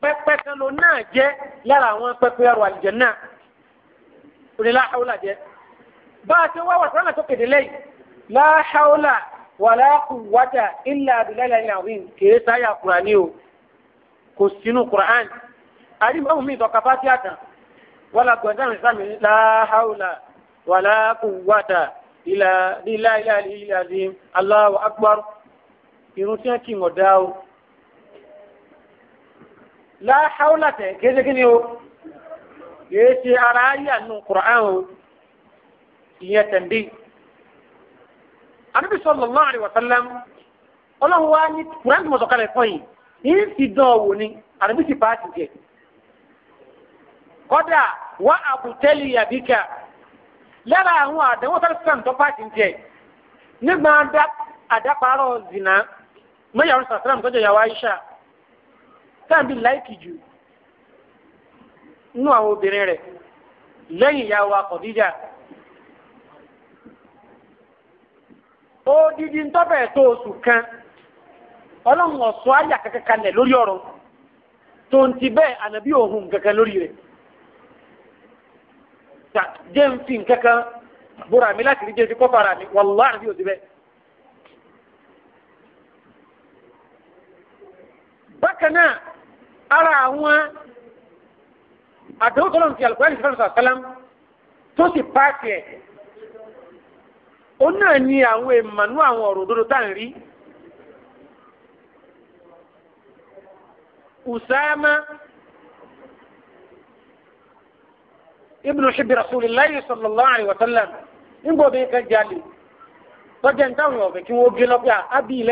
pẹpẹ kan ló náà jẹ lára àwọn pẹpẹ ọ̀rọ̀ àlùjánnà oníláhàúlà jẹ bá a ti wá wà sọ́nà tó kéde lẹ́yìn láhàúlà wàlá quwwata illa billahi al-azim sáyà kùránì o kò sínú kùránì àdìmọ́hùn mi ìtọ́ka fásitì àtàn wàlá gbọ̀ndàn ìsàmì láhàúlà wàlá quwwata illa billahi al-azim Allahu irun tí wọ́n kì mọ̀ dá o láháúlà tẹ̀ kéde kí ni o kìí ṣe ara ayé àánú Qur'an o ìyẹn tẹ̀m̀bí. Ànábì sallallahu alaihi wa sallam ọlọ́run wá ní Qur'an tí mo sọ̀kalẹ̀ fún yìí yìí fi dán wò ni Ànábì sì bá ti jẹ. kọ́dà wá àbùtẹ́lì àbíkà lára àwọn àdánwò sáré sàn tó bá ti jẹ nígbà àdáparọ̀ zìnnà. mọ́yàwó sàtàràm kọjá yàwó Aisha táàbí láìkì jù nínú àwọn obìnrin rẹ̀ lẹ́yìn ìyàwó akọ̀díjà odidi ntọ́fẹ̀ tó oṣù kan ọlọ́run ọ̀sọ́ ayà kankan kalẹ̀ lórí ọ̀rọ̀ tó ń ti bẹ́ẹ̀ ànàbí òhun kankan lórí rẹ̀ jẹ́ ń fi nkankan bóra mi láti rí jẹ́ kọ́ fara mi wàlúwà àbí òsì bẹ́ẹ̀. bákan náà ara àwọn àdéhùn ti àlùkò àdìsí fẹ́ràn sàlám tó sì pààkì ẹ̀ ó náà ní àwọn ìmọ̀nú àwọn ọ̀rọ̀ òdodo tá à ibnu sallallahu alayhi wa sallam nígbà obìnrin kan jalè tọ́jà ń táwọn ọ̀fẹ́ kí wọ́n àbí ń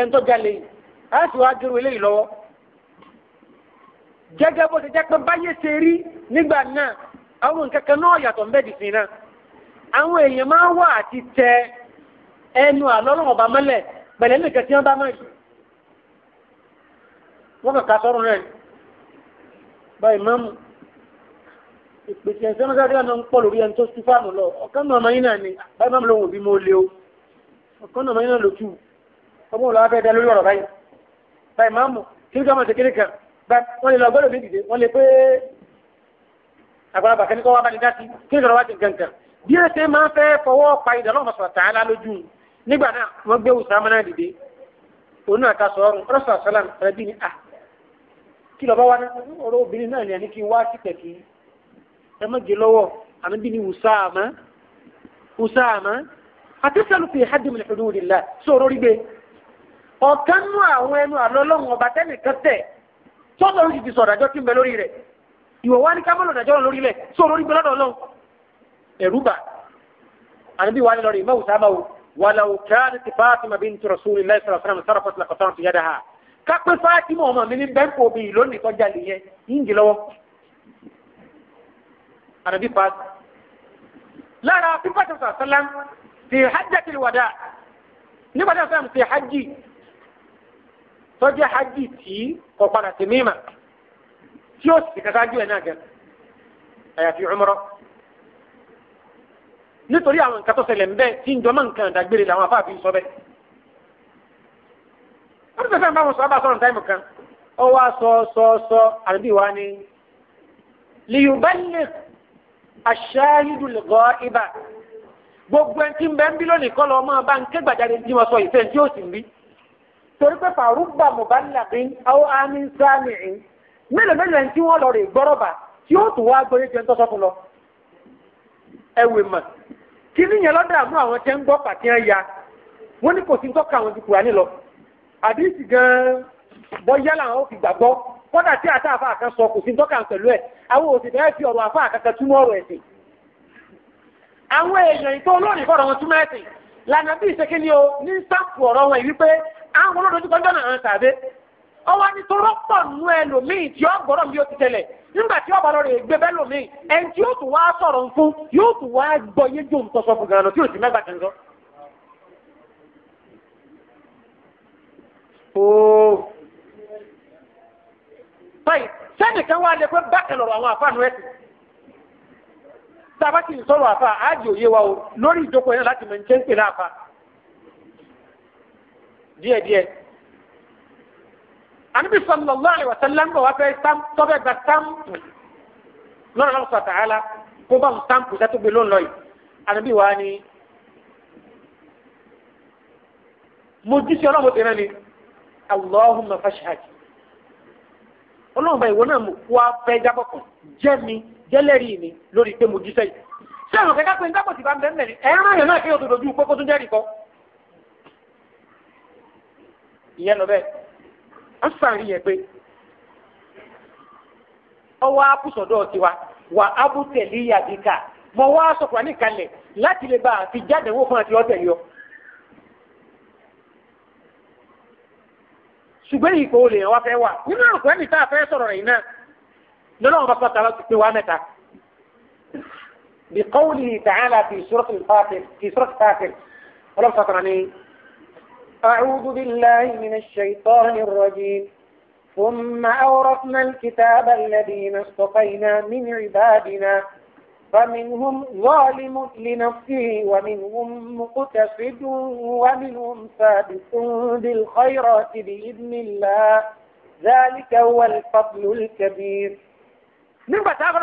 gẹ́gẹ́ bó ṣe jẹ́ pé báyé ṣe rí nígbà náà àwọn nǹkan kan náà yàtọ̀ ń bẹ́ẹ̀ dì sí náà àwọn èèyàn máa ń wà àti tẹ ẹnu àlọ́rùn ọba mọ́lẹ̀ pẹ̀lẹ́ nìkan tí wọ́n bá mọ̀ yìí wọ́n kàn ká sọ́run rẹ̀ báyìí máa mú ìpèsè ẹ̀sẹ̀ mọ́sáàdì àná ń pọ̀ lórí ẹni tó sí fáàmù lọ ọ̀kan náà ọmọ yín náà ni báyìí máa mú lòun òbí mo lé o ọ̀kan náà ọmọ yín náà lòtù ọmọ òlò abẹ́ẹ̀dá lórí ọ̀rọ̀ báyìí báyìí máa mú kí wọ́n lè lọ gbọ́dọ̀ mi dìde wọ́n lè pé àgbàlagbà kẹ́ni kọ́ wá bá ní dá sí kí n sọ̀rọ̀ wá ti gàǹgàn bí ẹ ṣe máa ń fẹ́ fọwọ́ pa ìdáná ọmọ sọ̀rọ̀ tààlà lójú nígbà náà wọ́n gbé Usama náà dìde òun náà ta sọ̀rọ̀ ọ̀rọ̀sọ̀ àṣàlám ẹbí ni a ah, kí lọ́ba wá ọ̀rọ̀ obìnrin náà ní ẹni kí n wá sí tẹ̀kí ẹ má jẹ lọ́wọ́ àmì bí ni Usama Usama àti sẹ́lu fi hadi min hududillah sọ̀rọ̀ rí gbé ọ̀kan nú àwọn ẹnu àlọ́ ọlọ́run ọba tẹ́nìkan tẹ̀ tọ́tọ̀ ló sì ti sọ̀rọ̀ àjọ tí ń bẹ lórí rẹ̀ ìwọ̀ wá ní ká mọ́lọ̀ dájọ́ lórí lẹ̀ sọ lórí gbẹ lọ́dọ̀ lọ́wọ́ ẹ̀rú bà àníbí wà ní lọ́rí mẹ́wù sábà o wà láwù káàdì ti Fatima bint Rasulillahi sallallahu alaihi wasallam sára fọ́tìlà kọ̀tàn ti yáda ha kápẹ́ Fatima ọmọ mi ní bẹ́ńkò mi lónìí tọ́jà lè yẹ yíǹgì lọ́wọ́ àníbí fa lára fífàtà sàlám ti hajjatil wada nígbà tí tọ́jú hajj tí kò padà sí mímà tí ó sì kàkà ju ẹ̀ náà gẹ̀ àyàfi umrah nítorí àwọn nǹkan tó ṣẹlẹ̀ ń bẹ́ tí ń jọmọ́ nǹkan ìdágbére làwọn afáàfin sọ bẹ́ẹ̀. wọ́n ti fẹ́ bá wọn sọ abá sọ̀rọ̀ táìmù kan ọ wá sọ sọ sọ àdúgbò wa ni liyubalẹ̀ aṣááyídùn lọ́gọ́ ibà gbogbo ẹni tí ń bẹ́ ń bí lónìí kọ́ lọ́ọ́ máa bá ń ké gbàjáde tí wọ́n sọ ìfẹ́ tí ó sì ń bí torí pé fàrúgbà mùbálàbí àwọn àmì sáàmìín mélòó mélòó ẹni tí wọ́n lọ rè gbọ́rọ̀bà tí ó tún wá gbọ́yé jẹun tọ́sọ́ fún lọ. ẹ̀wẹ̀ mà kí níyẹn lọ́dọ̀ àmú àwọn tẹ́ ń gbọ́ pàtí ẹ̀yà wọ́n ní kò sí tọ́ka àwọn ti Kùránì lọ. àdìsí gan-an bọ́ yálà àwọn ò fi gbàgbọ́ kọ́dà tí àtà àfa àkan sọ kò sí tọ́ka pẹ̀lú ẹ̀ àwọn òsì fẹ́ fi ọ̀rọ̀ àfa àkàkà túmọ̀ ọ̀rọ̀ ẹ̀sìn. àwọn èèyàn ìtọ́ olóòrìn fọ̀rọ̀ wọn túmọ̀ ẹ̀sìn lànà bí ìṣèkínni o ní sáàpù ọ̀rọ̀ wọn yìí wípé àwọn ah, olódojúkọ jọ́nà àwọn sàbẹ̀ ọwọ́ ni tọrọ pọ̀ nù ẹlòmíì tí ó gbọ́dọ̀ bí ó ti tẹ̀lẹ̀ nígbà tí ọba lọ́rọ̀ ègbé bẹ́ẹ̀ lòmíì ẹni tí ó tún wá sọ̀rọ̀ ń fún yóò tún wá gbọ́ yé jò ń tọ́sọ fún ganan tí ò sí mẹ́gbà sọ. wá lè pé lọ̀rọ̀ àwọn ẹ̀sìn a bá ti sọ̀rọ̀ àfáà á yé wa o lórí ìjókòó yẹn láti mọ̀ díẹ̀díẹ̀ anabi sallallahu alayhi wa sallam bọ̀ wá fẹ́ sam tọ́bẹ̀ gba sampu lọ́nà lọ́wọ́ sọ̀tà ala kó bá mu sampu sẹ́tù gbé lónìí lọ́yìn anabi wa ni mo jísé ọlọ́mọ tẹ̀lé ni allahumma fashhad ọlọ́run bá ìwọ náà mú kó abẹ́ jábọ̀ kan jẹ́ mi jẹ́lẹ́rìí mi lórí pé mo jísé yìí sẹ́wọ̀n kẹ́kẹ́ pé ń dábọ̀ ti bá ń bẹ́ẹ̀ mẹ́rin ẹ̀rọ yẹn náà kéèyàn tó dojú pé kó tún jẹ́rìí ìyẹn lọ bẹ́ẹ̀ ansari yẹn pé ọwọ́ akúsọ̀dọ̀ tiwa wà ábùtẹ̀lì yàdíkà mọ wá sọ̀kùnrin nìkanlẹ̀ láti lè bá àti jáde owó fún àti ọ̀tẹ̀ yọ. ṣùgbọ́n ìkó olè wa fẹ́ wà nínú àkùnrin ẹni tá a fẹ́ sọ̀rọ̀ rẹ̀ náà lọ́nà wọn bá sọ̀tà láti pé wá mẹ́ta. بقوله تعالى في سورة الفاتر في سورة الفاتر ولم تقرأني أعوذ بالله من الشيطان الرجيم ثم أورثنا الكتاب الذين اصطفينا من عبادنا فمنهم ظالم لنفسه ومنهم مقتصد ومنهم سابق بالخيرات بإذن الله ذلك هو الفضل الكبير nígbà tá a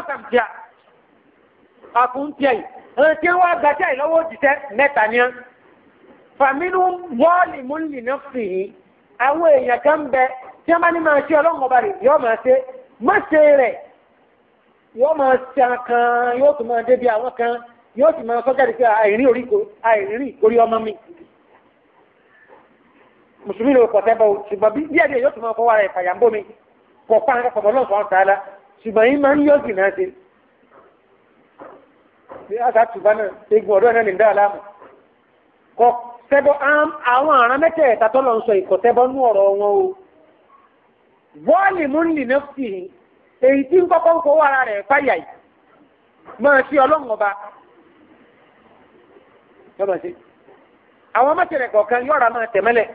أكون sàmùtíà àkùntì ẹ̀yìn لو wọn gbàtí fàmínú wọ́ọ̀lì múlì náà àwọn èèyàn kan bẹ tí wọ́n bá ní máa ṣe ọlọ́run ọba rẹ̀ yóò máa ṣe má ṣe rẹ̀ yóò máa ṣe kan yóò tún máa débi àwọn kan yóò sì máa sọ́jà dé àìrí orí àìrí orí ọmọ mi. mùsùlùmí ló pọ̀ sẹ́bọ̀ ṣùgbọ́n bí díẹ̀ díẹ̀ yóò tún máa ń náà ìkọ̀sẹ́bọ̀ àwọn àrán mẹ́tẹ̀ẹ̀ta tó lọ ń sọ ìkọ̀sẹ́bọ̀ ní ọ̀rọ̀ wọn o wọ́ọ̀lì mú nì ní fi èyí tí ń kọ́kọ́ ń kó ara rẹ̀ fáyà yìí máa ṣe ọlọ́run ọba yọba ṣe àwọn mẹ́tẹ̀ẹ̀rẹ̀ kọ̀ọ̀kan yọ̀ọ̀ra máa tẹ̀mẹ́lẹ̀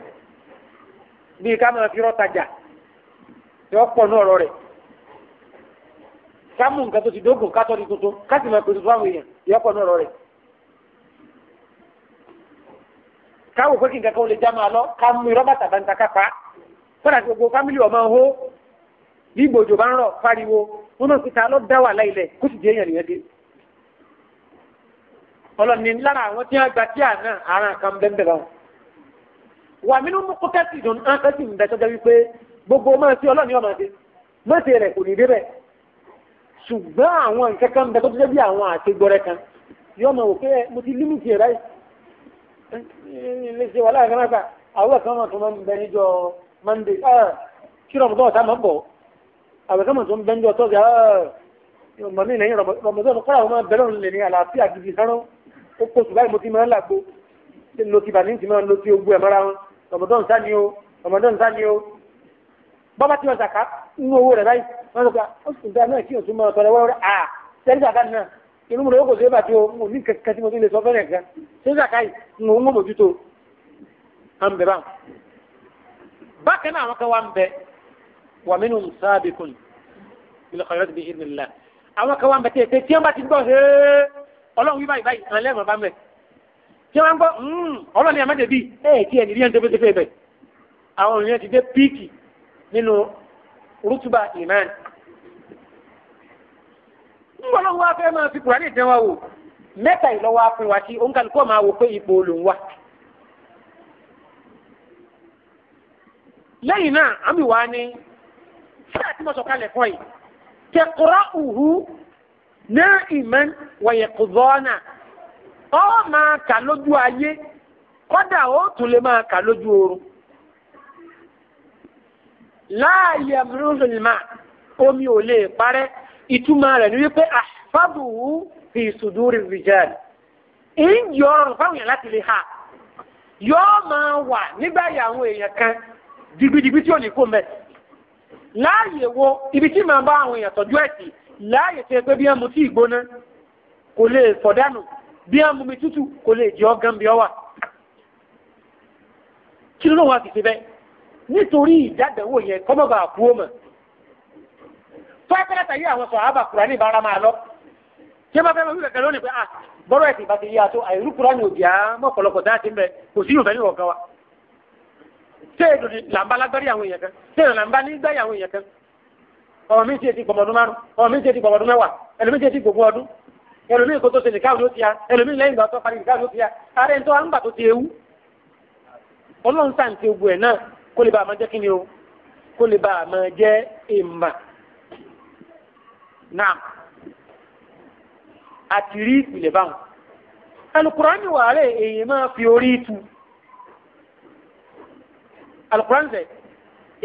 bíi ká máa fi rọ́tajà yọ pọ̀ ní ọ̀rọ̀ rẹ̀ ká mú nǹkan tó ti dógùn ká tọ́ di tuntun ká sì máa pèsè fún àwọn èèyàn yọ ní ọ̀rọ̀ rẹ̀ káwọ pé kí nǹkan kan ó lè já máa lọ ká mú irọ́ bàtà bàtà kápá kódà tí gbogbo fámìlì ọmọ hó bí gbòjò bá ń rọ̀ fariwo wọn náà fi ta lọ dá wà láìlẹ̀ kó sì jẹ́ èèyàn nìyẹn dé. ọlọ́ni lára àwọn tí wọ́n gba tí àná ara kan bẹ́ẹ̀ bá wọn. wà mí nínú kókẹ́tì dùn án kẹ́tì ń bẹ tọ́jà wípé gbogbo máa ti ọlọ́ni ọmọ dé mọ́tì rẹ̀ kò ní débẹ̀ ṣùgbọ́n àwọn nǹkan kan bẹ tọ́jà léṣe wà láàrin àgbà àwọn kan mọ̀ tó máa ń bẹ níjọ mọ́ndé ah, kí rọmọdún ọ̀tá máa ń bọ̀ àwọn kan mọ̀ tó ń bẹ níjọ tọ́jà mọ̀ mí lẹ́yìn rọmọdún ọ̀tá kọ́ra àwọn máa bẹ̀rẹ̀ òun lè ní àlàáfíà gidi sánú ó kó sùn báyìí mo ti máa ń làgbo lo ti bàní ti máa ń lo ti ogbó ẹ̀ mọ́ra wọn rọmọdún sá ni o rọmọdún sá ni o bọ́bá tí wọ́n sàkà ń owó rẹ̀ báyìí wọ́n sọ pé ah, ó sì dá náà kí inú mi ló kò sí ẹ̀bà tí mo ní kẹ́kẹ́ tí mo ti lè sọ fẹ́rẹ̀ gan ṣé zakai mo ń mójútó à ń bẹ̀ bá. bákan náà àwọn kan wá ń bẹ wà mí nù sáàbì kùn ilẹ̀ kọ̀yọ́ ti bí ìrìn nílá àwọn kan wá ń bẹ tí tí wọ́n bá ti gbọ́ hee ọlọ́run wí báyìí báyìí àlẹ́ mọ̀ bá mẹ́ tí wọ́n gbọ́ hmm, ọlọ́run ni àmọ́dé ẹ̀ tí ẹ̀ nìyẹn ń tẹ́fẹ́tẹ́fẹ́ bẹ̀ àwọn ènìyàn ńgbọ́n lọ́wọ́ wá fẹ́ máa fi kùránì dán wa wò mẹ́ta ìlọ́wọ́ afin wa sí òǹkàlùkọ́ máa wò pé ipò olùn wa. lẹ́yìn náà àmì wa ni fúlà tí mo sọ kalẹ̀ fọ́ yìí kẹkọrọ uhu náà ìmọ̀ wọ̀nyẹ̀ kùzọ́ọ̀nà ọ máa kà lójú ayé kọ́dà ó tún lè máa kà lójú oorun. láàyè àbúrò ìlmà omi ò lè parẹ́ ìtumọ̀ rẹ̀ ni wípé àfàbùwù fi sùdúrì rìjẹ́lì ìjì ọrọ̀ fáwọn èèyàn láti lè ha yóò máa wà nígbà yà àwọn èèyàn kan digbidigbi tí ò ní kó mẹ́ láàyè wo ibi tí màá bá àwọn èèyàn tọ́jú ẹ̀sìn láàyè tó yẹ pé bí wọ́n mu tí ìgbóná kò lè sọ̀dánù bí wọ́n mi tútù kò lè jẹ́ ọgán bí ọ wà kí ló lóun wá ṣe bẹ́ẹ̀ nítorí ìdádẹ́wò yẹn kọ́mọ́bà àkúwò mọ̀ tọ́pẹ́ látàrí àwọn sọ àbá kùránì bára máa lọ tí wọ́n fẹ́ lọ wíwẹ̀ kẹlẹ́ lónìí pé à ah, bọ́rọ̀ ẹ̀sìn ìbá ti yá tó àìrú kùránì òbí àmọ́ ọ̀pọ̀lọpọ̀ dáa ti ń bẹ kò sí ìrùbẹ́ níwọ̀n kan wa. ṣé èdò ni làǹbá lágbárí àwọn èèyàn kan ṣé èdò làǹbá ní gbáyà àwọn èèyàn kan ọmọ mi ti ti gbọmọdún márùn ọmọ mi ti ti gbọmọdún mẹ́wàá ẹlòmí ti ti gbogbo ọdún ẹlòmí kò tó ṣe nìkan ló ti ya ẹlòmí lẹ́yìn ìgbà tó parí nìkan ló ti ya ààrẹ ń tọ́ tó ti ewu ọlọ́run sáà ń ti ogun ẹ̀ náà kó lè bá a máa jẹ́ kí ni o kó lè bá a máa jẹ́ èèmà náà àti rí ìpìlẹ̀ báwọn alukurani wàhálẹ̀ èyí máa fi orí tu alukurani sẹ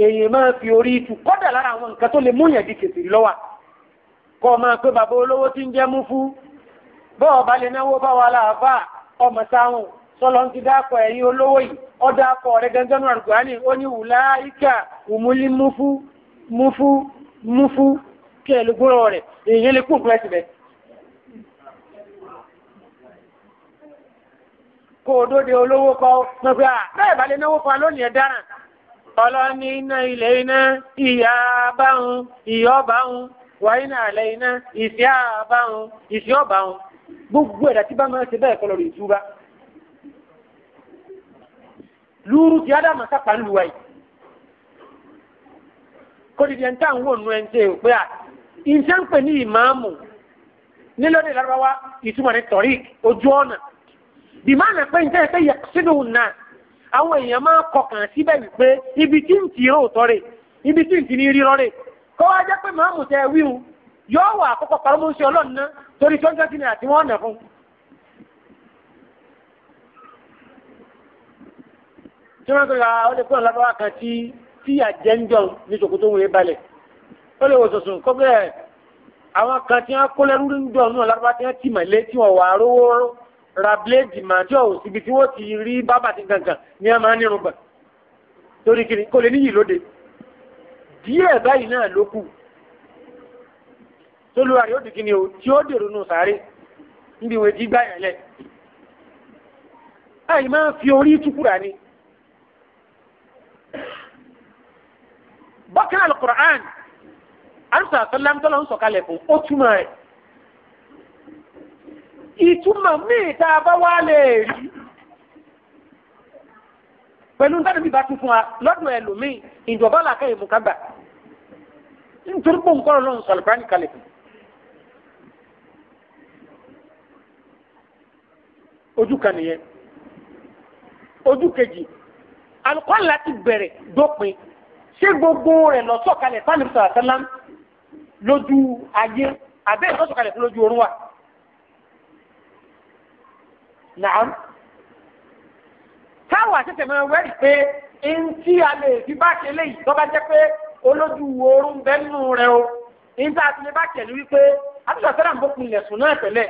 èyí máa fi orí tu kọ́dà lára àwọn nǹkan tó lè múyàn di kẹsìrì lọ́wọ́ kọ́ ọ máa pé bàbá olówó tí ń jẹ́ mú fún bọ́ọ̀ bá lè náwó bá wa láàbà ọmọ sáwọn sọlọ́n ti dákọ̀ ẹ̀yìn olówó yìí ọ dákọ̀ rẹ̀ gẹ́gẹ́ náà alukurani ó ní wùlá ìkà òmùlí múfú múfú múfú kí ẹ lè gúnrọ rẹ̀ èèyàn lè kún fún ẹsẹ̀ bẹ́ẹ̀. kó o dóde olówó kọ mọ̀ pé à ah, bẹ́ẹ̀ bá lè náwó fún wa lónìí ẹ̀ dáràn. ọlọ́ni iná ilẹ̀ iná ìyá báhùn ìyá ọ̀báhùn wàhínà àlẹ́ iná ìṣẹ́ àbáhùn ìṣẹ́ ọ̀báhùn gbogbo ẹ̀dá tí bá máa ṣe bẹ́ẹ̀ kọlọ̀ rẹ̀ ìtura. lúurú ti ádámà sápá ń lu wáyé kó dìde ń tà ń wò nù ẹ̀ ń tẹ́ ò pé à ah, iṣẹ́ ń pè ní ìmáàmù nílòdì lárúbáwá ìtumọ̀ ní tọ̀rík ojú ọ̀nà dìmáàmù pé ń tẹ́lẹ̀ pé sínú náà àwọn èèyàn máa kọkàn síbẹ̀ wípé ibi tí ń ti rán òtọ́ rè ibi tí ń ti ní rírọ́ rè kọ́ wá jẹ́ pé máàmù tẹ wíhun yóò wà àkọ́kọ́ paramọ́sí ọlọ́ọ̀nà torí tó ń jẹ́ kíni àti wọ́n nà tí wọ́n ń pè ọ́ ah, lè pè ọ́ lábáwá kan tí tí àjẹ́ńjọ́ ní ṣòkòtò òun yé balẹ̀. ó lè wò sọ̀sùn kó bẹ́ẹ̀ àwọn kan tí wọ́n kó lẹ́rú níjọ náà lárúbá tí wọ́n ti mọ̀ ilé tí wọ́n wà rówó ra bléèdì mà tí wọ́n síbi tí wọ́n ti rí bábà ti gàngàn ní ẹ̀ máa nírun gbà torí kiri kò lè níyì lóde díẹ̀ báyìí náà ló kù tó o tí ó dèrò nù sáré níbi ìwé jígbà àyè máa fi orí ni bákan al àrùsọ àtọ́lámtọ́lá ń sọ̀kalẹ̀ fún ó túmọ̀ rẹ̀ ìtumọ̀ míì tá a bá wá lè rí pẹ̀lú nǹkan níbi bá tún fún wa lọ́dún ẹlòmíì ìjọba làkà ìmú kágbà nítorí pé nǹkan ọlọ́run sọ̀rọ̀ bá ní kalẹ̀ fún. ojú kan nìyẹn ojú kejì alukọ́ láti bẹ̀rẹ̀ dópin ṣé gbogbo rẹ̀ lọ́sọ̀kalẹ̀ fáwọn ìṣòro àtàlámù. lójú ayé àbẹ́ ìtọ́sọ̀kalẹ̀ fún lójú orun wa. Nàám. Táwọn àtẹ̀tẹ̀ wẹ́rì pé ń tí a lè fi bá ṣe bá olójú bẹ́nu o. Ń tá a ti lè bá tẹ̀lé wípé àtúntò àtẹ́rà ń bókun sùn náà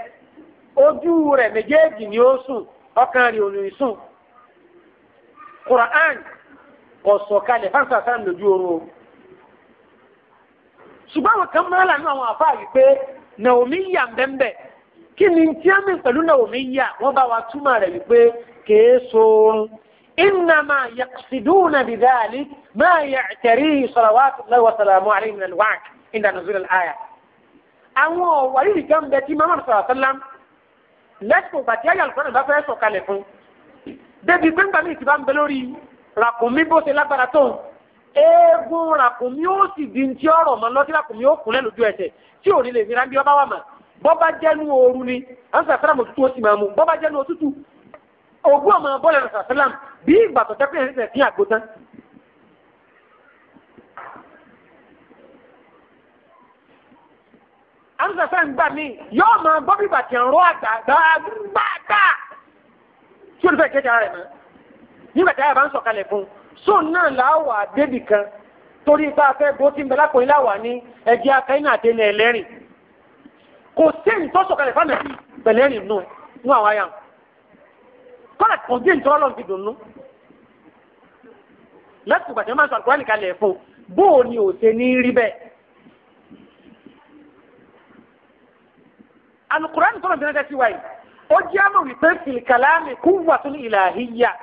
Ojú rẹ̀ méjèèjì ni ó sùn, ọkàn rẹ̀ sùn. Kùrán o. ṣùgbọ́n àwọn kan máa lànà àwọn àfáà wípé Naomi yà mbẹ́mbẹ́ kí ni tí a mi pẹ̀lú Naomi yà wọ́n bá wa túmọ̀ rẹ̀ wípé kèé sóorun innama yaqsiduna bidhalik ma ya'tarihi salawatullahi wa salamu alayhi min al-wa'd inda nuzul al-aya. àwọn ọ̀wà yìí kan bẹ tí mamman sọ̀rọ̀ sálám bàtí ayé alùpùpù bá fẹ́ sọ̀kalẹ̀ fún débi pé ń bá ti bá ń bẹ lórí ràkùnmí bó ṣe lágbára tó eégún ràkùnmí ó sì di ti ọ̀rọ̀ mọ́ lọ́dí ràkùnmí ó kúnlẹ̀ lójú ẹsẹ̀ tí ò ní lè nira bí ọba wà mà bọ́bá jẹ́nu ooru ni ansa sàlámù òtútù ó sì máa mu bọ́bá jẹ́nu òtútù ògùn ọmọ bọ́ọ̀lù ansa sàlámù bí ìgbà tó tẹ́pẹ́ ẹ̀sẹ̀ sí àgbo tán. ansa sàlámù gbà mí yóò máa bọ́ bí bàtì ọ̀rọ̀ àgbà gbàgbà tí olùfẹ́ kẹta rẹ̀ mọ́ nígbà tí a bá ń sọ̀kalẹ̀ fún un so náà láwà débì kan torí bá a fẹ́ bó ti ń bẹ lápò iláwà ní ẹ̀jẹ̀ akẹ́yìn àti ilẹ̀ ẹlẹ́rìn kò sẹ́yìn tó sọ̀kalẹ̀ fáwọn ẹ̀sìn pẹ̀lẹ́rìn nù nù àwọn àyà kọ́lá kò dé ìtọ́lọ́ lọ́n ti dùnú láti ìgbà tí wọ́n máa sọ àkùrá nìkan lẹ̀ fún bó o ní òṣè ní rí bẹ́ẹ̀. alukura nìkan lọ́n ti rẹ́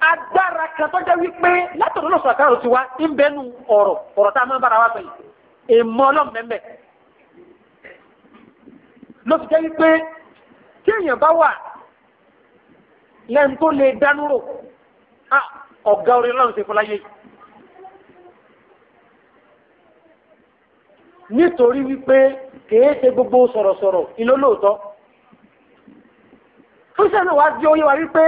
agbára kan tó jẹ́ wípé látọ̀dọ̀ lọ́sọ̀ àkàrò ti wá ń bẹ́nu ọ̀rọ̀ ọ̀rọ̀ tá a máa ń bára wa sọ yìí èèmọ̀ ọlọ́mọ̀mẹ́ ló fi jẹ́ wípé tí èèyàn bá wà lẹ́nu tó lè dánú rò ọ̀gá orin ọlọ́run ṣe fún láyé nítorí wípé kèé ṣe gbogbo sọ̀rọ̀sọ̀rọ̀ ìlólóòtọ́. tíṣà náà wá oyé wa wípé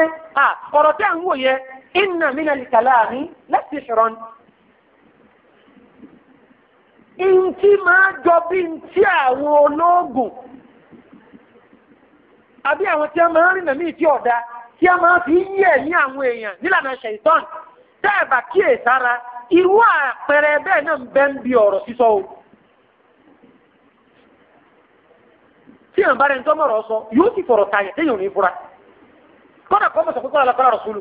ọ̀rọ̀ tí ń wò yẹ inna mina al-kalami lasihran ntí máa jọ bí ntí àwọn olóògùn àbí àwọn tí a máa ń rìn ọ̀dà fi yí ẹ̀ ní àwọn èèyàn nílànà ṣèitán tẹ́ ẹ̀ bá kíyèsára irú àpẹẹrẹ bẹ́ẹ̀ náà ń ń bi ọ̀rọ̀ sísọ o. tí kọ́dà kọ́ mọ̀sọ̀ pípọ́ àlàkọ́lá rọ̀súlù.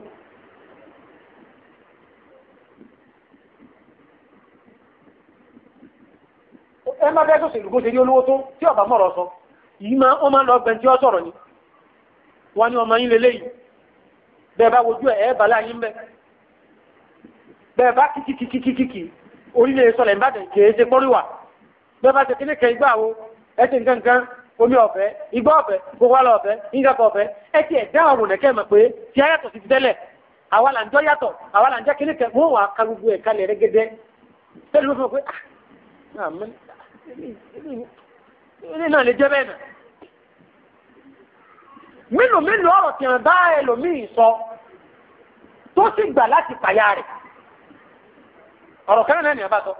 ẹ má bẹ́ẹ̀ sọ̀sẹ̀ ìlúgbó ṣe rí olówó tó tí ọ̀bà mọ̀rọ̀ sọ yìí máa ọmọ lọ gbẹ̀ tí ó sọ̀rọ̀ ni wọ́n ní ọmọ yín lélẹ́yìí bẹ́ẹ̀ bá wojú ẹ̀ ẹ́ bàlá yín bẹ́ẹ̀ bẹ́ẹ̀ bá kìkìkìkìkì orílẹ̀ sọlẹ̀ ìbàdàn kì í ṣe pọ́nríwà bẹ́ẹ̀ bá ṣe kíní kẹ́ igbá wo ẹ̀ ṣe nǹkan nǹkan omi ọ̀fẹ́ igbá ọ̀fẹ́ gbogbo àlọ́ ọ̀fẹ́ yíyàkọ̀ ọ̀fẹ́ ẹ ti ẹ̀ dá ọ̀rùn nẹ̀kẹ́ mọ̀ pé tí a yàtọ̀ sí ti tẹ́lẹ̀ àwa là ń jọ yàtọ̀ àwa là ń jẹ́ kíní kẹ́ wọ́n wà á ka gbogbo ẹ̀ kalẹ̀ rẹ́gẹ́dẹ́ tẹ́lẹ̀ ló fún mi pé ah, ah, ilé náà lè jẹ́ bẹ́ẹ̀ nà mélòó mélòó ọ̀rọ̀ tí bá ẹlòmíì sọ tó sì gbà láti pàyà rẹ̀ ọ̀rọ̀ kan náà ni àbá sọ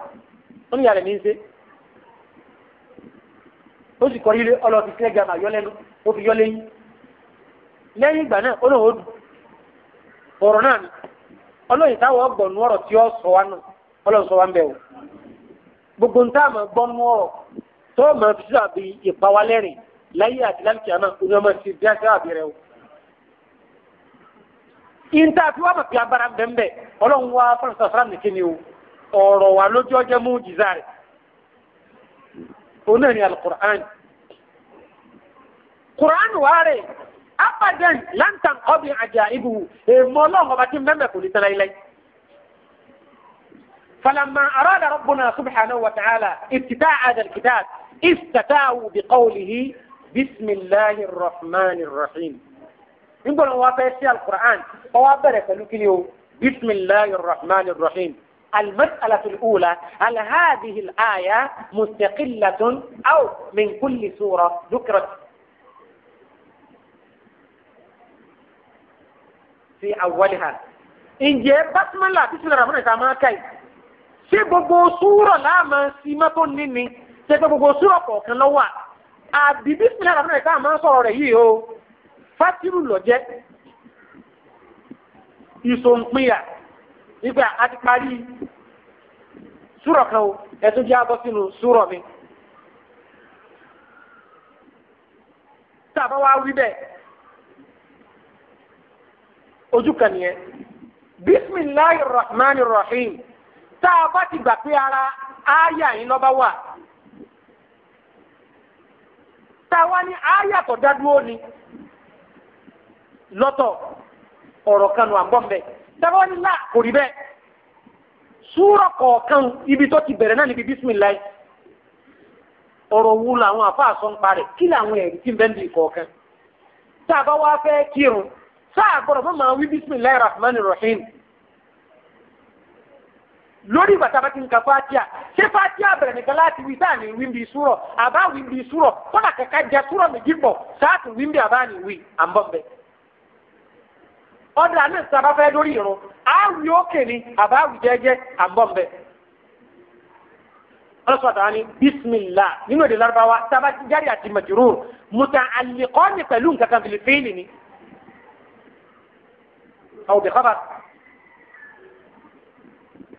ó ní yàrá mi ń ṣe ó sì kọ́ ilé ọlọ́ọ̀fi telegram àyọ́lẹ́nu ó fi yọ́lé yín lẹ́yìn ìgbà náà ó lóun ó dùn ọ̀rọ̀ náà ni ọlọ́yìn táwọn ọgbọ̀nù ọ̀rọ̀ tí ó sọ wá náà ọlọ́run sọ wá ń bẹ̀ wò gbogbo nta àmọ́ gbọ́nú ọ̀rọ̀ tó o fi sí àbí ìpawálẹ́rìn láyé àti láti àná oní ọmọ ti bí àṣẹ àbí rẹ o. ìta àti wàá màpì abara bẹ́ẹ̀ ọlọ́run wá fọ́nà sàfàrà òun náà ni alukur'an kur'an wàárẹ̀ abadan lantan ọbi àjà ibu èèmọ̀ ọlọ́run ọba tí mẹ́mẹ́ kò ní tán láíláí. فلما أراد ربنا سبحانه وتعالى ابتداء هذا الكتاب استتاعوا بقوله بسم الله الرحمن الرحيم نقول هو في القرآن هو بسم الله الرحمن الرحيم المسألة الأولى هل هذه الآية مستقلة أو من كل سورة ذكرت في أولها إن جاء بسم الله بسم الله الرحمن الرحيم كي سببو سورة لا ما سيما تنيني سببو سورة كوكن لوا أبي بسم الله الرحمن الرحيم سورة يهو فاتر الله جاء يسون قيا nígbà a ti parí súrọ̀ kan o ẹ̀tún jẹ́ abọ́ sínú súrọ̀ mi. tàbá wá wí bẹ́ẹ̀ ojú kan nìyẹn bisimilahi rahman rahim tá ti gbà pé ara ááyà yín lọ́ba wà tá ni tó ni lọ́tọ̀ ọ̀rọ̀ kanu dábàá ní là kò rí bẹ́ẹ̀ súrọ̀ kọ̀ọ̀kan ibi tó ti bẹ̀rẹ̀ náà níbi bísímìláì ọ̀rọ̀ wu làwọn àfáà sọ ń parẹ̀ kí làwọn ẹ̀rí tí ń bẹ́ẹ̀ di kọ̀ọ̀kan tá a bá wá fẹ́ kírun sáà gbọ́dọ̀ fún màá wí bísímìláì rahman rahim lórí ìgbà tá a ti ń ka fatia ṣé fatia bẹ̀rẹ̀ nìkan láti wí sáà ní wí bí súrọ̀ àbá wí bí súrọ̀ kọ́nà kẹ̀kẹ́ jẹ súrọ̀ méjì pọ̀ sáà tún wí bí àbá ní wí à ń bọ̀ bẹ́ẹ̀ ọ̀dà náà tí a bá fẹ́ lórí irun àárí òkè ni àbá àrù jẹ́jẹ́ àbọ̀m̀bẹ̀. ọlọ́sọ̀ àtàwọn ni bísímìlá nínú èdè lárúbáwá tá a bá ti jáde àti màjúrò mùtà àlìkọ́ ni pẹ̀lú nǹkan kan fìlì fíìlì ni. àwọn òbí kọ́ba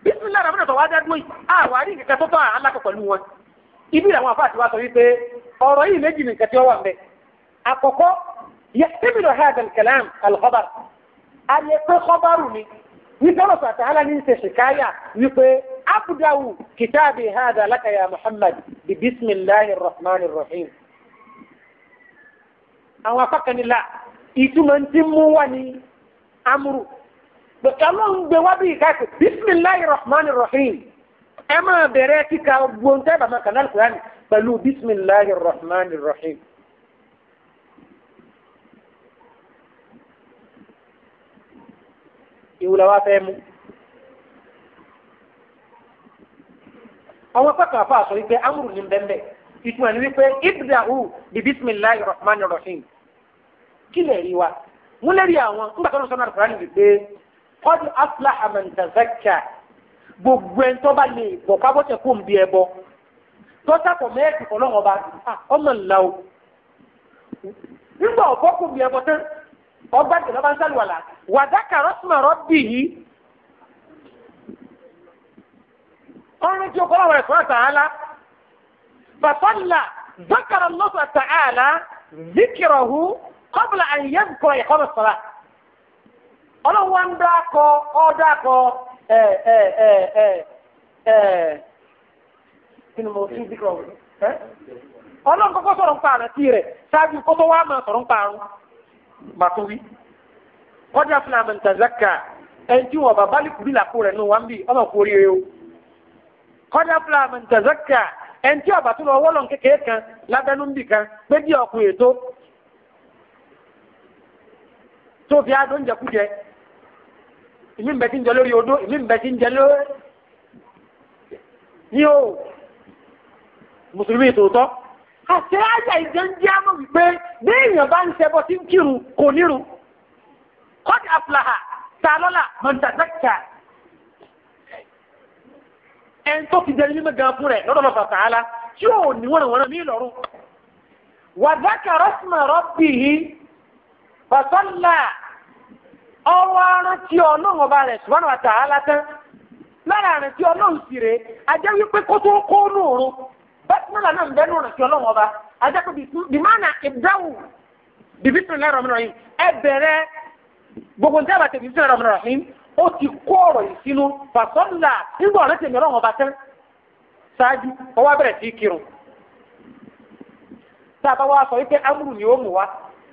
bísímìlá rẹ̀ fúnà tó wá dádúró yìí àwárí nǹkan tó tọ́ àlákọ̀ pẹ̀lú wọn. ibi làwọn àfáà ti sọ wípé ọ̀rọ̀ yìí méjì nìkan tí ó wà ń bẹ̀ ayé pé kọ́bárù ni wípé lọ́sọ̀ àtàhálà ní ṣe ṣìkáyà wípé abudawu kìtàbí hàdà lákàyà muhammad bí bismillahir rahmanir rahim. àwọn afákanilá ìtumọ̀ ti mú wá ní amúrù pẹ̀lú ọlọ́run gbé wá bí ìkáàkiri bismillahir rahmanir rahim ẹ máa bẹ̀rẹ̀ kíka gbóǹtẹ́ bàmà kanáà kúránì pẹ̀lú bismillahir rahmanir rahim. ìwúlẹ̀ wá fẹ́ mú. àwọn pàtàkì àfa àsọ wípé amúrù ní bẹ́ẹ̀ ìtumọ̀ ní wípé ibda'u bi bismillahi rahmani rahim kí lè rí wa wọ́n lè rí àwọn nígbà tó ń sọ náà kúránì wípé qad aflaha man tazakka gbogbo ẹni tó bá lè bọ̀ kábọ̀tẹ̀ kó ń bí ẹ bọ́ tó sàpọ̀ mẹ́ẹ̀kì kọ́ lọ́wọ́ bá ọmọ ńlá o nígbà ọ̀bọ́kùnrin ẹ bọ́ tán ọgbà tẹ̀lé bá ń sálùwàlà wàdákà rọ́sùmọ̀rọ́ bì yìí ọ̀run tí o kọ́ ọ̀rọ̀ ẹ̀fọ́ àtàlá bàtọ́là zákàrà lọ́sọ̀ àtàlá zikirahu kọ́bùlà àyẹ̀ nkọ́ ìkọ́bù sọ̀rọ̀ ọlọ́wọ́ ń akọ ọ́ akọ ẹ̀ ọlọ́run kọ́kọ́ sọ̀rọ̀ ń kọ́dà fún amẹ̀ntàzákà ẹni tí wọ́n bàbá bí làkó rẹ̀ nù wọ́n bí ọmọ kú oríire o kọ́dà fún amẹ̀ntàzákà ẹni tí ọba tó lọ wọ́lọ̀ kékeré kan lábẹ́nú bì kan pé bí ọkùnrin tó tó fi adó ń jẹkújẹ ìmí bẹ tí ń jẹ lórí odó ìmí bẹ tí ń jẹ lórí ní o mùsùlùmí tòótọ́ àti ayé ìjẹun jẹ́ àmọ́ wípé bí èèyàn bá ń ṣẹbọ tí ń kírun kò nírun kọ́dí aflaha tààlọ́là mọ̀tàtàkà ẹni tó fi jẹrìí mímọ́ gan fún rẹ̀ lọ́dọ̀ lọ́fà tààlà tí ò ní wọ́n wọ́n mí lọ́rùn. wàdákà rọ́sùmọ̀ rọ́bì yìí bàtọ́là ọwọ́ arántí ọlọ́run ọba rẹ̀ subhanahu wa ta'ala tán lára arántí ọlọ́run sì rè ajẹ́ wípé kó tó kó lóorun bẹ́tùmọ́là náà ń bẹ́ ní arántí ọlọ́run ọba ajẹ́ pé bìmánà ìdáhùn bìbí gbogbo ní àbàtẹ ìbí sílẹ̀ ọmọ rahim ó ti kó ọ̀rọ̀ yìí sínú fàṣọ́nà nígbà ọ̀rẹ́ tèmi ọlọ́run ọba tẹ́ ṣáájú ọwọ́ abẹ́rẹ́ sí kírun tá a sọ wípé amúrù ni ó mú wa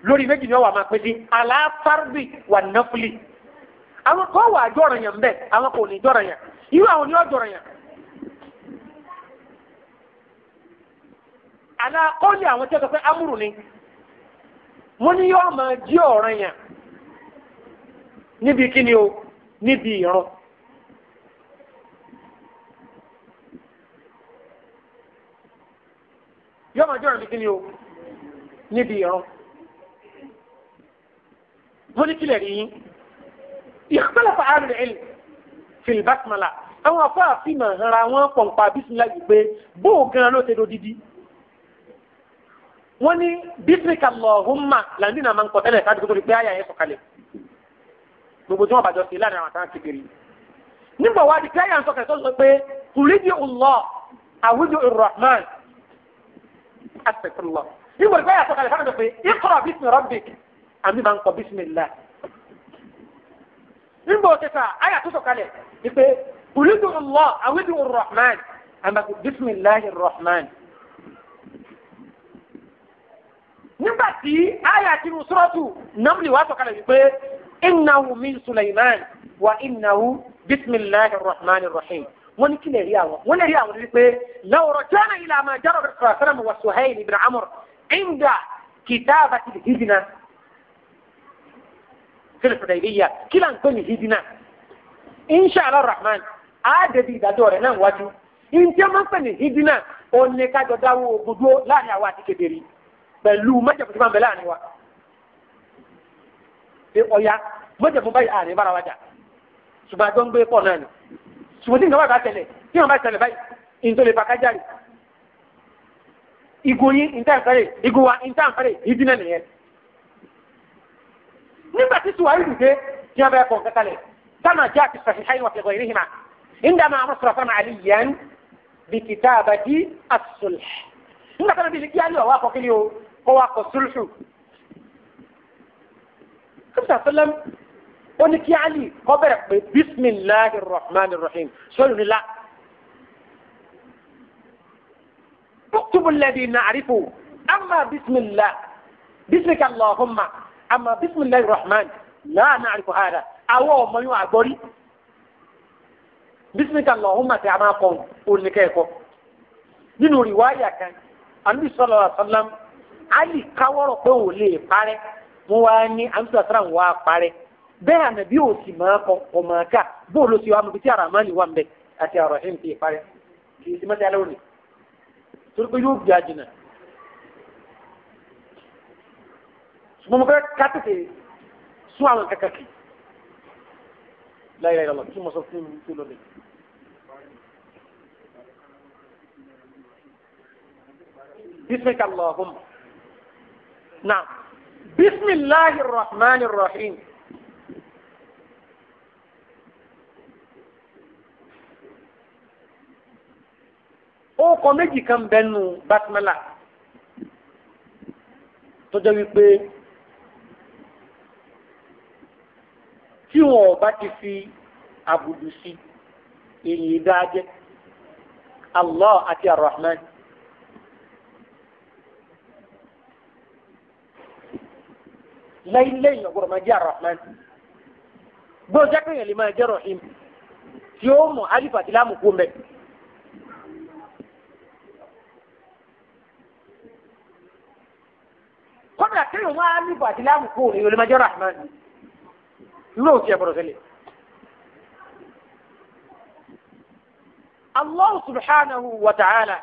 lórí méjì ni ó wà máa pé sí aláfárúbì wà náfúlì àwọn kan wà jọ̀rọ̀ yàn bẹ́ẹ̀ àwọn kò ní jọ̀rọ̀ yàn irú àwọn jọ̀rọ̀ yàn àwọn tí sọ pé amúrù ni mo ní níbi kíni o níbi ìran. yóò máa jọ̀rọ̀ níbi kíni o níbi ìran. wọ́n ní kílẹ̀ rí yín ìkpẹ́lẹ̀fà àrùn ẹ̀lì fìlìbásímàlà àwọn afọ àfihàn ara wọn pọ̀npá bísímìlá yìí pé bóò gan ló ṣe dodidi wọ́n ní bísímìkà lọ́hùnmá làǹdínà máa ń kọ́ tẹ́lẹ̀ káàdùkú tó di pé àyà yẹn sọ̀kalẹ̀ gbogbo tí wọ́n bàjọ́ sí láàrin àwọn àtàwọn kékeré nígbà wá di káyà ń sọkẹ̀ tó sọ pé kùrìdì ọlọ àwùjọ ìrọ̀hman àtẹ̀kùnlọ nígbà wá di sọkẹ̀ fún mi pé ikọ̀rọ̀ bísí rọ́bìk àmì máa ń kọ bísí mìlá nígbà òkè sà áyà tó sọ̀kalẹ̀ ni pé kùrìdì ọlọ àwùjọ ìrọ̀hman àmì nígbà tí áyà tí mo sọ́rọ́tù nọ́mbìlì wá sọ̀kalẹ̀ wípé إنه من سليمان وإنه بسم الله الرحمن الرحيم wọ́n ní kí lè rí àwọn wọ́n lè rí àwọn ní pé lọ́wọ́rọ̀ tí wọ́n ilà máa jẹ́rọ̀ rẹ̀ sọ̀rọ̀ sọ́nà wọ̀ Suhail ibn Amr inda kìtàbà ti di hidina sílẹ̀sọ̀tà ìbíyà kí là ń pè ní hidina insha Allah rahman àádẹ́bí ìdájọ́ rẹ̀ náà wájú ìjẹ́ máa ń pè ní hidina òun ni kájọ dáwọ́ ògbódó láàrin àwa àti kedere pẹ̀lú májèkútì máa ń bẹ láàrin wa. pé ọ̀ya mọ́jẹ̀mú báyìí ààrẹ bára wa jà ṣùgbọ́n àjọ ń gbé pọ̀ náà ni ṣùgbọ́n tí nǹkan bá tẹ̀lẹ̀ tí wọ́n bá tẹ̀lẹ̀ báyìí ìǹtọ́ lè bàká járe igun yín ìǹtàǹfẹ́rẹ̀ igun wa ìǹtàǹfẹ́rẹ̀ ìdínà nìyẹn nígbà tí suwari dùdé tí wọ́n bá kọ̀ nǹkan kalẹ̀ kama jẹ́ àti sahihayn wa fi ghayrihima indama amsara fama aliyan bi kitabati as sàfẹ́lẹ́m ó ní kí ali kọ́ bẹ̀rẹ̀ pé bisimilahi rahman rahim sọ́yìn nílá. اكتب الذي نعرفه أما بسم الله بسمك اللهم أما بسم الله الرحمن لا نعرف هذا أو ما يعبري بسمك اللهم تعمى قوم قول لكيكو nínú rìwáyà kan àlùbí sọlọ àṣọlám alì káwọrọ pé ò lè parẹ́ wọ́n wá ní amúsàtàrà wọ́n á parẹ́ bẹ́ẹ̀ ànàbí ò sì máa kọ ọmọ ká bóòlù sí wa mọ̀kìtì àràmánì wà mbẹ àti àròhìn fi parẹ́ kì í sì mọ́tí alẹ́ òní torí pé yóò gbé àjìnà. ṣùgbọ́n mo fẹ́ ká tètè sún àwọn kankan kì láyé ìrọ̀lọ́ tí mo sọ fún mi tó lọ bẹ́ẹ̀. بسمك اللهم نعم بسم الله الرحمن الرحيم ókọ méjì kan bẹnu basmala tó jẹ́ wípé tí wọn fi àbùdù sí èyí Allah àti láíláí èèyàn gbọ́dọ̀ máa jẹ́ arahman bó jẹ́ pé èèyàn lè máa jẹ́ rahim tí ó mọ̀ alif àti láàmù kú mbẹ́. kódà kéèyàn wá alif àti láàmù kú èèyàn lè máa jẹ́ rahman lóòótọ́ ẹ̀ gbọ́dọ̀ ṣẹlẹ̀. Allah subhanahu wa ta'ala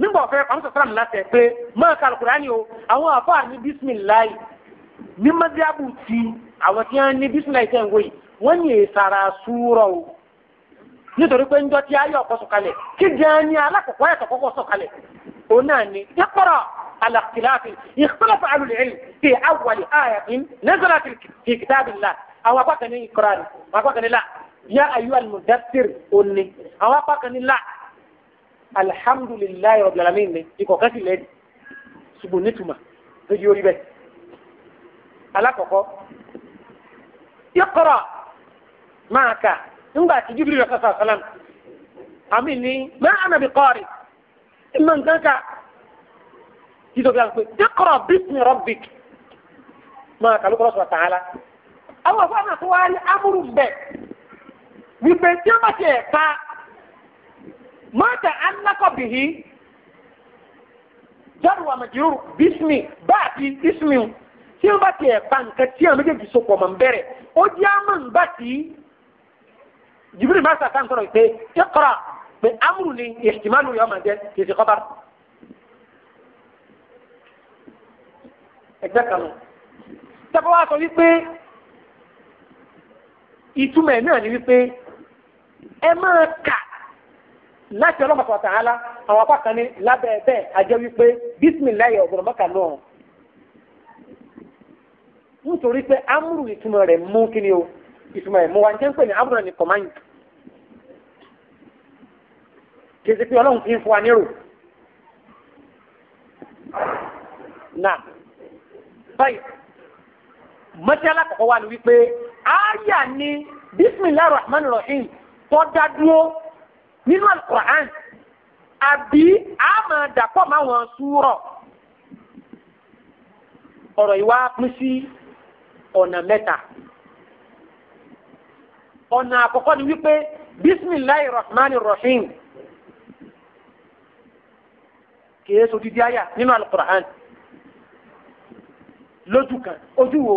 nígbà ọ̀fẹ́ ọ̀rọ̀ sọ̀rọ̀ mi láti ẹ̀ pé máa ka alukurani o àwọn àfáà ní bisimilayi ní madiabu ti àwọn tí wọ́n ní bisimilayi tẹ̀ ń wòye wọ́n ní èsàrà súrọ̀ o nítorí pé njọ́ tí ayé ọ̀kọ́ sọ̀kalẹ̀ kí gan ni alákọ̀ọ́kọ́ ayẹ̀tọ̀ kọ́kọ́ sọ̀kalẹ̀ o náà ni yẹ́kọ́rọ̀ alakilafi ìkpẹ́lẹ́fẹ́ alùlẹ̀ẹ́lì fi awàlì ayatin nẹ́sọ̀rọ̀ fi alhamdulilayi rabbil alamin ni ikọ̀ kan sì lẹ́nu ṣùgbọ́n nítumọ̀ tó di orí bẹ́ẹ̀. alákọ̀ọ́kọ́ yọkọ̀rọ̀ máa kà nígbà tí jibril rẹ̀ sọ̀rọ̀ sọ́lá àmì ní máa ànà bí kọ́ọ̀rì ìmọ̀ nǹkan ká títọ́ bí a ń pè yọkọ̀rọ̀ bísí rọ́bìk máa kà lókọ́ lọ́sọ̀rọ̀ tààlà. àwọn afọ àná tó wá amúrú bẹ̀ wípé tí wọ́n bá ti ẹ̀ ká mọ́tà alákọ̀bìhì jọ́rù wà màjúrù bismi bati ismi tí wọ́n bá ti ẹ̀ pa nǹkan tí àwọn méjèèjì so pọ̀ mọ́ ń bẹ̀rẹ̀ ó jẹ́ àmọ́ ń bá ti jìbìrì máa sàkán sọ̀rọ̀ pé iqra pé amúrù ni ìhìtìmánù yọ máa jẹ kìí ṣe kọ́bárù. ẹgbẹ́ kan nù. Tẹ́fọ́ sọ wípé ìtumọ̀ ẹ̀ náà ni wípé ẹ máa kà láti ọlọ́mọ sọ̀tà ala àwọn apá kan ní lábẹ́ bẹ́ẹ̀ ajẹ́ wípé bísímìláyà ọ̀gbọ̀n mọ́kà náà nítorí pé amúrù ìtumọ̀ rẹ̀ mú kíni o ìtumọ̀ rẹ̀ mú wa njẹ́ ń pè ní amúrù ní kọ̀máyìn kìsì pé ọlọ́run fi ń fún wa nírò náà báyìí mọ́tí alákọ̀ọ́kọ́ wa ni wípé ááyà ni bísímìláyà rahman rahim tó dá dúró nínú alukur'an àbí àmà dàpọ̀ máa wọn súrọ̀ ọ̀rọ̀ ìwà pín sí ọ̀nà mẹ́ta ọ̀nà àkọ́kọ́ ni wípé bisimilayi rahmani rahim kìí sojú di àyà nínú alukur'an lójú kan ojú wo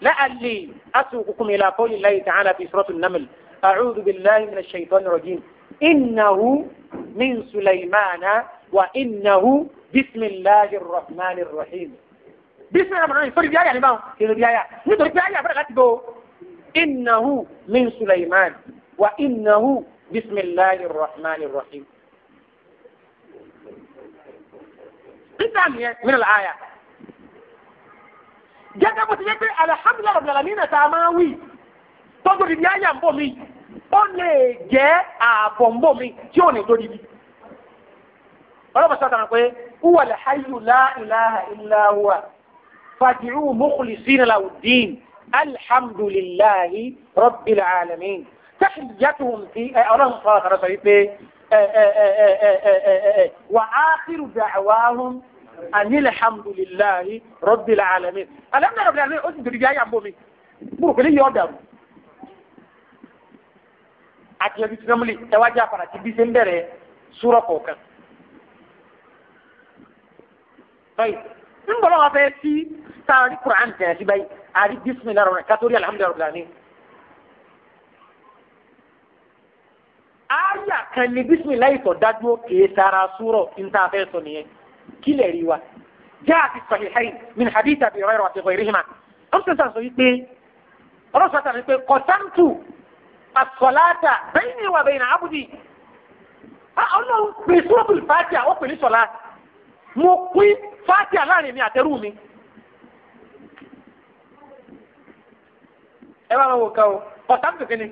la'alli asùnkùnkùn ìlà qawli llahi ta'ala fi suratu an-naml a'udhu billahi minash shaitani rajim. إنه من سليمان وإنه بسم الله الرحمن الرحيم بسم الله الرحمن الرحيم يعني ما كده بيايا إنه من سليمان وإنه بسم الله الرحمن الرحيم الثانية من الآية جاء أبو يقول الحمد لله رب العالمين تماوي تقول يا يا بومي ó lè jẹ́ ààbọ̀nbọ̀ mi tí ò ní tó níbi. ọlọ́pàá sọ̀tàn pé wúwà lè hayyu la ilaha illa huwa fàjìrú mukhlisina lahu ddin alhamdulillahi rabbil alamin. tahiyyatuhum fi ọlọ́run sọ̀rọ̀ sọ̀rọ̀ sọ wípé wa akhiru da'wahum anil hamdulillahi rabbil alamin. alhamdulillahi rabbil alamin ó sì dòdìdì ayé àbọ̀ mi. bùrùkù ní yọ̀ ọ́ dàrú àti ẹbí tinamuli ẹwájú àpàràtì bí ṣe ń bẹ̀rẹ̀ súrọ̀ kọ̀ọ̀kan. báyìí ń bọ̀ lọ́wọ́ fẹ́ sí sáárì kuran tẹ̀ sí báyìí àrí bísímìlá rọrùn kátórí alihamudulilayi rọrùn ní. àyà kan ní bísímìlá ìtọ̀ dájú kèé sára súrọ̀ níta fẹ́ sọ nìyẹn kílẹ̀ rí wa. جاء في الصحيحين من حديث أبي هريرة وغيرهما أمس سنسوي قرصة قسمت asọ̀láàtà bẹ́ẹ̀ ni ìwà bẹ́ẹ̀ ni àbùdí ọlọ́run pè sọ́ọ̀bù fàtíà ó pè ní sọ̀lá mo pín fàtíà láàrin mi àtẹrù mi. ẹ wá máa wò ká o ọ̀tá mi tòkè ni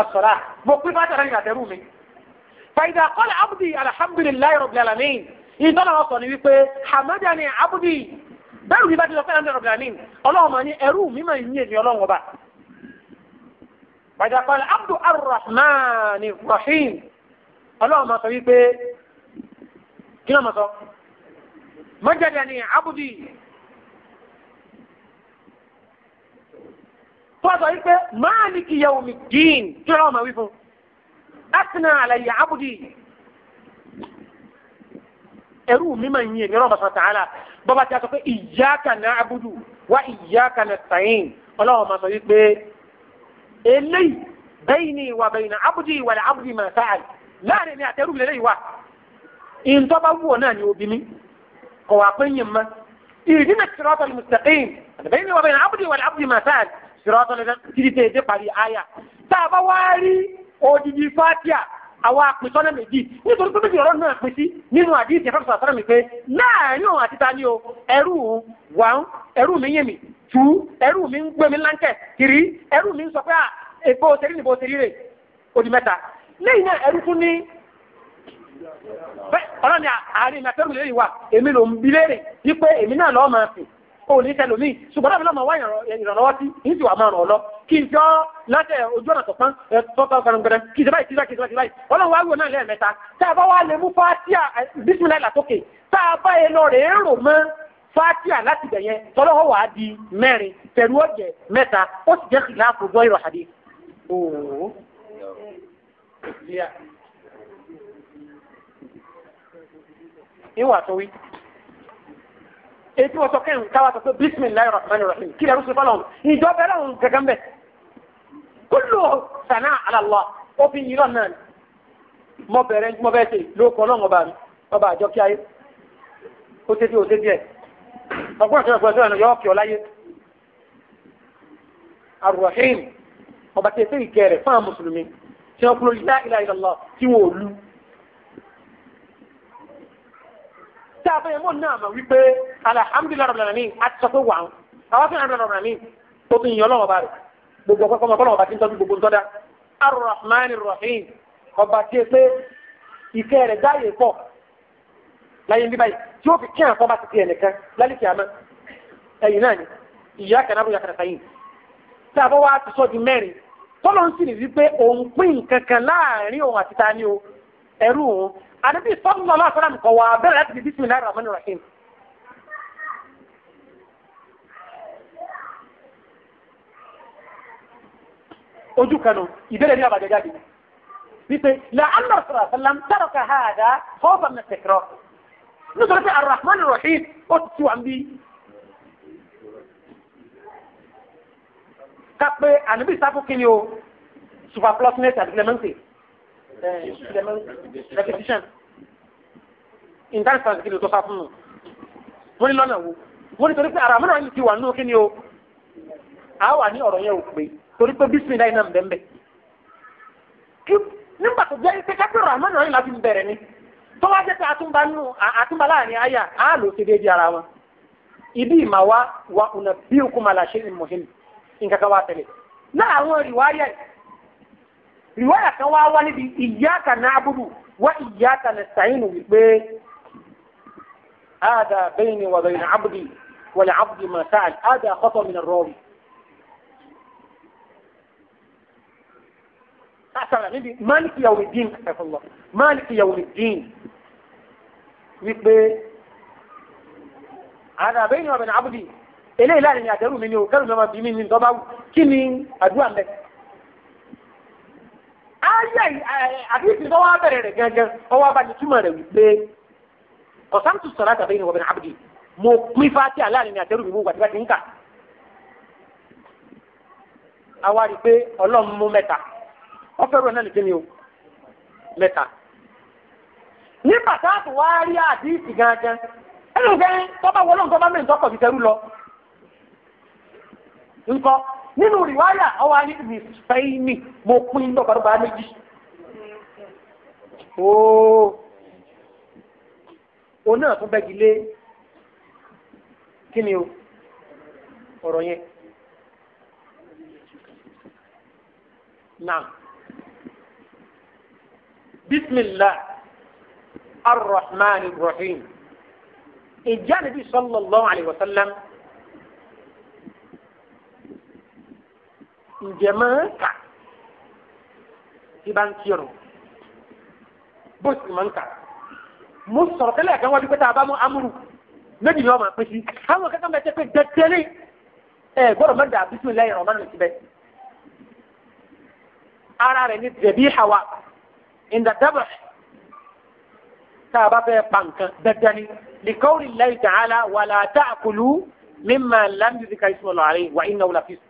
asọ̀lá mo pín fàtíà láàrin àtẹrù mi. fàyidà kọ́lá àbùdí alhamdulilayi rọ̀bì alamin ìtọ́nà sọ ni wípé hamadani àbùdí bẹ́ẹ̀ bá ti lọ fẹ́ràn rọ̀bì alamin ọlọ́run máa ní ẹrú mi máa ń yé ni ọlọ́run ọba bàjá kọ́lá abdu arrahman rahim ọlọ́run máa sọ wípé kí ló máa sọ mọ́jáde ni abudi tó sọ wípé maliki yawmiddin kí ló máa wí fún asna alayya abudi ẹrú mi máa ń yin èmi ọlọ́run sọ tààlà bọ́ba ti a sọ pé iyyaka na'budu wa iyyaka nasta'in ọlọ́run máa sọ wípé. eléyìí bayni wa bayna abdi wal abdi ma sa'al wa ìǹtọ́ bá ni òbí mi kọ̀ wá pé yín mọ́ ìdínà siratal mustaqim wa bayna abdi ma sa'al siratal títí tẹ̀ a bá odidi fatia nítorí pé méjì ọ̀rọ̀ náà pín nínú àdíìsì ẹ̀fẹ́ sọ̀rọ̀ sọ̀rọ̀ mi pé láàrin òun àti ta ni o ẹrú òun ẹrú mi mi tú ẹrù mi ń mi láńkẹ̀ kiri ẹrù mi ń sọ pé à ah, èbó òṣèré nìbó òṣèré rè odi mẹ́ta náà ní ni àárín ìmọ̀ èmi ló o ní mí ṣùgbọ́n wá eh, ìrànlọ́wọ́ sí wà máa ràn ọ́ lọ kí n jọ eh, ojú ọ̀nà tọ̀pán tọ́tọ́ gbẹrẹgbẹrẹ báyìí báyìí a wá lè fatia láti bẹ̀yẹ tọ́lọ́wọ́ wà á di mẹ́rin pẹ̀lú ọ̀jẹ̀ mẹ́ta ó sì jẹ́ kìláàfù gbọ́ ìrọ̀ àdé. ìwà tó wí ètí wọ́n sọ kẹ́hìn káwá sọ pé bisimilayi rahman rahim kí lẹ́rú sọ́kọ́ lọ́wọ́ ìjọ bẹ́ẹ̀ lọ́wọ́ gẹ́gẹ́ bẹ́ẹ̀ kúlò sànà àlàlọ́ ó fi yìí lọ́nà mọ bẹ̀rẹ̀ mọ bẹ́ẹ̀ ṣe lóko náà mọ bá mi ọba àjọ kí ayé ó ṣe bí ó ṣe bí ẹ̀ ọgbọ́n ìṣẹ́ ọgbọ́n ìṣẹ́ ọ̀nà yọ ọ́kì ọláyé arrahim ọba tí ẹsẹ̀ ìkẹ́ rẹ̀ fáwọn mùsùlùmí tí wọ́n kúrò lá ilaha illallah tí wọ́n ò lu. tá a fẹ́yẹ̀ mọ́ náà mà wípé alhamdulilayi rabbil alamin a ti sọ pé wà ń àwọn fẹ́ràn rabbil alamin tó fi yàn lọ́wọ́ bá rẹ̀ gbogbo ọkọ̀ ọmọ ọba tí ń tọ́jú gbogbo ń tọ́da ọba tí ẹsẹ̀ ìkẹ́ rẹ̀ dáyé pọ̀ láyé bíbá yìí tí ó fi kí àkọ́ bá ti ti ẹnìkan lálẹ́ kí a mọ́ ẹ̀yìn náà ni ìyá kan náà bó yàtọ̀ sáyìn tí a bá wá ti sọ di mẹ́rin tọ́lọ̀ ń sì ní wípé òun pín nǹkan kan láàrin òun àti ta ni o ẹ̀rú òun àdébí sọ́dúnlọ́ lọ́wọ́ sọ́dọ̀ nǹkan wà bẹ́ẹ̀ láti di bismillahir rahmanir rahim. ojú kanu ìbéèrè ní àbàjẹ́ jáde wípé làánà sọ̀rọ̀ sọ̀lá ń tẹ̀rọ̀ ká hàdá fọ́ọ̀bà mẹ́tẹ̀kẹ́rọ̀ nítorí pé arahman rahim ó ti wà ń bí. kápẹ́ ànábì sáfù kìíní o superplusiness àti clemency repetition intense kìíní tó sáfù nù wọ́n ní lọ́nà wo wọ́n ní torí pé arahman rahim ti wà nù kìíní o àwa ní ọ̀rọ̀ yẹn ò pé torí pé bísí náà iná ń bẹ́ẹ̀ bẹ́ẹ̀ nígbà tó jẹ́ pé kápẹ́ arahman rahim láti bẹ̀rẹ̀ ni tó wá jẹ́ pé àtúnba nù àtúnba láàrin àyà á lò sí déédéé ara wọn ibi ìmà wa wa ọ̀nà bí òkú ma làṣẹ ìmọ̀hìn nǹkan kan wá tẹ̀lé láàrin rìwáyà rìwáyà kan wá wá níbi iyyaka na'budu wa iyyaka nasta'inu wípé hada bayni wa bayna abdi wa li abdi ma sa'al hada khata min ar-rawi. أسرع نبي مالك يوم الدين أستغفر الله مالك يوم الدين wípé àdàbẹ́ ìyàn ọ̀bẹ̀ ní abúlé eléyìí láàrin àdẹ́rù mi ni o kẹ́rù mi ọmọ bí mi ní tọ́ba kí ni àdúrà mẹ́. ayé àdìsí tó wá bẹ̀rẹ̀ rẹ̀ gángan ọwọ́ abalẹ̀ túmọ̀ rẹ̀ wípé kọ̀sáǹtù sọ̀rọ̀ àdàbẹ́ ìyàn ọ̀bẹ̀ ní abúlé mo pín fati aláàrin àdẹ́rù mi mú wàtíwá ti ń kà. àwa rí i pé ọlọ́run mú mẹ́ta ọ fẹ́ràn náà nìkan ni o mẹ́ta ní pàtàkì wá rí àdíìsì gangan ẹni ò gẹ́rin tó bá wọlé nǹkan bá mẹ́rin tó kọ̀ fi tẹ́rù lọ. nǹkan nínú rìwáyà ọwọ́ ayé mi fẹ́ẹ́ mi mo pín lọ́kọ̀ọ́dọ́gba méjì. ooo òun náà tún bẹ́gi lé kí ni o ọ̀rọ̀ yẹn. Naam. Bismillah ar-Rahman ar-Rahim ìjà níbi sallallahu alayhi wa sallam ǹjẹ̀mọ́ kà tí bá ń kírun bó sì máa ń kà mo sọ̀rọ̀ tẹ́lẹ̀ kan wá bí pé tá a bá mú amúrù méjì ni wọ́n máa pín sí àwọn kankan bẹ́ẹ̀ tẹ́ pé dẹ́tẹ́lẹ̀ ẹ gbọ́dọ̀ má dà bisimilayi rahman ti bẹ́ẹ̀ ara rẹ̀ ní dẹ̀bí hawa ìdàdàbọ̀ tá a bá fẹ́ pa nǹkan dandan ni likawuli layi ta'ala wàlá ta'kulu mimma lam yuzika ismullahi alayhi wa innahu lafisq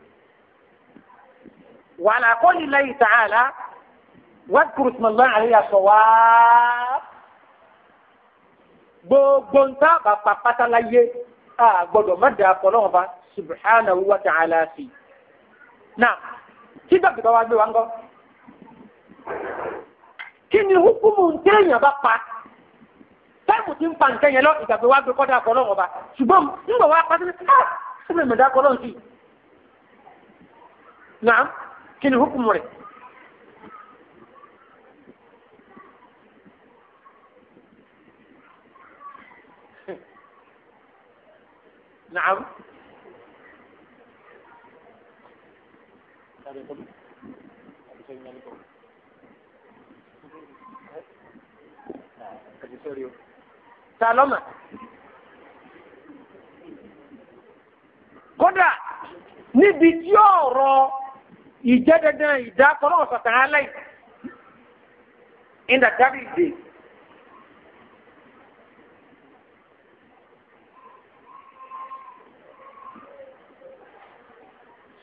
wàlá qawli layi ta'ala wadhkur ismullahi alayhi sawab gbogbo ntá bàbá pátáláyé a gbọ́dọ̀ má dà fọlọ́wọ́n ba subhanahu wa ta'ala sí. náà tí dọ́kítà wa gbé wa ń gọ́ kí ni hukumu ntẹ́yìn pa táìmù ti ń pa nǹkan yẹn lọ ìgbàgbé wa gbé kọ́dà kọ́ lọ́wọ́ ọba ṣùgbọ́n ńgbà wa pàṣẹ ká sílẹ̀ mẹ́ta kọ́ lọ́wọ́ sí i. Nàá kí ni hukumu rẹ̀? Nàá. Thank you ta lọ́mà. kódà níbi tí ọ̀rọ̀ ìjẹ́dẹ́dẹ́ ìdá tọ́lọ́wọ́ sọ̀tàn aláì ìdá dábì dé.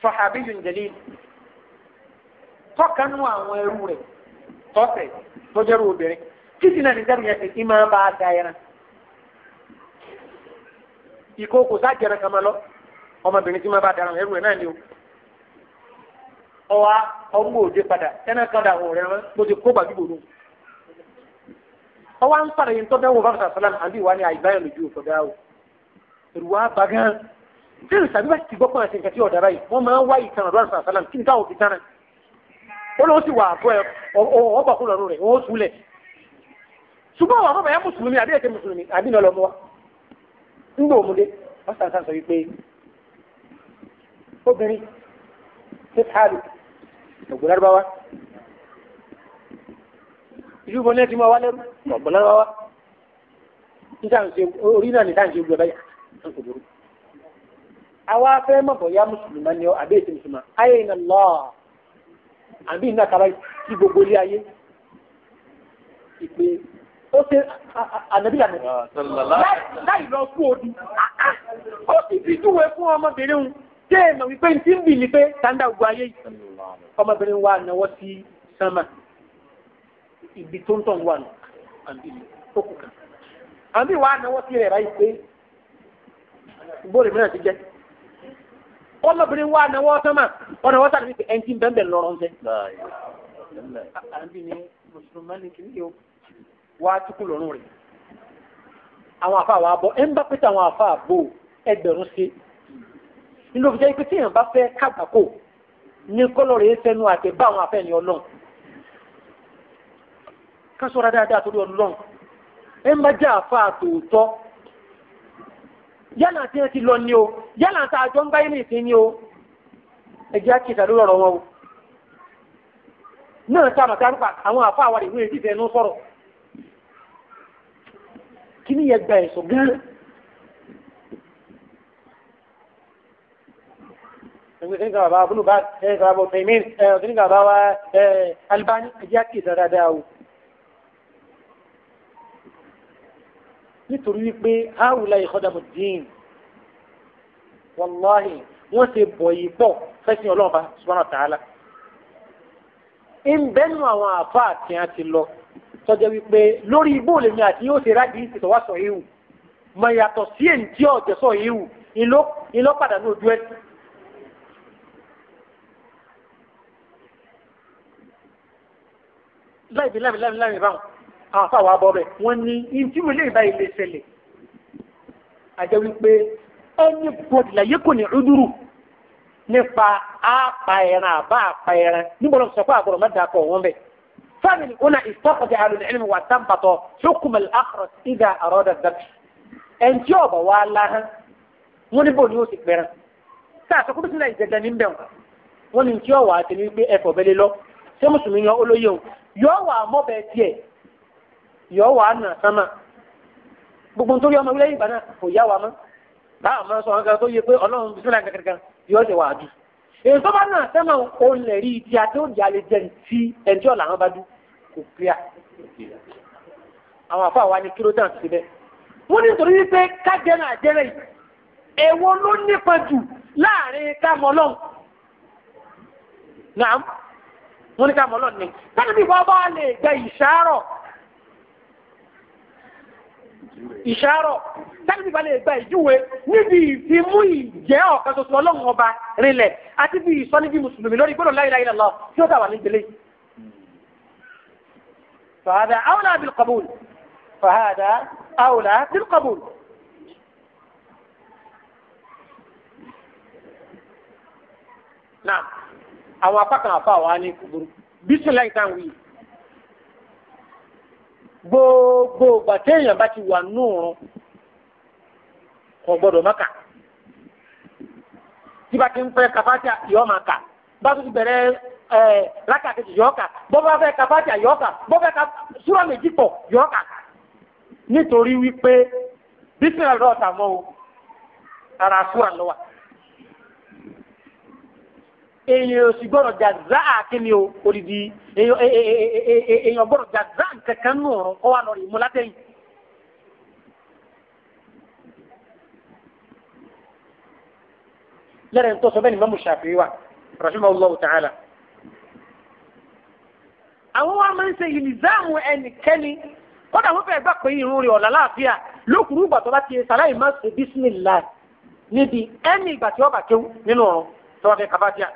sọ̀hábíyùn jẹ̀lí tọ́kanú àwọn ẹrú rẹ̀ tọ́sẹ̀ tọ́jọ́rú obìnrin kí sì náà ní dábì ìkókò sájẹrẹ kan máa lọ ọmọbìnrin tí máa bá dara ẹrù ẹ náà ni o ọwa ọmọ òde padà ẹnà kadà ọ̀rẹ́ rẹ mo ti kó gbàdúgbò nù ọwa ń sàrẹ̀ yìí tọ́jú ẹ̀wọ̀n bàbá sàlám àbí ìwà ni àìbáyà lójú òfòdà o èrò wa bá gan tí ìrìn sàbí bá ti gbọ́ pọ̀ àti nǹkan tí ọ̀dà báyìí wọ́n máa ń wá ìtàn àbúrò àṣà sàlám kí n káwọ́ fi tán ó ló sì wà àbọ̀ ẹ ọ̀bà kúlọ̀ rẹ̀ wọ́n ó súlẹ̀ ṣùgbọ́n àwọn ọmọ bàyá mùsùlùmí àbí ẹ̀kẹ́ mùsùlùmí àbí nà lọ́mọ́ wa ńgbà òmùdé wọ́n sàn sàn sọ wípé obìnrin ṣe tààlù ọ̀gbọ̀n lárúbáwá ìlú bọ̀ náà ti máa wá lẹ́rú ọ̀gbọ̀n lárúbáwá orí náà ní táǹṣe gbọ́ báyà ń kò burú. àwa fẹ́ mọ̀ bọ̀ ya mùsùlùmá ni ọ àbí èsì mùsùlùmá ayé iná lọ àbí iná kaba kí gbogbo ilé ayé ìpè ó ṣe ànàbíyàmẹ́ láì lọ fún odi ó sì fi túwẹ́ fún ọmọbìnrin un tí èèmọ̀ wípé tí ń bì ní pé tàǹdà ogun ayé ọmọbìnrin wa náwọ́ sí sánmà ibi tó ń tọ̀ wà nù tó kù kan àbí wa náwọ́ sí rẹ̀ báyìí pé bóòlù mìíràn ti jẹ́ ọmọbìnrin wa náwọ́ sánmà ọ̀nà wọ́n sàdébí pé ẹni tí ń bẹ́ẹ̀ bẹ́ẹ̀ lọ́rọ̀ ń fẹ́. àbí ni mùsùlùmí wá túkú lọ́rùn rẹ̀ àwọn àfa wa bọ̀ ẹ ń bá pété àwọn àfa àbò ẹgbẹ̀rún sí nínú òfìjẹ́ ipe tí èèyàn bá fẹ́ kàgbákò ní kọ́lọ̀ rẹ̀ sẹ́nu àti bá àwọn afẹ́ ni ọlọ́run ká sọ́ra dáadáa torí ọlọ́run ẹ ń bá jẹ́ àfa àtòótọ́ yálà tí wọ́n ti lọ ni o yálà tá a jọ ń bá yín nìsín ni o ẹ̀jẹ̀ àkìtà lórí ọ̀rọ̀ wọn o náà sábà tá a rúpa àwọn àfa àwàdì ìwé ìdíje ẹnu sọ̀rọ̀ kíní yẹn gba ẹ̀sùn gan. ẹ̀sìn kan bàbá abúlù bá ẹ̀sìn kan bàbá ọ̀tẹ̀mí ẹ̀sìn kan bàbá wa Albani ẹ̀jẹ̀ àti ìsàn dáadáa o. nítorí wípé haúlá ìkọ́dàmù dín wàláhì wọ́n ṣe bọ̀ yìí pọ̀ fẹ́sìn ọlọ́ọ̀bá subhanahu wa ìbẹ́nu àwọn àfáà tí a ti lọ tọ́jẹ́ wípé lórí igbó lè ní àti yóò ṣe rájì ń ṣètò wá sọ ihò mọ̀ yàtọ̀ sí èyí tí ọ̀jẹ̀ sọ ihò ìlọ́ padà ní ojú ẹ̀. láìbí láìbí láìbí láìbí báwọn àwọn afáwà abọ́ rẹ̀ wọ́n ní ìtìwé lè bá ilé ṣẹlẹ̀ àjẹ́ wípé ẹni bọ́dì láyé kò ní ọdúrú nípa àpá ẹran àbá àpá ẹran níbo lọ sọ pé àbọ̀rọ̀ mẹ́ta kọ̀ wọ́n bẹ́ẹ̀. فمن هنا استخرج أهل العلم واستنبطوا حكم الأخرس إذا أراد الذبح ẹn tí ọba wa la hàn wọn ní bò ní oṣù pẹrẹ tá a sọ kó bísí ìjẹjẹ ní bẹ̀rù wọn ní tí ọwà àti ní pé ẹfọ bẹlẹ lọ ṣé mùsùlùmí yan olóyè o yọ wà á mọbẹ tiẹ yọ wà á nà sánmà gbogbo nítorí ọmọ wílẹ̀ ìgbà náà kò yá wa mọ́ bá a máa sọ wọn kan tó yẹ pé ọlọ́run bísí kankan yọ ọ́ ṣe wà á dù èyí tó bá nà sánmà òun lè rí ibi àti òun jà lè jẹ ti ẹn tí ọ̀là wọn bá dù kò pia àwọn àfa wa ni kí ló tàn sí bẹ́ẹ̀ wọ́n ní nítorí wípé kájẹ́nà àjẹ́rẹ́ yìí èwo ló nípa jù láàrin kámọ́lọ́n náà wọ́n ní kámọ́lọ́n ni sani bí wọ́n bá lè gba ìṣàárọ̀ ìṣàárọ̀ sani bí wọ́n lè gba ìjúwe níbi ìfimú ìjẹ́ ọ̀kan tuntun ọlọ́run ọba rinlẹ̀ àti bí ìsọ́ni bí mùsùlùmí lórí gbọ́dọ̀ la ilaha illallah tí ó tà wà ní ìgbélé yìí. فهذا أولى بالقبول فهذا أولى بالقبول نعم أو أفكنا فاواني كبر بسم الله تنوي gbogbo ìgbà téèyàn bá ti wà nùrùn kò gbọdọ̀ má kà tí bá ti ń fẹ́ kàfáàtì yọ máa kà bá tó ti bẹ̀rẹ̀ ẹẹ lákàtí yọ̀ọ́kà bọ́bá fẹ́ ka fàtíà bọ́bá fẹ́ ka méjì pọ̀ yọ̀ọ́kà nítorí wípé bísíǹnà lọ́wọ́ tà mọ́ o ara súrà lọ́wọ́ èèyàn ò gbọ́dọ̀ jà záà o odidi èèyàn gbọ́dọ̀ jà záà nù ọ̀rọ̀ kọ́ wa lọ wa àwọn wa máa ń ṣe ìlìzáàmù ẹnikẹ́ni kódà wọ́n fẹ́ẹ́ gbà pé irun rẹ̀ ọ̀la láàfíà lókùnrin ìgbà tó bá ti sàlàyé má ṣe bísímìlá níbi ẹni ìgbà tí ọba kéwú nínú ọ̀run tó bá fẹ́ kábàdíà.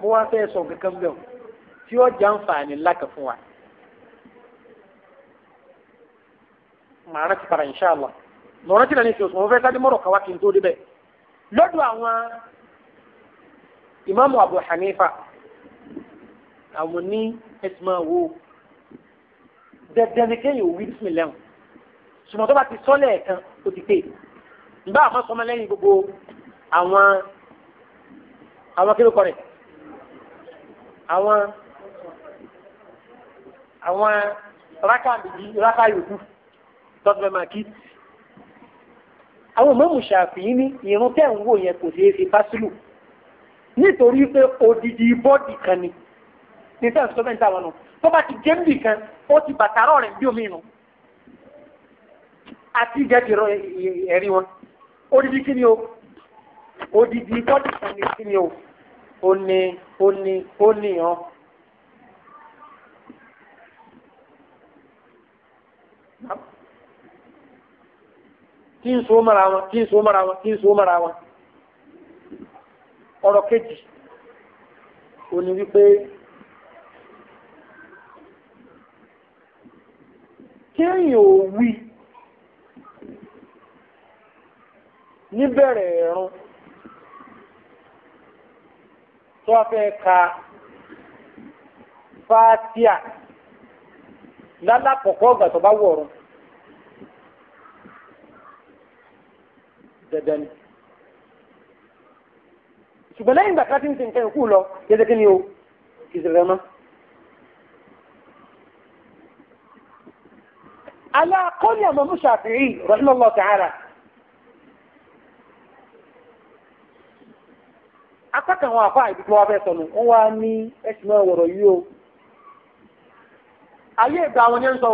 mo wá fẹ́ sọ kankan bẹ́ẹ̀ o tí ó jẹ́ àǹfààní lákà fún wa. màá rántí para inṣáàlá lọ́rọ́ tí lẹ́ni tí òsùn fẹ́ sáré mọ́rọ̀ kàwá kí n tó débẹ̀ lọ́dọ̀ àwọn ìmáàmù Abu Hanifa àwọn ní ẹ̀sìnmá wo dẹ̀dẹ̀ ni kéèyàn ò wí bísí mi lẹ́wọ̀n ṣùgbọ́n tó bá ti sọ́lẹ̀ ẹ̀kan ó ti pè nígbà àwọn sọmọ lẹ́yìn gbogbo àwọn àwọn kí ló kọ rẹ̀ àwọn àwọn rákà yòókù tọ́tù ẹ̀ máa kí àwọn ìmọ̀mù ṣàfihàn ní ìrún tẹ́ ń wò yẹn kò ṣeé ṣe básílù nítorí pé odidi bọ́ọ̀dì kan ni ní tẹ́ ń sọ bẹ́ẹ̀ táwọn nù tó bá ti jẹ́ níbì kan ó ti bàtàrọ̀ rẹ̀ bí omi nù àti ìjẹ́jì ẹ̀rí wọn odidi kí ni o odidi bọ́ọ̀dì kan ni kí ni o ó ní ó ní ó ní ìran. tí ń so mara wọn tí ń so mara wọn tí ń so mara wọn ọ̀rọ̀ kejì ó ní wípé kéèyàn ò wí níbẹ̀rẹ̀ ẹ̀rùn tó a fẹ́ ka fátíà lálàkọ̀kọ́ ọgbà tó bá wọ̀rùn. dandan ni ṣùgbọ́n lẹ́yìn ìgbà tí wọ́n ti kẹ́yìn kú lọ yẹ́sẹ̀ kí ni o ìṣẹ̀lẹ̀ mọ́. alákọ́lẹ̀ àmọ́mú ṣàfihì rọ́lọ́lọ́ tààrà apákan àwọn àfáà ìdí tí wọ́n fẹ́ sọnù wọ́n wá ní ẹ̀sìn náà wọ̀rọ̀ yìí o ayé ìgbà àwọn ní ń sọ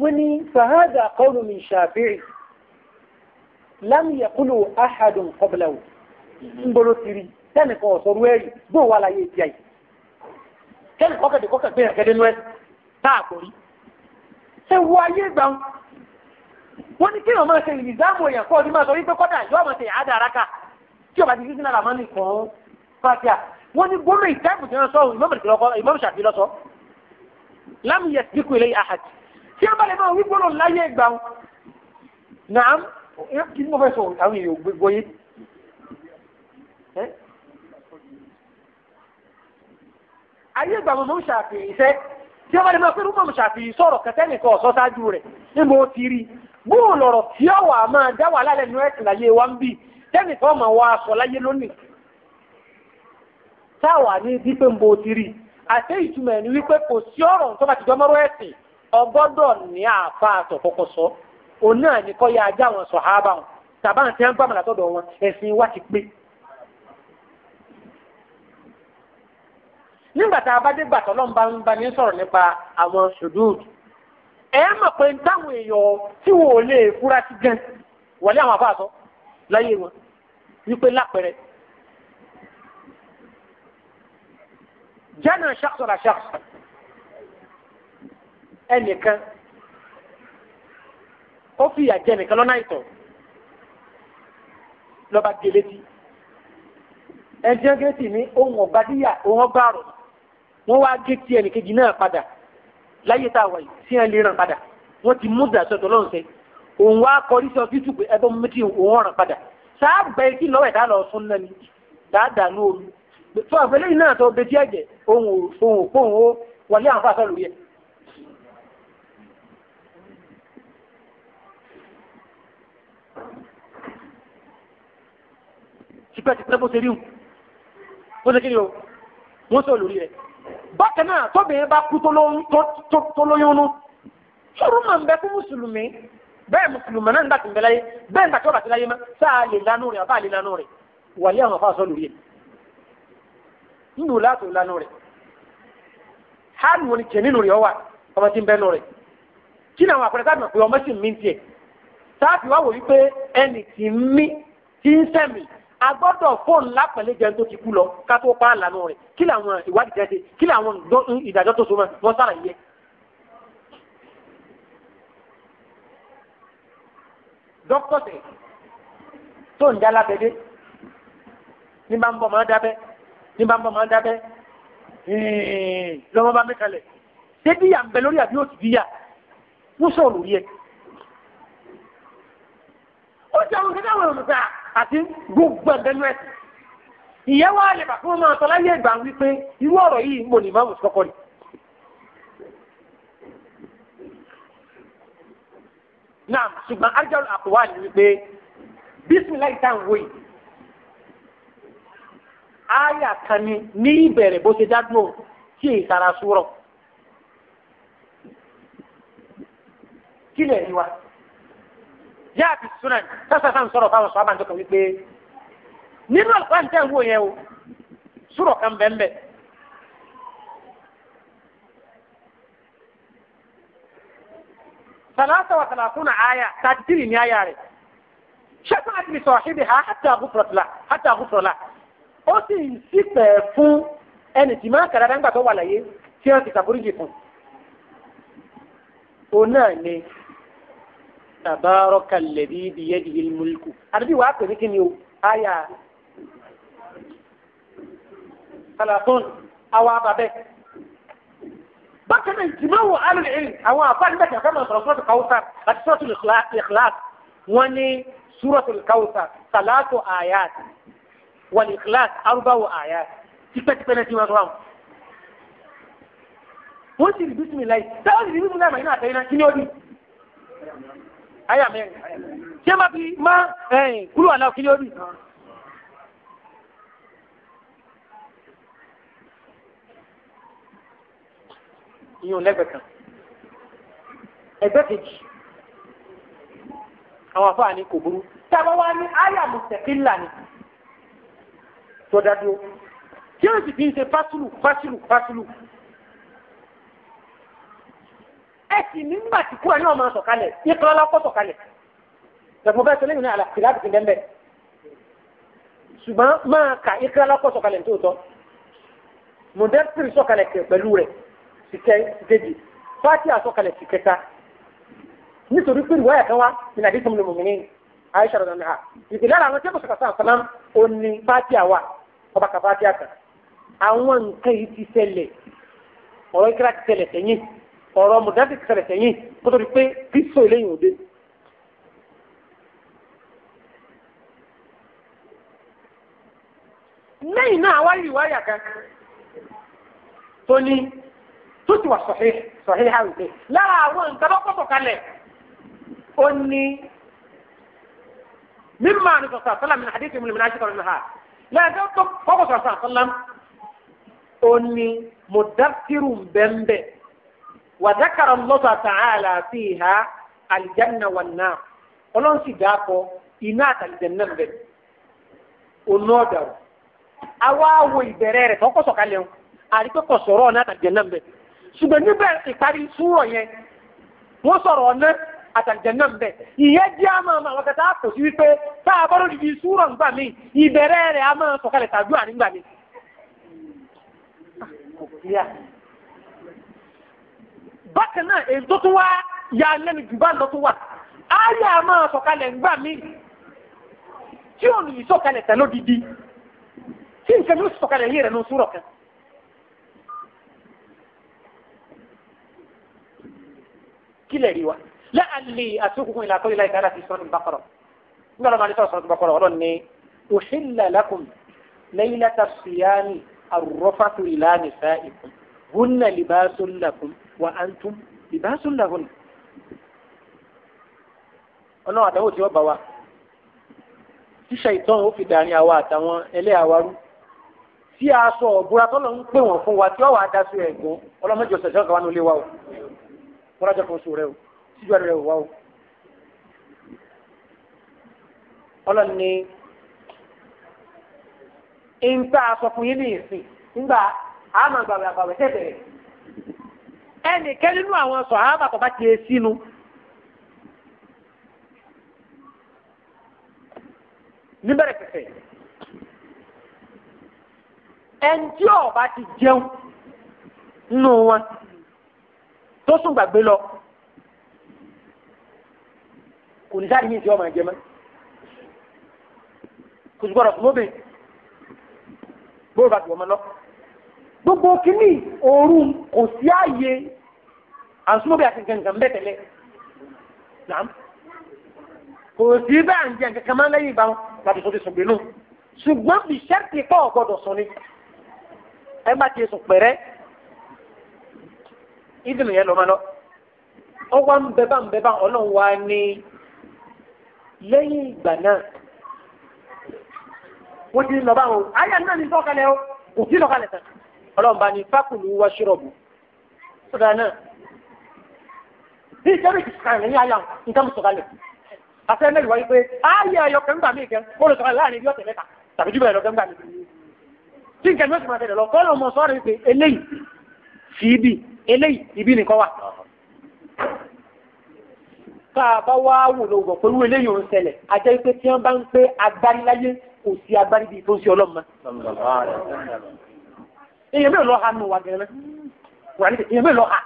wọ́n lam yakulu ahadun qablahu n bolo tiri tẹni kan ọsọ ruwẹri bó wà láyé ti àyè tẹni kọkàdé kọkàdé ẹkẹdé nu ẹ táà kórí ṣe wo ayé gbà ń wọn ní kéèyàn máa ṣe ìlìzáàmù èèyàn kọ́ ọdún máa sọ wípé kọ́dà yóò máa ṣe àádá araka tí ọba ti sísìn àlàmọ́ nìkan fàtíà wọn ní gbọ́dọ̀ ìtẹ́kù tí wọ́n sọ ìmọ̀mù ṣàfi lọ́sọ lam yasbiqu ilay ahad tí wọ́n bá lè máa wí gbọ́dọ̀ láyé gbà ń nàám kí ni mo fẹ́ sọ àwọn èèyàn gbé gbọ́yé ayé ìgbà mọ̀mọ́ ṣàfihàn iṣẹ́ tí wọ́n lè máa pẹ́rú mọ̀mọ́ ṣàfihàn sọ̀rọ̀ kẹtẹ́nìkan ọ̀sọ́ ṣáájú rẹ̀ níbo ti rí bóun lọ̀rọ̀ tí ó wà máa dá wà lálẹ́ nínú ẹ̀sìn láyé wa ń bì tẹ́nìkan ọmọ wa sọ láyé lónìí táwà ní dípẹ́ ń bo ti rí àti ìtumọ̀ ẹni wípé kò sí ọ̀rọ̀ tó bá ti jọmọ́rọ́ ẹ̀sìn ọgọ́dọ̀ ní àáfàá àtọ̀ sọ òun náà ní kọ́ ya ajá wọn sọ̀háábà wọn tàbá àti ẹ̀ ń gbàmọ̀lá tọ̀dọ̀ wọn ẹ̀sìn wa ti pé. nígbà tá a bá dé gbàtọ́ lọ́nba ń bá ní sọ̀rọ̀ nípa àwọn ṣùdúùd ẹ mọ̀ pé táwọn èèyàn tí wọn ò lè fura sí gan wọlé àwọn àbá láyé wọn wípé lápẹẹrẹ jẹ́nà ṣàkóso la ṣàkóso ẹnìkan ó fi ìyà jẹ nìkan lọ́nà ìtọ̀ lọ́ba di eléjì ẹjẹ́ gẹ́tì ní ohun ọ̀gbá díyà ohun ọgbà rọ̀ wọ́n wá gẹ́tì ẹnìkejì náà padà láyé tá a wà yìí sí ẹ̀ lè ràn padà wọ́n ti mú ìdàsọ̀ tó lọ́rùn sẹ́ òun wá kọrí sí ọfíìsì pé ẹbọ méjì òun ọ̀ràn padà sáà bẹ kí lọ́wọ́ ẹ̀dá lọ fún náà ni dáadáa ní olú fún àfẹlẹ́yìn náà tó betí ẹ̀jẹ̀ ohun òpó òun ó wọlé àǹfààfẹ́ lórí ẹ̀ tipẹ́tipẹ́ bó ṣe rí hùn bó ṣe kí ni o wọ́n sọ lórí rẹ̀ bákan náà tóbìnrin bá kú tó lóyún nú ṣòro máa ń bẹ fún mùsùlùmí bẹ́ẹ̀ mùsùlùmí náà ń dàtí ń bẹ láyé bẹ́ẹ̀ ń dàtí ọ̀dàtí láyé má sáà lè lánú rẹ̀ àbá lè lánú rẹ̀ wàlẹ́ àwọn afáàsọ lórí rẹ̀ nínú látò lánú rẹ̀ hánú ni kẹ̀ nínú rẹ̀ ọwà ọmọ tí ń bẹ́nu rẹ̀ kí náà àpẹẹrẹ sáà pé ọmọ sì ń mí tiẹ̀ sáà fi wá wò wípé ẹnì tí ń mí tí ń sẹ́mi agbọ́dọ̀ fóònù lápẹ̀lẹ́jẹ tó ti kú lọ ká pa àlànà rẹ̀ kí làwọn ìwádìí jáde kí làwọn ìdájọ́ tó so mọ́ wọn sára yẹ. dókítọ̀tẹ̀ tó ń dálá bẹ́ẹ̀ dé ní bá ń bọ̀ máa dábẹ́ ní bá ń bọ̀ máa dábẹ́ lọ́wọ́ bá mẹ́kalẹ̀ ṣé díyà ń bẹ lórí àbí òtù díyà wọ́n sọ̀rọ̀ yẹ. ó jẹun kí náà wọ̀ ọ́ àti gbogbo ẹgbẹ́ nú ẹ̀sìn ìyẹn wá lè bà kí wọ́n máa láyé ìgbà irú ọ̀rọ̀ yìí mo ní sọ́kọ́ ni. náà ṣùgbọ́n arjọ́lù àkùwá ni wípé bísíláì tá à ni ní ìbẹ̀rẹ̀ bó ṣe dádúró tí èyí sara kí wa. yá àti sunan sásàtà ń sọ̀rọ̀ fáwọn sọ́ọ́bà tó kàn wípé nínú àlùkò àti tẹ́wọ́ yẹn o sùrọ̀ kan bẹ́ẹ̀ ثلاثة وثلاثون آية تاتيري ني آية شفعت لصاحبها حتى غفرت له حتى غفر له ó sì ń sípẹ̀ fún ẹni tí máa kàdára ńgbà tó wà láyé tí wọ́n ti ṣàforíjì fún un náà ni tabaraka alladhi biyadihi almulku àdàbí wàá pè ní kí ni o àyà salatun awa ababẹ bákan náà ìjìmáwò alìlẹ̀ àwọn àfáàní bẹ́ẹ̀ kàkà máa sọ̀rọ̀ suratul kawthar àti suratul ikhlas wọn ní suratul kawthar salatu ayat wal ikhlas arúgbáwò ayat tipẹ́tipẹ́ náà ti máa sọ wọ́n sì rí bísí mi láì táwọn sì rí bísí mi láì máa iná di àyà mẹ́rin tí ẹ má fi má ẹ̀yìn kúrò àlà òkè yóò rí. ìyọ̀n lẹ́gbẹ̀ẹ́ kan ẹgbẹ́ kejì àwọn afáàní kò burú tábà wá ní àyà mùsẹ̀kìlà ni tó dá dúró tí ó sì fi ń ṣe fásùlù fásùlù fásùlù ẹ sì nígbà tí kúrò ní ọmọ sọ̀kalẹ̀ ìkọlọ́ lọ́kọ́ sọ̀kalẹ̀ ṣẹ̀fún bẹ́ẹ̀ sọ lẹ́yìn náà àlàkìlá ti dẹ́ mbẹ́ ṣùgbọ́n máa ka ìkọlọ́ lọ́kọ́ sọ̀kalẹ̀ tó tọ́ mọ̀dẹ́tìrì sọ̀kalẹ̀ kẹ̀ pẹ̀lú rẹ̀ sìkejì fáti àsọ̀kalẹ̀ sìkẹta nítorí pé ìwáyà kan wá mi mọ̀mí ní Aisha rẹ̀ nàá ìpìlẹ̀ àwọn tí wọ́n sọ̀kà sàlám òní fáti àwa ọba kà fáti àkà àwọn nǹkan yìí ti ṣẹlẹ̀ ọ̀rọ̀ ìkírà ọ̀rọ̀ mùdáàdì kẹsẹ̀rẹ̀ sẹ́yìn kó tó di pé kristo eléyìí ò dé. lẹ́yìn náà wá rí ìwáyà kan tó ní tó ti wà sọ̀hí sọ̀hí ha wípé lára àwọn nǹkan tó kọ́tọ̀ kalẹ̀ ó ní mímọ́ àrùn sọ̀tọ̀ mi àdéhùn mi náà ṣèkọ̀rọ̀ náà lẹ́yìn tó kọ́kọ̀ sọ̀tọ̀ ó ní mùdáàdì rù bẹ́ẹ̀ bẹ́ẹ̀. وذكر الله تعالى فيها الجنة والنار ولن سيداكو إنات الجنة بل ونودر أواو البرير فوقو سوكاليو أريكو كسورو نات الجنة بل ṣùgbọ́n níbẹ̀ ìparí súrọ̀ yẹn wọ́n sọ̀rọ̀ ọ̀nà àtàlìjẹ̀nà mbẹ̀ ìyẹn jẹ́ àmọ́ àmọ́ àwọn kẹta kò sí wípé tá a bọ́dọ̀ dìbì súrọ̀ ńgbà mí ìbẹ̀rẹ̀ rẹ̀ a máa sọ̀kalẹ̀ tàdúrà nígbà mí. Ah, bákan náà èyí tó tún wá ya lẹ́nu jù bá lọ tún wà áyà máa sọ̀kalẹ̀ ńgbà mí tí ò ní sọ̀kalẹ̀ tẹ̀ lódìdí tí nǹkan ló sọ̀kalẹ̀ yé rẹ̀ ní oṣù rọ̀ kan. kílẹ̀ rí wa láàlè àtúkùnkùn ìlà àkọ́lé láì dára ti sọ́nù bákọ̀rọ̀ nígbà lọ́ba ní sọ̀rọ̀ bákọ̀rọ̀ ọlọ́run ni òṣèlè lakum laylata siyami arrafatu ila nisaikum hunna libasun lakum وأنتم antum libasun lahun ọlọ́run àtàwọn òtí ọba wa tíṣà ìtàn ó fi dàrin àwa àtàwọn ẹlẹ́ àwa rú tí a sọ ọ̀bùra tọ́lọ̀ ń pè wọ́n fún wa tí ọwọ́ adásù ẹ̀gbọ́n ọlọ́mọdé ọ̀sẹ̀ ìṣọ́nà kan wà ní ilé wa o kọ́lájà kan oṣù rẹ o síjú àrẹ rẹ o o ọlọ́run ni ń tá a sọ fún yín ní ìsìn nígbà àmàgbàwẹ̀ àgbàwẹ̀ tẹ̀tẹ̀ rẹ̀ ẹnìkẹ́ nínú àwọn sọ̀hábà tó bá ti yé e sínú. níbẹ̀rẹ̀ pẹ̀sẹ̀ ẹni tí ọba ti jẹun nínú wọn tó sùn gbàgbé lọ kò ní sáré yìí tí ọmọ ẹ jẹ mọ́ kò sì gbọ́dọ̀ sùn lóbìn bóòlù bá ti wọ́n mọ́ lọ́kọ̀ gbogbo kini òórùn kò sí ààyè àsúmọ́bí àti gàngàn bẹ́ẹ̀ tẹ́lẹ̀ nàám kò sí bá à ń jẹ kankan máa lẹ́yìn ìbámu láti sọ sùn gbénú ṣùgbọ́n bí sẹ́ẹ̀tì pọ̀ gbọ́dọ̀ sùn ni ẹ má ti sùn pẹ̀rẹ́ ìdùnnú yẹn lọ́mọ lọ ọwọ́ ń bẹ bá ń bẹ bá ọlọ́run wá ní lẹ́yìn ìgbà náà wọ́n ti lọ bá wọn àyà náà ní tọ́kalẹ̀ o kò sí lọ́kalẹ̀ tán ọlọ́run bá ní fákùlù wá ṣírọ̀bù sọ̀dà náà bí ìjẹ́rìí ti sàn ní àyà nǹkan sọ̀kalẹ̀ àṣẹ mẹ́rin wáyé pé ààyè ẹ̀yọ kẹ́ńgbà mí kẹ́ ó lè sọ̀kalẹ̀ láàrin bí ọ̀tẹ̀ mẹ́ta tàbí jù bẹ́ẹ̀ lọ kẹ́ńgbà mí tí nǹkan mẹ́sàn máa tẹ̀lé lọ kọ́ lọ́mọ sọ́ọ́rọ̀ wípé eléyìí fi ibi eléyìí ibi nìkan wà tá a bá wá wò ló gbọ̀ pẹ̀lú eléyìí ò ń a jẹ́ pé tí wọ́n bá ń pé agbáríláyé kò sí agbárí bíi tó ń ṣe ọlọ́mọ. èyàn mẹ́rin lọ́ha nù wà gẹ̀rẹ́ èyàn mẹ́rin lọ́ha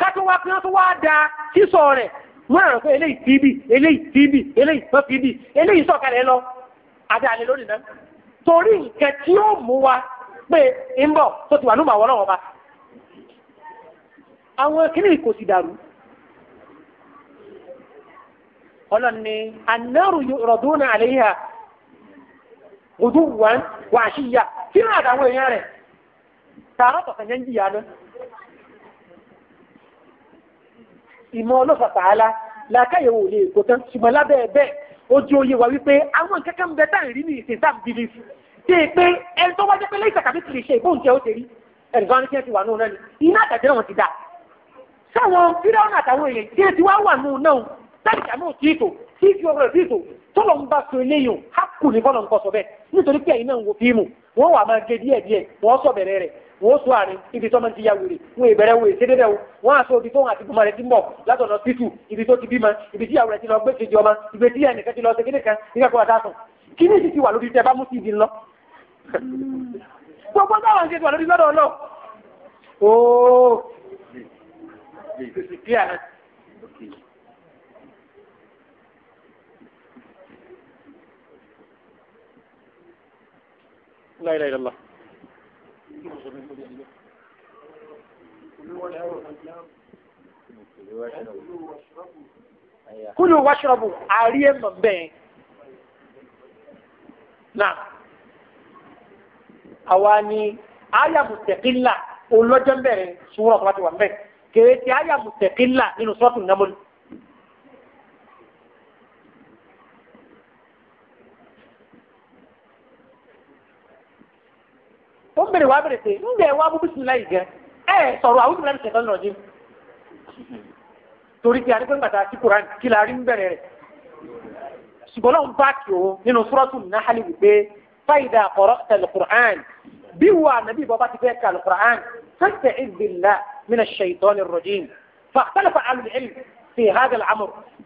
kátó wá pín tó wá da sísọ rẹ̀ wọ́n rẹ̀ pé eléyìí tíbì eléyìí tíbì eléyìí tó tíbì eléyìí lọ àti àlè lónìí náà torí nǹkan tí ó mú wa pé ń bọ̀ ti wà ní màwọ́ bá àwọn kìnnìkì kò sì dàrú ọlọ́ni rọ̀dúnà kí ló àtàwọn èèyàn rẹ̀ tààrà tọ̀kàn yẹn ń jìyà lọ. ìmọ̀ ọlọ́fà tààlà làákàyè wò lè kó tán ṣùgbọ́n lábẹ́ ẹ̀bẹ́ ojú oyè wa wípé àwọn kẹ́kẹ́ ń bẹ tá à ń rí ní ìsìn sáà bìbí tí è pé ẹni tó wájẹ́ pé lẹ́yìn sàkàbí ti lè ṣe ìbóhùn tẹ ó ti rí ẹ̀rù bá ń kí ẹ ti wà nù náà ni iná àtàjẹ́ wọn ti dà sáwọn fíráwọn àtàwọn èèyàn tí ẹ ti wá wà nù náà náà tí tọ́lọ̀ bá sọ eléyìí á kù ní fọ́lọ̀ nǹkan sọ bẹ́ẹ̀ nítorí pé ẹ̀yin ń wo fíìmù wọ́n wà máa gé díẹ̀ díẹ̀ wọ́n sọ bẹ̀rẹ̀ rẹ̀ wọ́n sọ àárín ibi tó máa ti ya wèrè wọ́n ìbẹ̀rẹ̀ wò èsè débẹ̀ wọ́n á sọ ibi tó àti bímọ rẹ̀ ti mọ̀ látọ̀nà títù ibi tó ti bímọ ibi tí ìyàwó rẹ̀ ti lọ gbé kejì ọmọ ibi tí ẹnìkan ti lọ ṣe kéde kan nígbà tó wà sùn kí ní ìsìtì wà lórí tẹ bá mú sí ìdí lọ. gbogbo táwọn ṣe wà lórí lọ́dọ̀ náà. La ilaha illallah. Kúlù wáṣọ́bù àárí ẹ̀mọ̀ bẹ́ẹ̀. Náà, àwa ni àyà mùtẹ̀kílà olójọ́ bẹ̀rẹ̀ ṣùgbọ́n ọ̀pọ̀lọpọ̀ wà bẹ́ẹ̀. Kèrè ti àyà mùtẹ̀kílà nínú sọ́ọ̀tù námọ́lù. ó bèrè wá bèrè pé ń bẹ̀ wá bú bísímìlá yìí gan ẹ sọ̀rọ̀ àwọn ìdílé ṣẹ̀tọ́ lọ́rọ̀ jẹ́ torí pé arígbẹ́ngbà tá a ti kóra kí la rí ń bẹ̀rẹ̀ rẹ̀ ṣùgbọ́n náà ń bá kí o nínú súrọ́tù náhálì wípé fáìdà ọ̀rọ̀ al-Qur'an bí wà nàbí bọ́ bá ti fẹ́ ka al-Qur'an fasta'idh billah min ash-shaytan ar-rajim fakhtalafa fi hadha al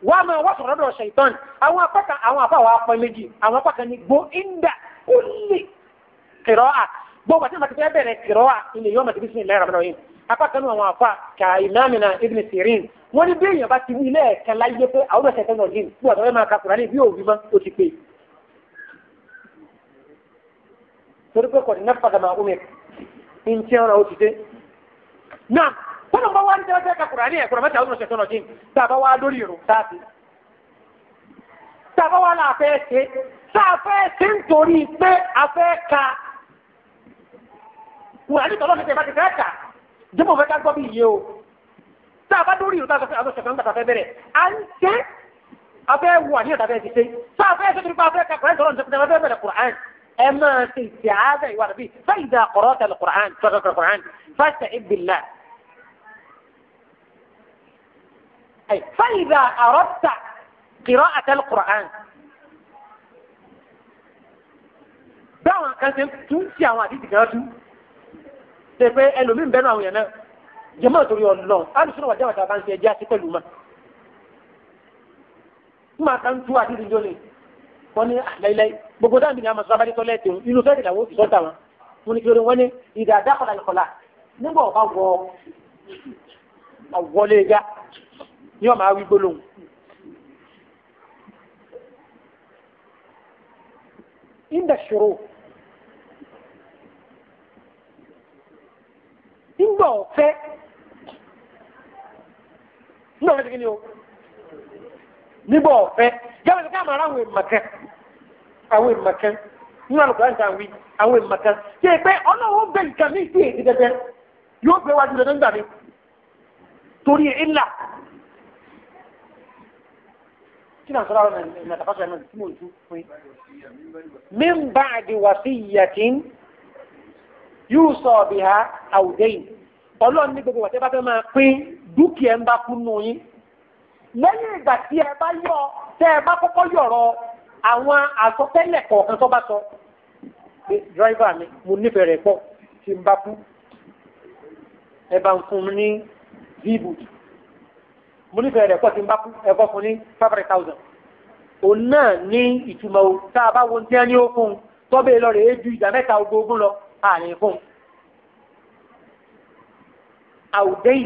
wà máa wà sọ̀rọ̀ lọ́dọ̀ ṣèyítọ́n àwọn apá àwọn apá wà á pẹ́ méjì àwọn apá ní gbó inda kulli qira'ah gbogbo àti màtí fẹ́ bẹ̀rẹ̀ kìrọ́wà ilé yóò màtí bísí ìlera rẹ̀ yìí apá kan àwọn afa ka ìmáàmìnà ibn sirin wọn ní bí èèyàn bá ti wí ilé ẹ̀ka láyé pé àwọn ọ̀sẹ̀ tẹ́lẹ̀ ọ̀dín bí ọ̀dọ́ máa ka kùránì bí òbí mọ́ ó ti pè. torí pé kọ̀dí náà fàgàmà omi ń tí ọ̀rọ̀ ó ti dé. náà tọ́nà bá wá ní tẹ́lẹ̀ ka kùránì ẹ̀kọ́ mẹ́ta àwọn ọ̀sẹ̀ tẹ́lẹ̀ ọ̀dín tá a bá wá lórí ìrù táàtì tá a bá wá láàfẹ́ ṣe tá a fẹ́ ṣe ń torí pé a fẹ́ ka kùránì tọ́lọ́ ní tẹ̀ bá ti fẹ́ kà jẹ́mọ̀ fẹ́ ká gbọ́ bí iye o tá a bá dórí ìlú táwọn aṣọ kan gbàtà fẹ́ bẹ̀rẹ̀ à ń jẹ́ abẹ́ wù àníyàn tàbí ẹ̀sìn ṣe tá a fẹ́ ṣe torí pé a fẹ́ ka kùránì tọ́lọ́ ní tẹ̀ bẹ̀rẹ̀ kùránì ẹ máa ṣe ìṣàádà ìwà rẹ̀ bí fẹ́ìdà kọ̀rọ̀ tẹ̀lé kùránì tọ́lọ́ kùránì fásitì ìbìlá فإذا أردت قراءة القرآن دعوة كانت تنسي عن حديث ṣe pé ẹlòmíín bẹ́ẹ̀ náà àwọn yẹn náà jẹ́mọ́ àtòrí ọ̀nà alùsùn wà jáwàtà bá ń ṣe ẹjẹ́ àti pẹ̀lú ma. Má a kan tú àdídì jóni wọ́n ní àlàyé ah, gbogbo dáàbì ní amọ̀sọ́ abájẹ́ tọ́lẹ̀ tẹ̀wọ̀n inú fẹ́ẹ́ dìgbà wọ́n fi sọ́ta wọn. Mo kí lóore wọ́n ní ìdá àdákọ̀lá nìkọ̀lá nígbà ọ̀bá wọ àwọlé ga ní ọ̀ma wí gbólóhùn. Ìndà nígbà ọ̀fẹ́ nígbà ọ̀fẹ́ kíni o ara àwọn èèmàkẹ́ àwọn èèmàkẹ́ nínú àlùkò láti àwìn àwọn èèmàkẹ́ ṣe é pé ọlọ́wọ́ bẹ nǹkan ní ìdí èdè dẹ́dẹ́ yóò gbé wájú lọ nígbà mi torí min wasiyatin. yóò sọ ọ̀bì ha àwùdẹ́yìn ọlọ́run ní gbogbo wàtí ẹ bá fẹ́ máa pín dúkìá ń bá kú nù yín lẹ́yìn ìgbà tí ẹ bá yọ tẹ́ ẹ bá kọ́kọ́ yọ̀rọ̀ àwọn àsọtẹ́lẹ̀ kọ̀ọ̀kan tó bá sọ pé dírẹ́fà mi mo nífẹ̀ẹ́ rẹ̀ pọ̀ tí ń bá kú ẹ bá ń fún mi ní bíbù mo nífẹ̀ẹ́ rẹ̀ pọ̀ tí ń bá kú ẹ bọ́ fún ní five hundred thousand òun náà ní ìtumọ̀ tá a bá wo ní tí ó fún un tọ́bẹ̀ lọ rèé ju ìdá mẹ́ta ogógún lọ àní fún. àwùjọ yìí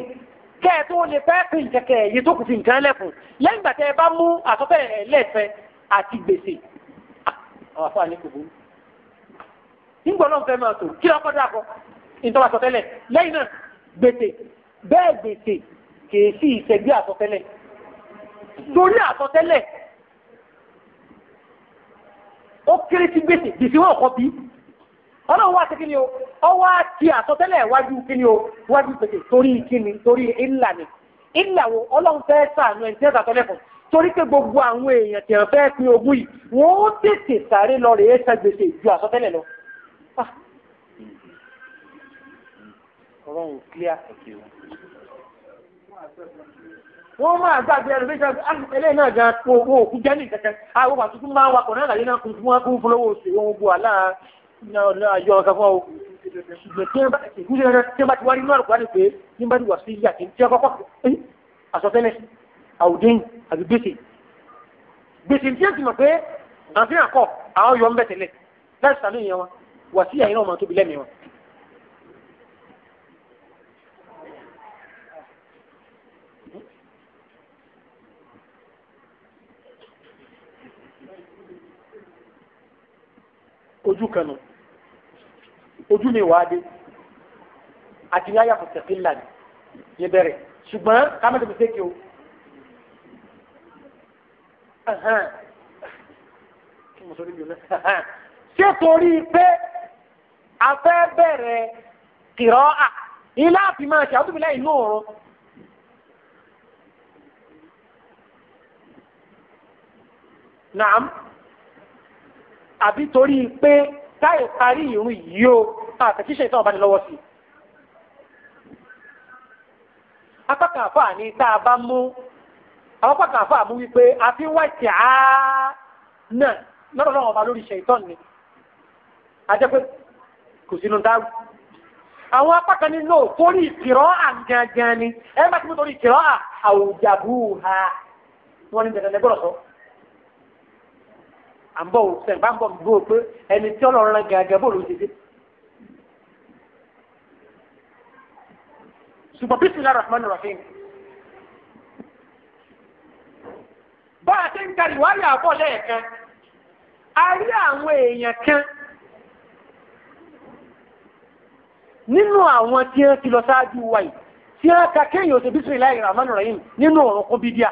kẹ́ ẹ tó lè fẹ́ pín nǹkan kẹ́ èyí tó kù fi nǹkan lẹ́kùn lẹ́yìn ìgbà tẹ́ ẹ bá mú àsọtẹ́ ẹ lẹ́sẹ̀ àti gbèsè ah, àwọn afọ àní kò burú. nígbà náà fẹ́ máa tò kí lọ́kọ́ dà kọ́ ìtọ́ àsọtẹ́lẹ̀ lẹ́yìn náà gbèsè bẹ́ẹ̀ gbèsè kìí sí ìṣẹ́gbé àsọtẹ́lẹ̀ torí àsọtẹ́lẹ̀ ó kéré sí gbèsè gbèsè wọn kọ́ bíi ọlọ́run wá sí kí ni o ọwọ́ ti àsọtẹ́lẹ̀ wájú kí ni o wájú pèsè torí kí ni torí ìlà ni ìlà wo ọlọ́run fẹ́ sàánú ẹni tí ẹ sàtọ́lẹ̀ fún torí pé gbogbo àwọn èèyàn tí wọ́n fẹ́ pín ogún yìí wọ́n ó tètè sáré lọ rèé san gbèsè ju àsọtẹ́lẹ̀ lọ. Ah. ọlọ́run clear wọ́n máa gbàgbé ẹnu méjì ẹlẹ́yìn ah, náà gan ah, owó òkú jẹ́ nìkẹ́kẹ́ àwọn àtúntún máa wakọ̀ náà láyé náà kún fún wọn kún fún lọ́wọ́ òṣèlú wọn gbọ́ àlá ayọ́ ọ̀gá fún ọ tí wọ́n bá ti wá nínú àlùkò láti pé ní bá ti wà sí ìyá tí ń jẹ́ kọ́kọ́ àsọtẹ́lẹ̀ àwùdẹ́yìn àbí gbèsè gbèsè tí ó ti mọ̀ pé àfihàn kọ́ àwọn yọ ń bẹ̀ tẹ́lẹ̀ láti sàmì ìyẹn wọn wà sí àyínà ọmọ tóbi lẹ́mìí wọn. ojú kanu ojú mi wàá dé àti ní àyàfọ̀ tẹ̀síńlá ni yẹ bẹ̀rẹ̀ ṣùgbọ́n kámẹ́tò mi sékè o ṣé torí pé a fẹ́ bẹ̀rẹ̀ kìrọ́ à ilé àfi máa ṣe àdúgbò láì Naam, àbí torí pé táì parí ìrún yìí o àtẹ̀kíṣe ìtàn ọ̀bá ni lọ́wọ́ sí. apákan àfọ àní tá a bá mú àwọn apákan àfọ àmú wípé àfi wáìtì á náà lọ́dọ̀ náà ọba lórí iṣẹ́ ìtàn ni ajẹ́pẹ́ kò sínú dáwù àwọn apákan ní náà torí ìkìrọ́ àgangan ni ẹ bá ti mú torí ìkìrọ́ àwùjàbù ha wọ́n ní dandan ẹgbọ́n sọ à ń bọ̀ sẹ́yìn bá ń bọ̀ dúró pé ẹni tí ọlọ́run rán gàgà bó ló ti dé. ṣùgbọ́n bismillah rahman rahim. bá a ti ń ka ìwádìí àbọ̀ lẹ́ẹ̀kan a rí àwọn èèyàn kan nínú àwọn tí wọ́n ti lọ ṣáájú wa yìí tí wọ́n ka kéèyàn ṣe bismillah rahman rahim nínú ọ̀rọ̀ kọ́bídíà.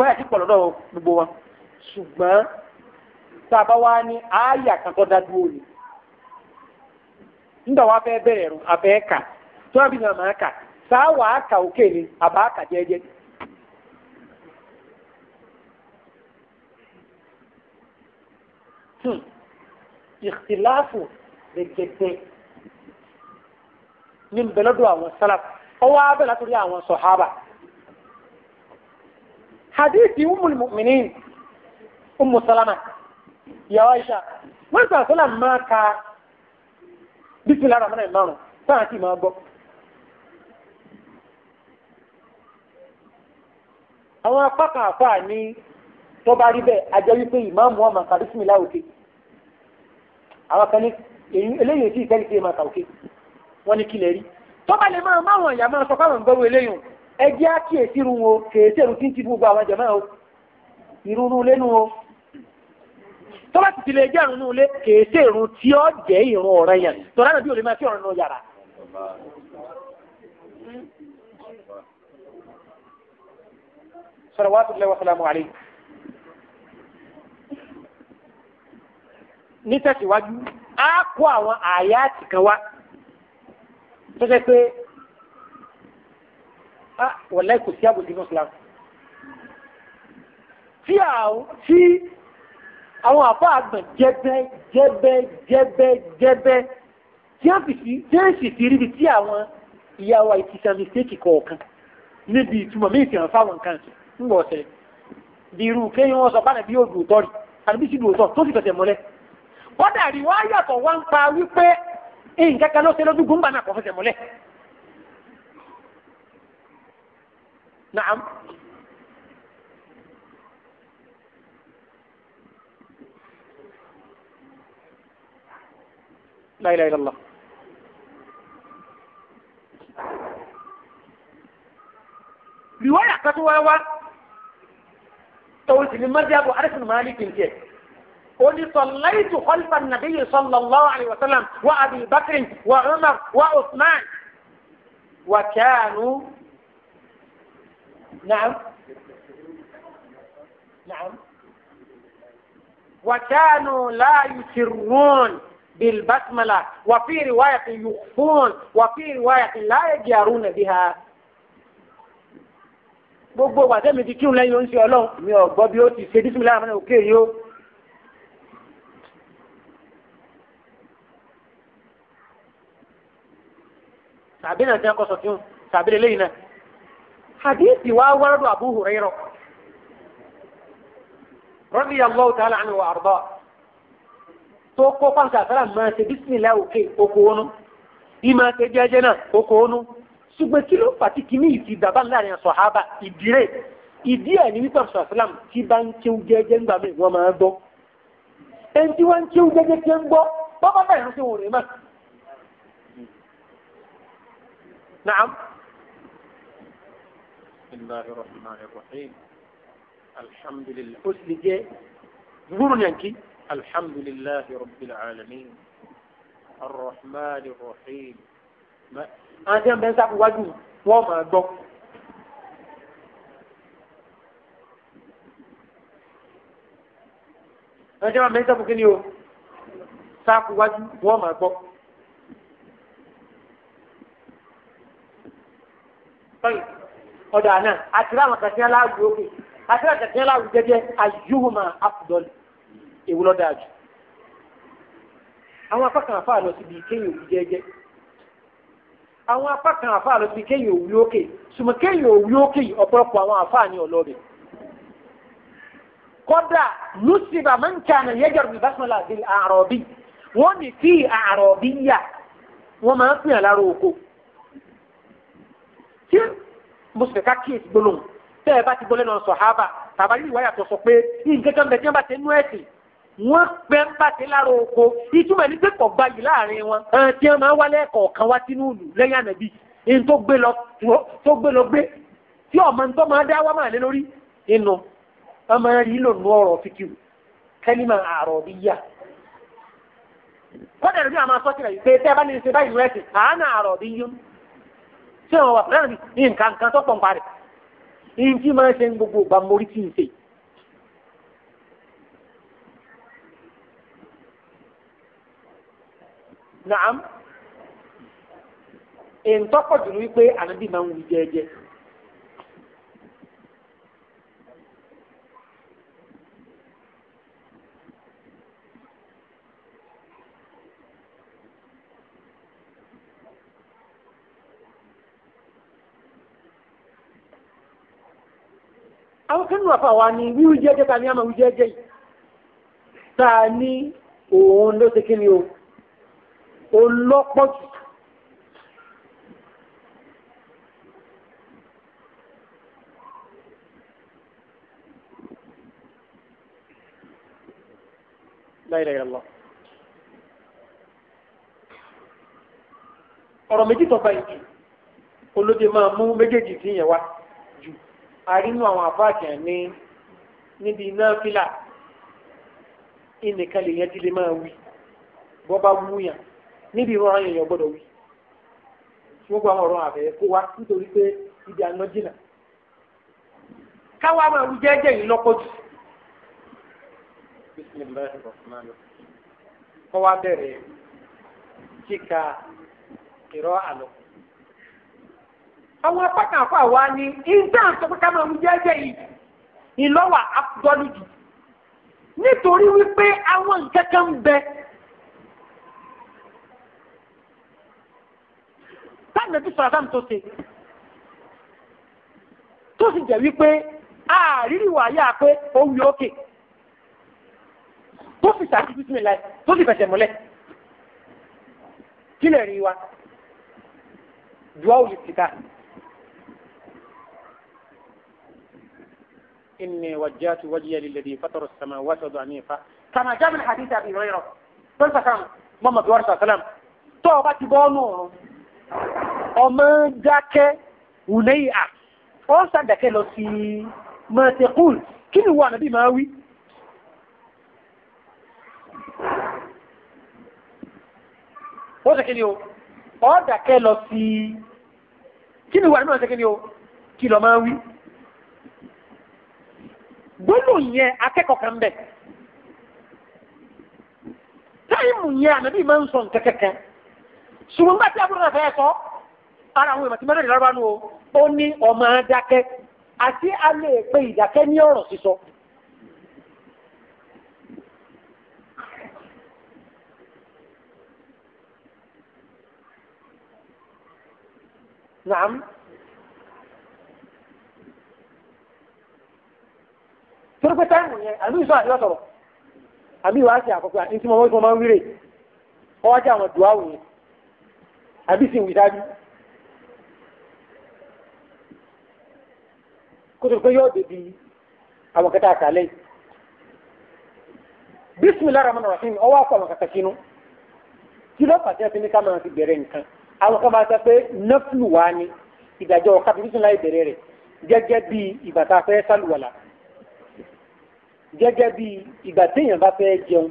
wáyà ti pọ̀ lọ́dọ̀ gbogbo wọn ṣùgbọ́n tá a bá wá ní àáyà kan tó dá dúró ni nígbà wàá rùn àfẹ́ kà tó àbí nàá máa kà sáà wàá òkè ni àbá kà jẹ́jẹ́. Hmm. ìkìláàfù ní hadithi umul mu'minin ummu salama ìyàwó aisha wọ́n sọ àṣọlá máa ka bísí lára mọ́nà ìmárùn sáà sì máa gbọ́. àwọn apá kan àfáà ní tó bá rí bẹ́ẹ̀ ajẹ́ wípé ìmáàmù ọmọ kà bísí mi láòkè àwọn kan ní eléyìí tí ìtẹ́lifíì máa kà òkè wọ́n ní kílẹ̀ rí tó bá lè máa máwọn ìyá máa sọ fáwọn ìgbọ́rú eléyìí ẹjẹ́ àkíyèsí irun wo kèéṣe irun tí ń ti gbogbo àwọn jẹ̀mọ́ o irun inú ilé nu o tó bá ti ti lè jẹ́ irun inú ilé kèéṣe irun tí ó jẹ́ irun ọ̀rẹ́ yẹn tọ́lá náà bí olè máa fi ọ̀rẹ́ náà yàrá. sọ̀rọ̀wá tìlẹ̀ wàsálàmù àlẹ́ nítẹ̀síwájú á kó àwọn àyà àtìkan wá tó ṣe pé ah wàláì kò sí àbòsí ní islam tí àwọn àbá àgbọn jẹbẹ jẹbẹ jẹbẹ jẹbẹ tí a fi sí tí a sì fi ríbi tí àwọn ìyàwó ìtìsà mistake kọ̀ọ̀kan níbi ìtumọ̀ méjì hàn fáwọn nǹkan ń bọ̀ ọ̀sẹ̀ bí irú kéyìn wọn sọ bá nàbí òdù òtọ́ rí àbí sí òdù òtọ́ tó fi tẹ̀tẹ̀ mọ́lẹ̀ kọ́dà rí wọ́n á yàtọ̀ wá ń pa wípé nǹkan kan ló ṣe lójú gúnbà náà kọ́ fẹsẹ̀ mọ́lẹ̀ نعم لا إله إلا الله رواية قطوة و تقول سلم وعرف أبو عرف المالك الكي قولي صليت خلف النبي صلى الله عليه وسلم وأبي بكر وعمر وعثمان وكانوا نعم نعم وكانوا لا يسرون بالبسملة وفي رواية يخفون وفي رواية لا يجارون بها gbogbo wàtẹ́ mi ti kírun lẹ́yìn oúnjẹ ọlọ́run mi ò gbọ́ bí ó ti ṣe dísìmí láàmú òkè yìí ó. tàbí ti ń kọ́ sọ fún un náà. hadithi wa waradu abu hurairah radiyallahu ta'ala anhu wa arda tó kó pàǹkà sára máa ṣe bísímìlá òkè oko onú ìmọ̀ ṣe jẹ́jẹ́ náà oko onú ṣùgbọ́n kí ló fàtí kí ní ìfi bàbá láàrin sọ̀hábà ìdíré ìdí ẹ̀ ní wípé ṣàfihàn tí bá ń kéwú jẹ́jẹ́ ń gbà mí wọ́n máa بسم الله الرحمن الرحيم الحمد لله أسلي جي ينكي الحمد لله رب العالمين الرحمن الرحيم ما أنت من ساق وجو وما دوك أنت من ساق كنيو ساق وجو وما دوك طيب ọ̀dọ̀ àná àti láwọn kàtí aláàgbò òkè àti láwọn kàtí aláàgbò jẹ́jẹ́ ayúhùmá àfùdọ́lì èwo ló dáa jù. àwọn apá kan àfa àlọ́ síbi kéyìn òwú jẹ́jẹ́ àwọn apá kan àfa àlọ́ síbi kéyìn òwú lókè sùmọ́ kéyìn òwú lókè ọ̀pọ̀lọpọ̀ àwọn àfa àní ọlọ́ọ̀bẹ̀. kódà lùsìbà máa ń kí àná yẹjọ́ rẹ̀ bàtúmọ̀lá àrọ̀bí wọ́n ní yà wọ́n máa ń pè mùsùlùmí ká kíyèsí gbólóhùn tẹ́ ẹ bá ti gbólé náà sọ̀hábà tàbí ìwáyà tó sọ pé nǹkan kan bẹ̀ tí wọ́n bá ti nú ẹ̀sìn wọ́n pẹ́ ń bá ti lára oko ìtumọ̀ ní pé kọ̀gbá yìí láàrin wọn tí wọ́n máa ń wálé ẹ̀kọ́ kan wá sínú ìlú lẹ́yìn ànàbí ní tó gbé lọ gbé tí ọmọ tó máa dá wá máa lé lórí inú ọmọ rí yìí pé tẹ́ bá ní ṣe báyìí rẹ̀ sí àánà tí àwọn wà fúlàní ní nǹkan kan tó pọ̀npa rẹ̀ ìyìn tí máa ń ṣe gbogbo ìgbà mórí tí ń ṣe. nàám èntọ́pọ̀ jùlọ wípé ànábì máa ń wí jẹ́ẹ́jẹ́. àwọn kan nù àfàwà ni wíwú jẹ́jẹ́ ta ni a máa wú jẹ́jẹ́ yìí ta ni òun ló ti kí ni o olọ́pọ̀ jù láìláì lọ. ọ̀rọ̀ méjì tó bá ìjù olóde máa mú méjèèjì sí yẹn arínú àwọn àfáàkì ní níbi iná fílà ìnìkan lè yẹn ti máa wí bọ́ bá wú yàn níbi ìrọ̀rùn yẹn yẹn gbọ́dọ̀ wí àwọn ọ̀rọ̀ àbẹ̀ kó wa nítorí pé ibi àná jìnà káwa máa wí jẹ́jẹ́ yìí lọ́pọ̀ jù. kọ́ wa àwọn apákan àfa wa ni ìdá àtọ́pẹ́ká máa ń jẹ́jẹ́ yìí ìlọ́wà àfùdọ́lùjù nítorí wípé àwọn nǹkan kan ń bẹ tánàbí sọ̀rọ̀ sáà tó ṣe tó sì jẹ́ wípé àárírí wàyà pé ó wí òkè tó fi ṣàkíyèsí sí mi láì tó sì fẹsẹ̀ mọ́lẹ̀ kí lè rí wa dùá òlùsíkà. إني وجهت وجهي للذي فطر السماوات والأرض حنيفا كما جاء من حديث أبي هريرة قلت كم محمد صلى الله عليه وسلم tó bá ti bọ́ọ̀nù ọmọ dákẹ́ wùlẹ́yà ó sàdàkẹ́ lọ sí mọ̀tẹ̀kùl kí ni wọ́n àbí máa wí ó sẹ́kẹ́ ni o ó dàkẹ́ lọ sí kí ni wọ́n àbí máa sẹ́kẹ́ ni o kí lọ máa gbólóhùn yẹn akẹ́kọ̀ọ́ kan bẹ̀ táìmù yẹn ànábì máa ń sọ nǹkan kẹ̀kẹ́ ṣùgbọ́n nígbà tí abúlé náà fẹ́ sọ ara àwọn ìmọ̀tí mẹ́rin lọ́rọ́ bá nù o ó ní ọmọ adákẹ́ àti alẹ́ pé ìdákẹ́ ní ọ̀rọ̀ sísọ. Naam. torí pé táìmù yẹn àmì ìsọ àti ọ̀sọ̀rọ̀ àmì ìwà àti àkọ́kọ́ àti tí mo mọ́ máa ń wíre wọ́n wá jẹ́ àwọn dùá wò yẹn àbí sì ń wí dájú kó tó pé yóò dèbí àwọn kẹta àkàlẹ́ yìí bisimilahi rahman rahim ọwọ́ àpò àwọn kàkà sínú kí ló pàṣẹ fún mi máa fi bẹ̀rẹ̀ nǹkan àwọn kan máa sọ pé nọ́fìlù wá ní ìdájọ́ ọ̀ka bí bẹ̀rẹ̀ rẹ̀ gẹ́gẹ́ bí ìbàtà fẹ́ sálùwàlà gẹ́gẹ́ bí ìgbà téèyàn bá fẹ́ jẹun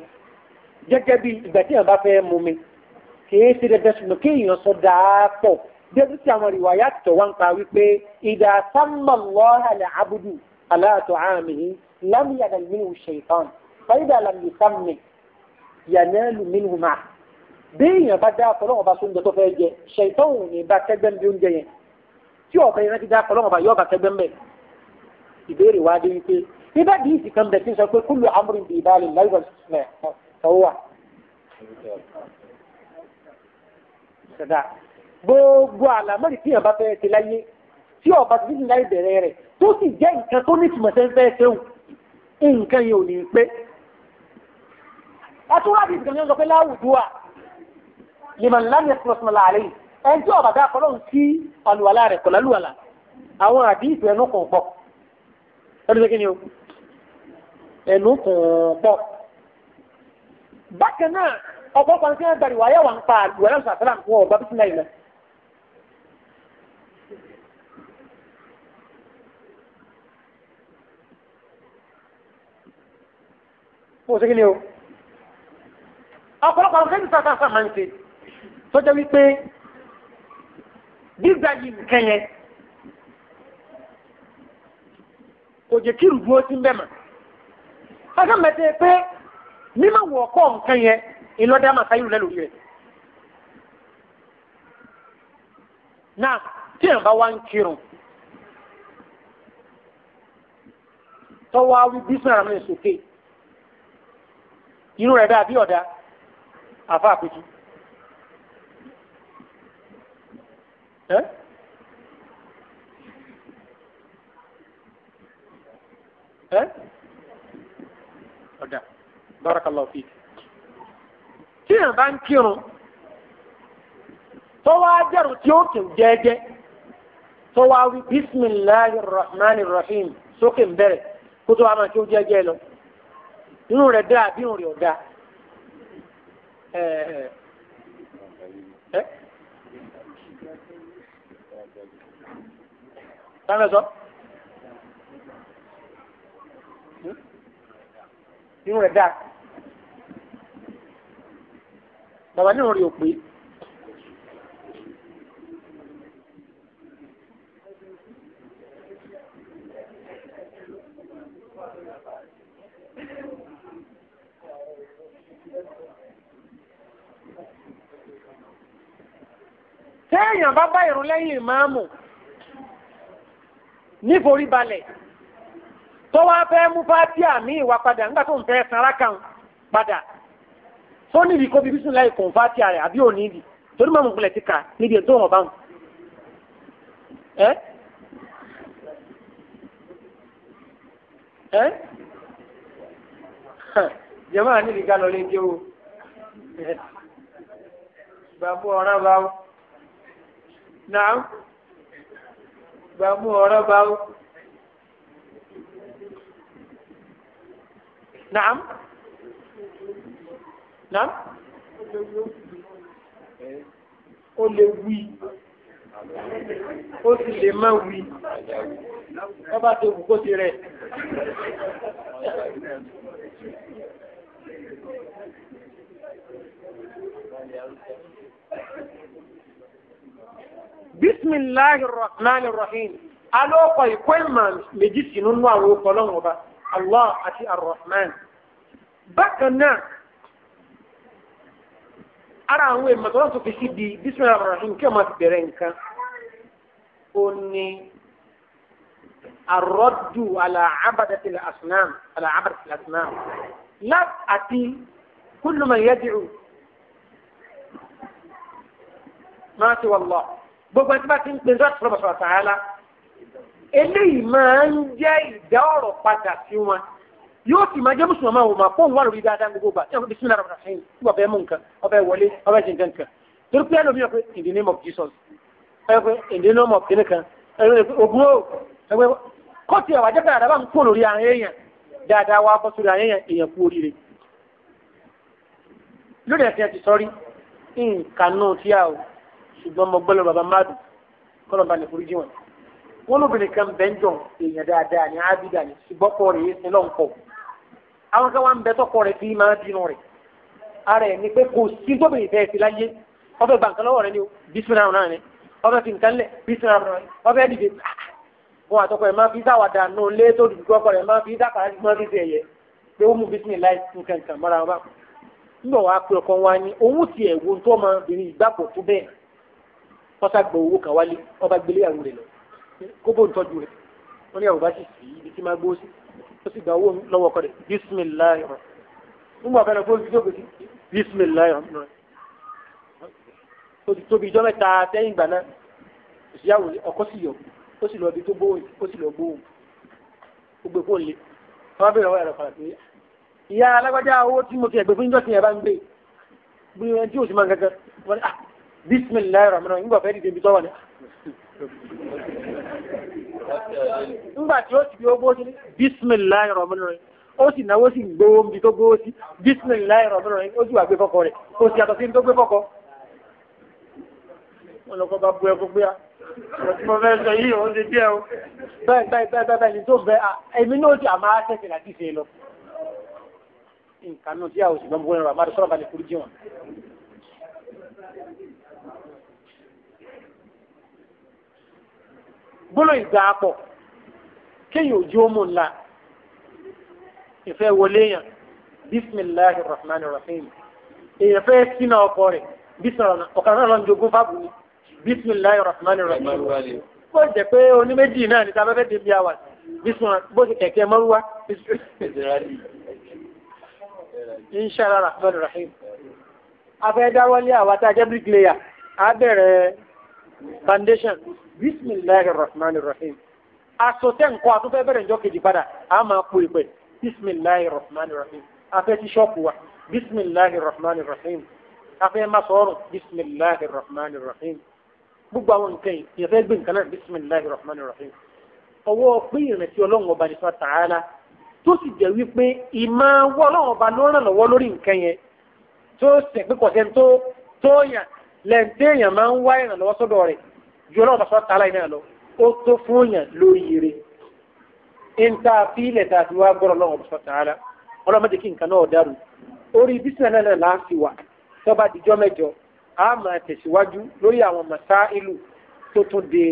gẹ́gẹ́ bí ìgbà téèyàn bá fẹ́ mumi kìí ṣe dandan ṣùgbọ́n kéèyàn sọ dáa pọ̀ débi tí àwọn ìwà yàtọ̀ wá ń pa wípé ìdá sámàlọ́hà ní abudu aláàtọ̀ àmìhí lámìyàdà minhu shaytan fàyídà làmì sámì yànẹ́lù minhu máa béèyàn bá dáa fọlọ́wọ́n bá sóúnjẹ tó fẹ́ jẹ shaytan ò ní bá kẹgbẹ́ bí oúnjẹ yẹn tí ọ̀bẹ yẹn ti dáa fọlọ́wọ́n bá yọ ọ̀bà kẹgbẹ́ mbẹ́ ìbéèrè wá dé wípé nígbà díìsì kan bẹ̀ tí sọ pé kúlù amúrin bíi ìbálẹ̀ láìpẹ́ sílẹ̀ tọ́wọ́ wà. sọ̀dá gbogbo àlámọ́rì tí ọba fẹ́ẹ́ ti láyé tí ọba ti ní láì bẹ̀rẹ̀ rẹ̀ tó sì jẹ́ nǹkan tó ní ìtumọ̀ sẹ́ńfẹ́ ṣéwù nǹkan yìí ò ní pé. àtúwádìí ìgbà ni wọ́n sọ pé láwùjọ à lèmọ̀ lámì ẹ̀sìn ọ̀sán láàrin yìí ẹni tí ọ̀bàdà akọlọ́run sí kí ni o ẹnu kùn pọ̀. bákan náà ọ̀pọ̀ kan tí wọ́n gbàdúrà ayé wa ń pa àdúrà náà sàtàlà ń kún ọ̀gbà bísí náà ilẹ̀. mo ṣe kí ni o ọ̀pọ̀lọpọ̀ àwọn kẹ́mi sàtàlà sàmà ń ṣe tó jẹ́ wípé gbígbà yìí nìkan yẹn kò jẹ́ kí rúgbó ti ń bẹ̀ mọ́. aka pé mímọ̀ wọ̀ ọkọ̀ nǹkan yẹn ìlọ́dá màá ama rẹ̀ lórí rẹ̀. náà tí èèyàn ba wa ń kírun tọ́wọ́ awí ara mi sókè inú rẹ̀ abi ọ̀dà àfa eh, eh? ọ̀dà barakallahu fiki. tí èèyàn bá ń kírun tó wá jẹ́rù tí ó kì í jẹ́ẹ́jẹ́ tó wá wí bisimilahi rahman rahim sókè ń bẹ̀rẹ̀ kó tó wá máa kí ó jẹ́ẹ́jẹ́ lọ inú rẹ̀ dá àbí òun rẹ̀ ò dá. Sáyẹn sọ. irun rẹ̀ dáa bàbá nínú rí o pé téèyàn bá bá ìrun lẹ́yìn ìmáàmù níforí balẹ̀. so fẹ́ mú fátíà mí ìwà padà nga tó ń fẹ́ kan padà so níbi kó bíbí sùn àbí òní torí ti níbi ètò ká lọ lé o gbàmú ọ̀rọ̀ ọ̀rọ̀ نعم نعم، Ó lè wí. Ó sì lè má wí. Ẹ bá ti wù kó ti rẹ̀. Bismillahir Rahmanir Rahim. Alóòkọ̀ ìkó ìmọ̀ méjì sínú àwọn ọkọ̀ ọlọ́run ọba. الله أتي الرحمن بكنا أرى هو ما تقولون في سيدي بسم الله الرحيم كما تبرينك أني الرد على عبدة الأصنام على عبدة الأصنام لا أتي كل من يدعو ما سوى الله بقى أنت ما تنزل صلى الله عليه eléyìí máa ń jẹ́ ìdá ọ̀rọ̀ padà sí wọn yóò sì máa jẹ́ mùsùlùmí àwọn ọmọ àpòun wà lórí dáadáa gbogbo gbà yóò fi bísí náírà rẹ̀ sẹ́yìn tí wọ́n fẹ́ mú nǹkan ọbẹ̀ wọlé ọbẹ̀ jẹ nǹkan torí pé ẹlòmíì ọ̀pẹ in the name of Jesus ẹ̀pẹ in the name of kìnì kan ogun o ẹ̀pẹ kọ́ọ̀tì ẹ̀wà jẹ́ káyàrá bá ń kó lórí àwọn èèyàn dáadáa wá bọ́ sórí àwọn èèyàn èèyàn kú oríire lórí ẹ̀sìn ti sọ́rí nǹkan náà tí a ò ṣùgbọ́n mo gbọ́ lọ bàbá mádùn kọ́lọ̀ bá ní foríjì wọn wọn lóbìnrin kan bẹ́ẹ̀ ń jọ èèyàn dáadáa ni ábídà ní ṣùgbọ́n kọ rẹ̀ yéé sinlọ́ nǹkọ́ àwọn kan wá ń bẹ tọkọ rẹ̀ bí máa bínú rẹ̀ ara ẹ̀ ni pé kò sí tóbìnrin fẹ́ẹ́ ti láyé ọbẹ̀ bàǹkà lọ́wọ́ rẹ̀ ni o bísímìlà náà ni ọbẹ̀ fi nǹkan lẹ̀ bísímìlà náà ni ọbẹ̀ dìde wọn àtọkọ ẹ̀ máa fi sáwàdà nù lé tó dùdú ọkọ rẹ̀ máa fi dákàrà máa fi ṣe ẹ̀yẹ pé ó mú bísímìlà nǹkan mọ́ra wọn bá nígbà wàá pé ọkọ wa ni òun ti ẹ̀ wo tó ọmọbìnrin ìgbàpọ̀ tó bẹ́ẹ̀ wọ́n sá gbọ́ owó kan wálé ọba gbélé àwọn rẹ̀ lọ kó bó ń tọ́jú rẹ̀ wọ́n ní àwòbá sì sí ibi tí máa gbó sí ó sì gba owó lọ́wọ́ ọkọ rẹ̀ bisimilayi rẹ̀ nígbà fẹ́rẹ̀ fún ojú jókòó sí bisimilayi rẹ̀ ó ti tóbi ijọ́ mẹ́ta sẹ́yìn ìgbà náà òṣìyàwó ọkọ sì yọ ó sì lọ ibi tó gbówó ó sì lọ gbówó ó gbé fóònù lé wọ́n bẹ̀rẹ̀ wọ́n yàrá padà pé ìyá alágbájá owó tí mo ti ẹ̀gbẹ́ fún ìjọ́ ti yẹn bá ń gbé bí wọ́n ti ò sí máa ń wọ́n ní ah bisimilayi rẹ̀ nígbà Nígbà tí ó ti bí ogbó sí, Bísmìláì rọ̀mọ́nrin, ó sì náwó sí gbówó bí tó gbówó sí, Bísmìláì rọ̀mọ́nrin, ó sì wà gbé fọ́kọ rẹ̀, ó sì yàtọ̀ sí tó gbé fọ́kọ. Wọ́n lọ́kọ́ bá bú ẹkú gbé á. Mo fẹ́ sọ yìí, ó ń ṣe díẹ̀ o. Bẹ́ẹ̀ bẹ́ẹ̀ bẹ́ẹ̀ bẹ́ẹ̀ ni tó bẹ́ ẹ̀mí náà ti àmà àṣẹ̀ṣẹ̀ láti ṣe lọ. Nǹkan náà tí a ò sì gbọ́n bó gbólò ìgbàpọ̀ kéèyàn òjò mú ńlá ìfẹ́ wọlé yàn bisimilahi rahman rahim èèyàn fẹ́ sínú ọkọ rẹ̀ bisimilahi ọ̀kan náà lọ́n jogún fábù ni bisimilahi rahman rahim bó jẹ́ pé oníméjì náà ní sábẹ́ fẹ́ débi àwà bisimilahi bó ti kẹ̀kẹ́ mọ́rúwá inshallah rahman rahim afẹ́ dáwọ́lé àwa tá a jẹ́ bricklayer á bẹ̀rẹ̀ foundation bisimilahi rahman rahim asọtẹ nkọ atọfẹ bẹ̀rẹ̀ njọ kejì padà a máa kó ipẹ bisimilahi rahman rahim afẹ ti ṣọọpù wa bisimilahi rahman rahim afẹ ma sọ̀rọ̀ bisimilahi rahman rahim gbogbo àwọn nǹkan yìí yẹn fẹ gbé nǹkan náà bisimilahi rahman rahim ọwọ́ pé ìrìnàjò ọlọ́run ọba nípa tààlà tó sì jẹ́ wípé ìmọ̀ wọ́ ọlọ́run ọba ló ràn lọ́wọ́ lórí nǹkan yẹn tó sì pé kọ̀sẹ́ tó yàn ju ọlọ́run bàbá tààlà yìí náà lọ ó tó fún yàn lórí ire ń ta fílẹ̀ tá a ti wá gbọ́dọ̀ ọlọ́run bàbá tààlà ọlọ́run mẹ́tẹ̀ kí nǹkan náà dàrú orí bísíǹnà náà láti wà tó bá dijọ́ mẹ́jọ a máa tẹ̀síwájú lórí àwọn màsá ìlú tó tún de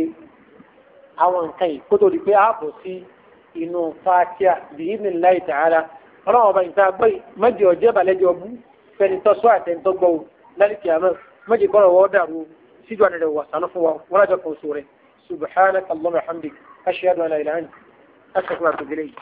àwọn nǹkan yìí kó tó di pé a bọ̀ sí inú fatia bíi ní láì tààlà ọlọ́run ọba ìta gbọ́ mẹ́jọ jẹ́ bàlẹ́jọ bú fẹ́ni tọ́sọ́ àtẹ̀ntọ́gbọ́ lálẹ́ kìámẹ́ mẹ́jọ kọ́rọ̀ سيدوان الهواء لو وصنفوا ورجع قوسوره سبحانك اللهم وحمدك أشهد أن لا إله إلا أنت أستغفرك وأتوب إليك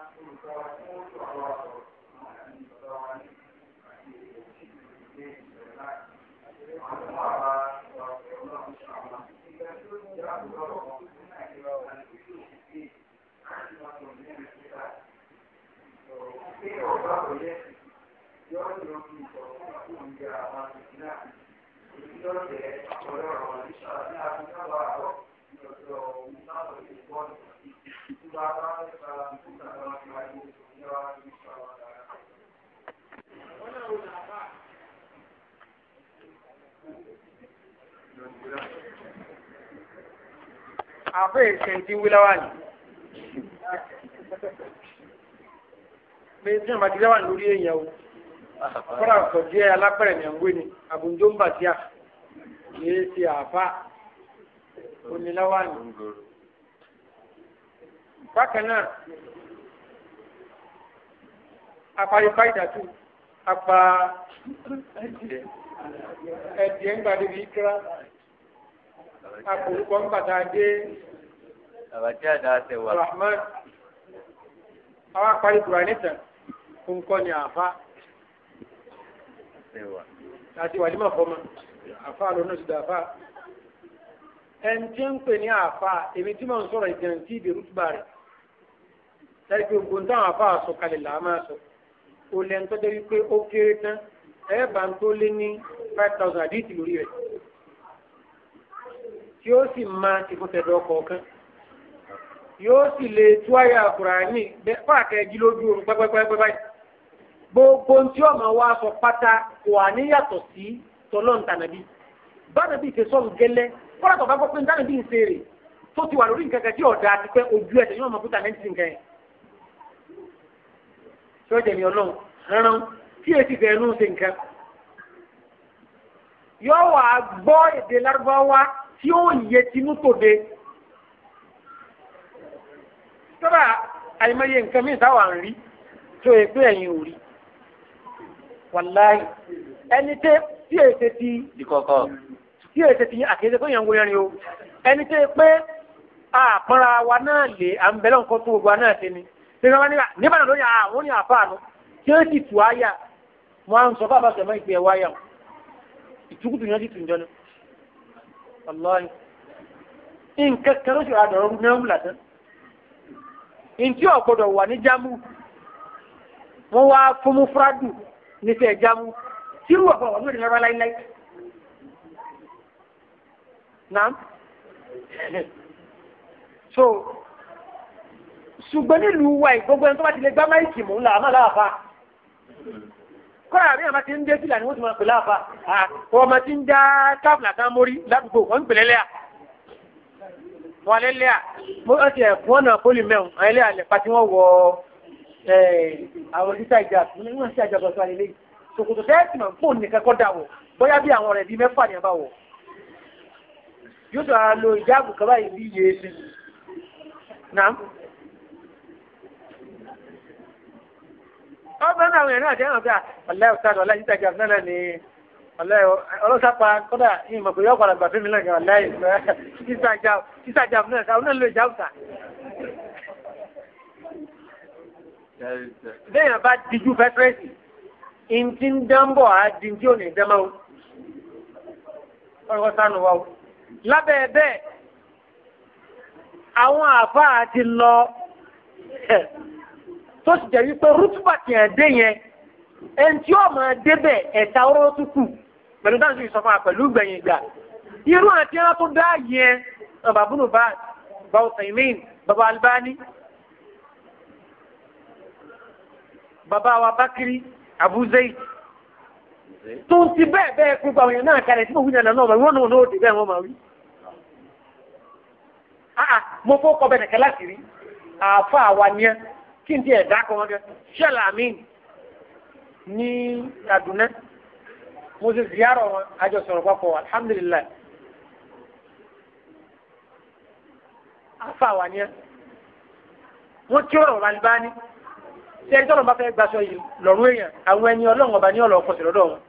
Thank you. Gracias àfẹ́ ìṣẹ́ntì wíláwà ní pé tí wọ́n bá ti láwà lórí èèyàn o kọ́ra ọ̀sọ̀ díẹ̀ alápẹ̀rẹ̀ ní ọ̀gbẹ́ ni àbùjọ ń bà sí à kìí ṣe àfà oníláwà ní. bákan náà aparipa ìdàtú apa ẹ̀dìẹ̀ ń gbàdébí kíra àkùrúkọ ń bàtà dé rahman àwọn àparí kùránì tán fún kọ́ ni àfa àti wàlímọ̀ fọmọ àfa lọ́nà ti dà fa ẹn tí ń pè ní àfa èmi tí mò ń sọ̀rọ̀ ìgbìyànjú tí ìbí rútùbà rẹ̀ láti pé ogun táwọn àfa àsọ kalẹ̀ là á máa sọ olè ń tọ́jú wípé ó kéré tán ẹ̀ bá ń tó lé ní five thousand àdìtì lórí rẹ̀ tí ó sì máa ti fún tẹ̀dọ̀ kọ̀ọ̀kan yóò sì lè tú àyà Kùránì bẹ́ẹ̀ fàákẹ́ jí lójú oorun pẹ́pẹ́pẹ́pẹ́ báyìí gbogbo tí ọmọ wa sọ pátá kò wà níyàtọ̀ sí tọ́lọ́ǹtànàbí bánàbí ti sọ̀rọ̀ gẹ́lẹ́ kọ́lá tó bá gbọ́ pé ntànàbí ń ṣe rè tó ti wà lórí nǹkan kan tí ọ̀dà ti pẹ́ ojú ẹ̀ tẹ̀yìn ọmọ fúta nẹ́ẹ̀tì nǹkan yẹn tí ó jẹ̀mí ọlọ́run rárá tí èsì fẹ́ ẹnu ṣe nǹkan yóò wà gbọ́ èdè lárúbáwá tí ó yẹ tinú de, tọ́lá àìmọye nǹkan mí sáwà ń rí tó yẹ pé ẹ̀yin ò rí wàláì ẹni tẹ́ tí èsè ti ìkọ̀kọ̀ tí èsè ti àkéde fún ìyàwó yẹn o ẹni tẹ́ pé àpọ́nra wa náà lè à ń bẹ̀rẹ̀ nǹkan tó gbogbo wa náà ṣe ni nígbàdàn lórí àwọn ní àfáànù tí ó sì tù áyà wọn á ń sọ fún àbáṣẹ mọ́ ìpè ẹ̀wáyà ọlọ́yìn nǹkan kan ló sì rà dọ̀rọ̀ náà wù lásán ntí ọ̀gbọ́dọ̀ wà ní jámù wọ́n wá fún mú fúrádù níṣẹ́ jámù tírú ọ̀gbọ́dọ̀ so ṣùgbọ́n nílùú wa ìgbógun ẹni tó bá ti lè gbá máìkì mú làwọn náà kọ́ra àbí àmà ti ń dé sílà ni wọ́n ti máa pè láàfà ọmọ ti ń já káfìlà kan mórí ládùúgbò wọ́n ń pè lẹ́lẹ́à wọ́n lẹ́lẹ́à mo ń ti ẹ̀fún ọ̀nà pólì mẹ́rin àwọn ẹlẹ́à lẹ́pa tí wọ́n wọ àwọn títà ìjà níwọ̀n sí àjọpọ̀ tó alẹ́lẹ́ ṣòkòtò tẹ́ẹ̀sì mọ̀ fóòn nìkan kọ́ dà wọ̀ bóyá bí àwọn ọ̀rẹ́ bíi mẹ́fà ni a bá yóò tó ara ìjáàbù kan báyìí bí iye sí. ọbẹ̀ náà àwọn èèyàn àti ẹ̀ràn bí i ọ̀lẹ́ ọ̀tàdọ̀ ọ̀lẹ́ ìjìtàkì àfẹ́lẹ́ ni ọ̀lẹ́ ọlọ́sàpá kọ́dà ìmọ̀ pé yọ̀ọ̀pọ̀ àgbà fún mi náà gẹ̀rọ láì sísàjà náà sáwọn náà lè jáwùsà. Béèyàn bá dijú fẹ́tírẹ́sì, ìntì ń dánbọ̀ á di tí ò ní dẹ́mọ́ o. Ọ̀rọ̀ sánú wa o. Lábẹ́ bẹ́ẹ̀, àwọn àfáà ti lọ tó sì jẹ́ wípé rútùbà tí à ń dé yẹn ẹni tí ó máa débẹ̀ ẹ̀ta ọ̀rọ̀ tó kù pẹ̀lú dáhùn sí ìsọfún àpẹ̀lú gbẹ̀yìn ìgbà irú àti ẹran tó dá yẹn bàbúrò bá bá ọ̀sẹ̀ ìmíìn bàbá Albani bàbá wa Bákírí Abu Zayd tó ń ti bẹ́ẹ̀ bẹ́ẹ̀ pé gbogbo àwọn èèyàn náà kalẹ̀ tí mo wí nàlọ́ náà wọ́n náà ó dé bẹ́ẹ̀ wọ́n máa wí. mo fọ́ kọ́ bẹ́ẹ̀ nìkan láti rí àáfàá wa ni ẹ́ kí n ti ẹ̀dá kan wọn kẹ ṣẹlẹ̀ àmì ní Kaduna mo ti ziyarọ wọn àjọ sọ̀rọ̀ papọ̀ alhamdulilayi afa wa ni ẹ wọn kí ọ̀rọ̀ Albani tí ẹni tọrọ bá fẹ́ gbaṣọ yìí lọ́rùn èèyàn àwọn ẹni Ọlọ́run ọba ní ọlọpọ sí lọ́dọ̀ wọn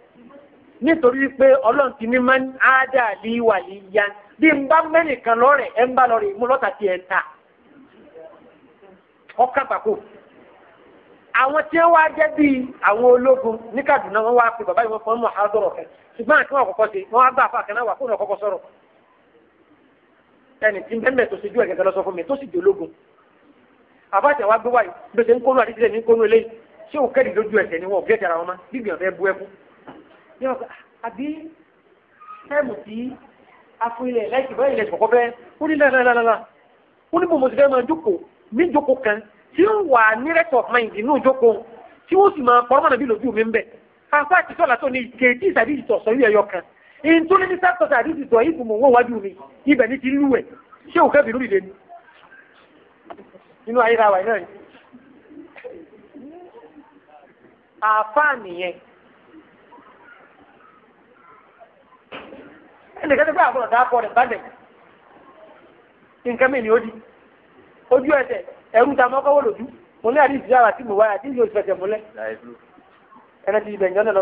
nítorí pé Ọlọ́run ti ní máa ń ádàlí wà ní yan bí n bá mẹ́nìkan lọ́rẹ̀ ẹ ń bá lọ́rẹ̀ mú lọ́tà tí ẹ ta ọkàgbàkò àwọn tí wọ́n wá jẹ́ bíi àwọn ológun ní Kaduna wọ́n wá pe bàbá yìí wọ́n fọ́n mọ̀ àádọ́rọ̀ kẹ ṣùgbọ́n àti wọn kọ́kọ́ ṣe wọ́n wá gbà fún àkànná wà fóònù ọkọ́kọ́ sọ̀rọ̀ ẹni tí bẹ́ẹ̀ tó ṣe ju ẹ̀gẹ̀gẹ̀ lọ sọ fún mi tó sì di ológun àbájá wa gbé wáyé gbèsè ń kónú àdídílẹ̀ ní kónú eléyìí ṣé òun kẹ́rì lójú ẹ̀sẹ̀ ni wọn ò gẹ́jà ara wọn má bíbí ọ̀fẹ́ bú ẹkú àbí a fún ilẹ̀ láìsí báyìí ilẹ̀ ìṣọ̀kọ́ bẹ́ẹ̀ ó ní lálálálá ó ní bò mo ti fẹ́ máa jókòó níjókòó kan tí ó wà ní rest of mind inú ìjókòó tí ó sì máa pọ́nmọ́nà bí lójú mi ń bẹ̀. afá àti sọ́la tó ní ike tí ìsàdí ìtọ̀ sọ yí ẹyọ kan èyí tó ní ní sáà tọ́sà àdí ìtọ̀ yìí fún wọn wájú mi ibẹ̀ ní ti lúwẹ̀ ṣé òkè bìrú ìdè ni inú ayé ra wà náà ni. afá nìyẹn ẹnìkan tó gbé àbúrò dáa pọ̀ rẹ̀ bá dẹ̀ nǹkan mìíràn ó di ojú ẹsẹ̀ ẹ̀rù ta mọ́kọ́ wọ́n lòdú mo ní àdìsí àrà tí mo wáyà tí yóò fẹsẹ̀ múlẹ̀ ẹni ti ibẹ̀ ìjọ́nà lọ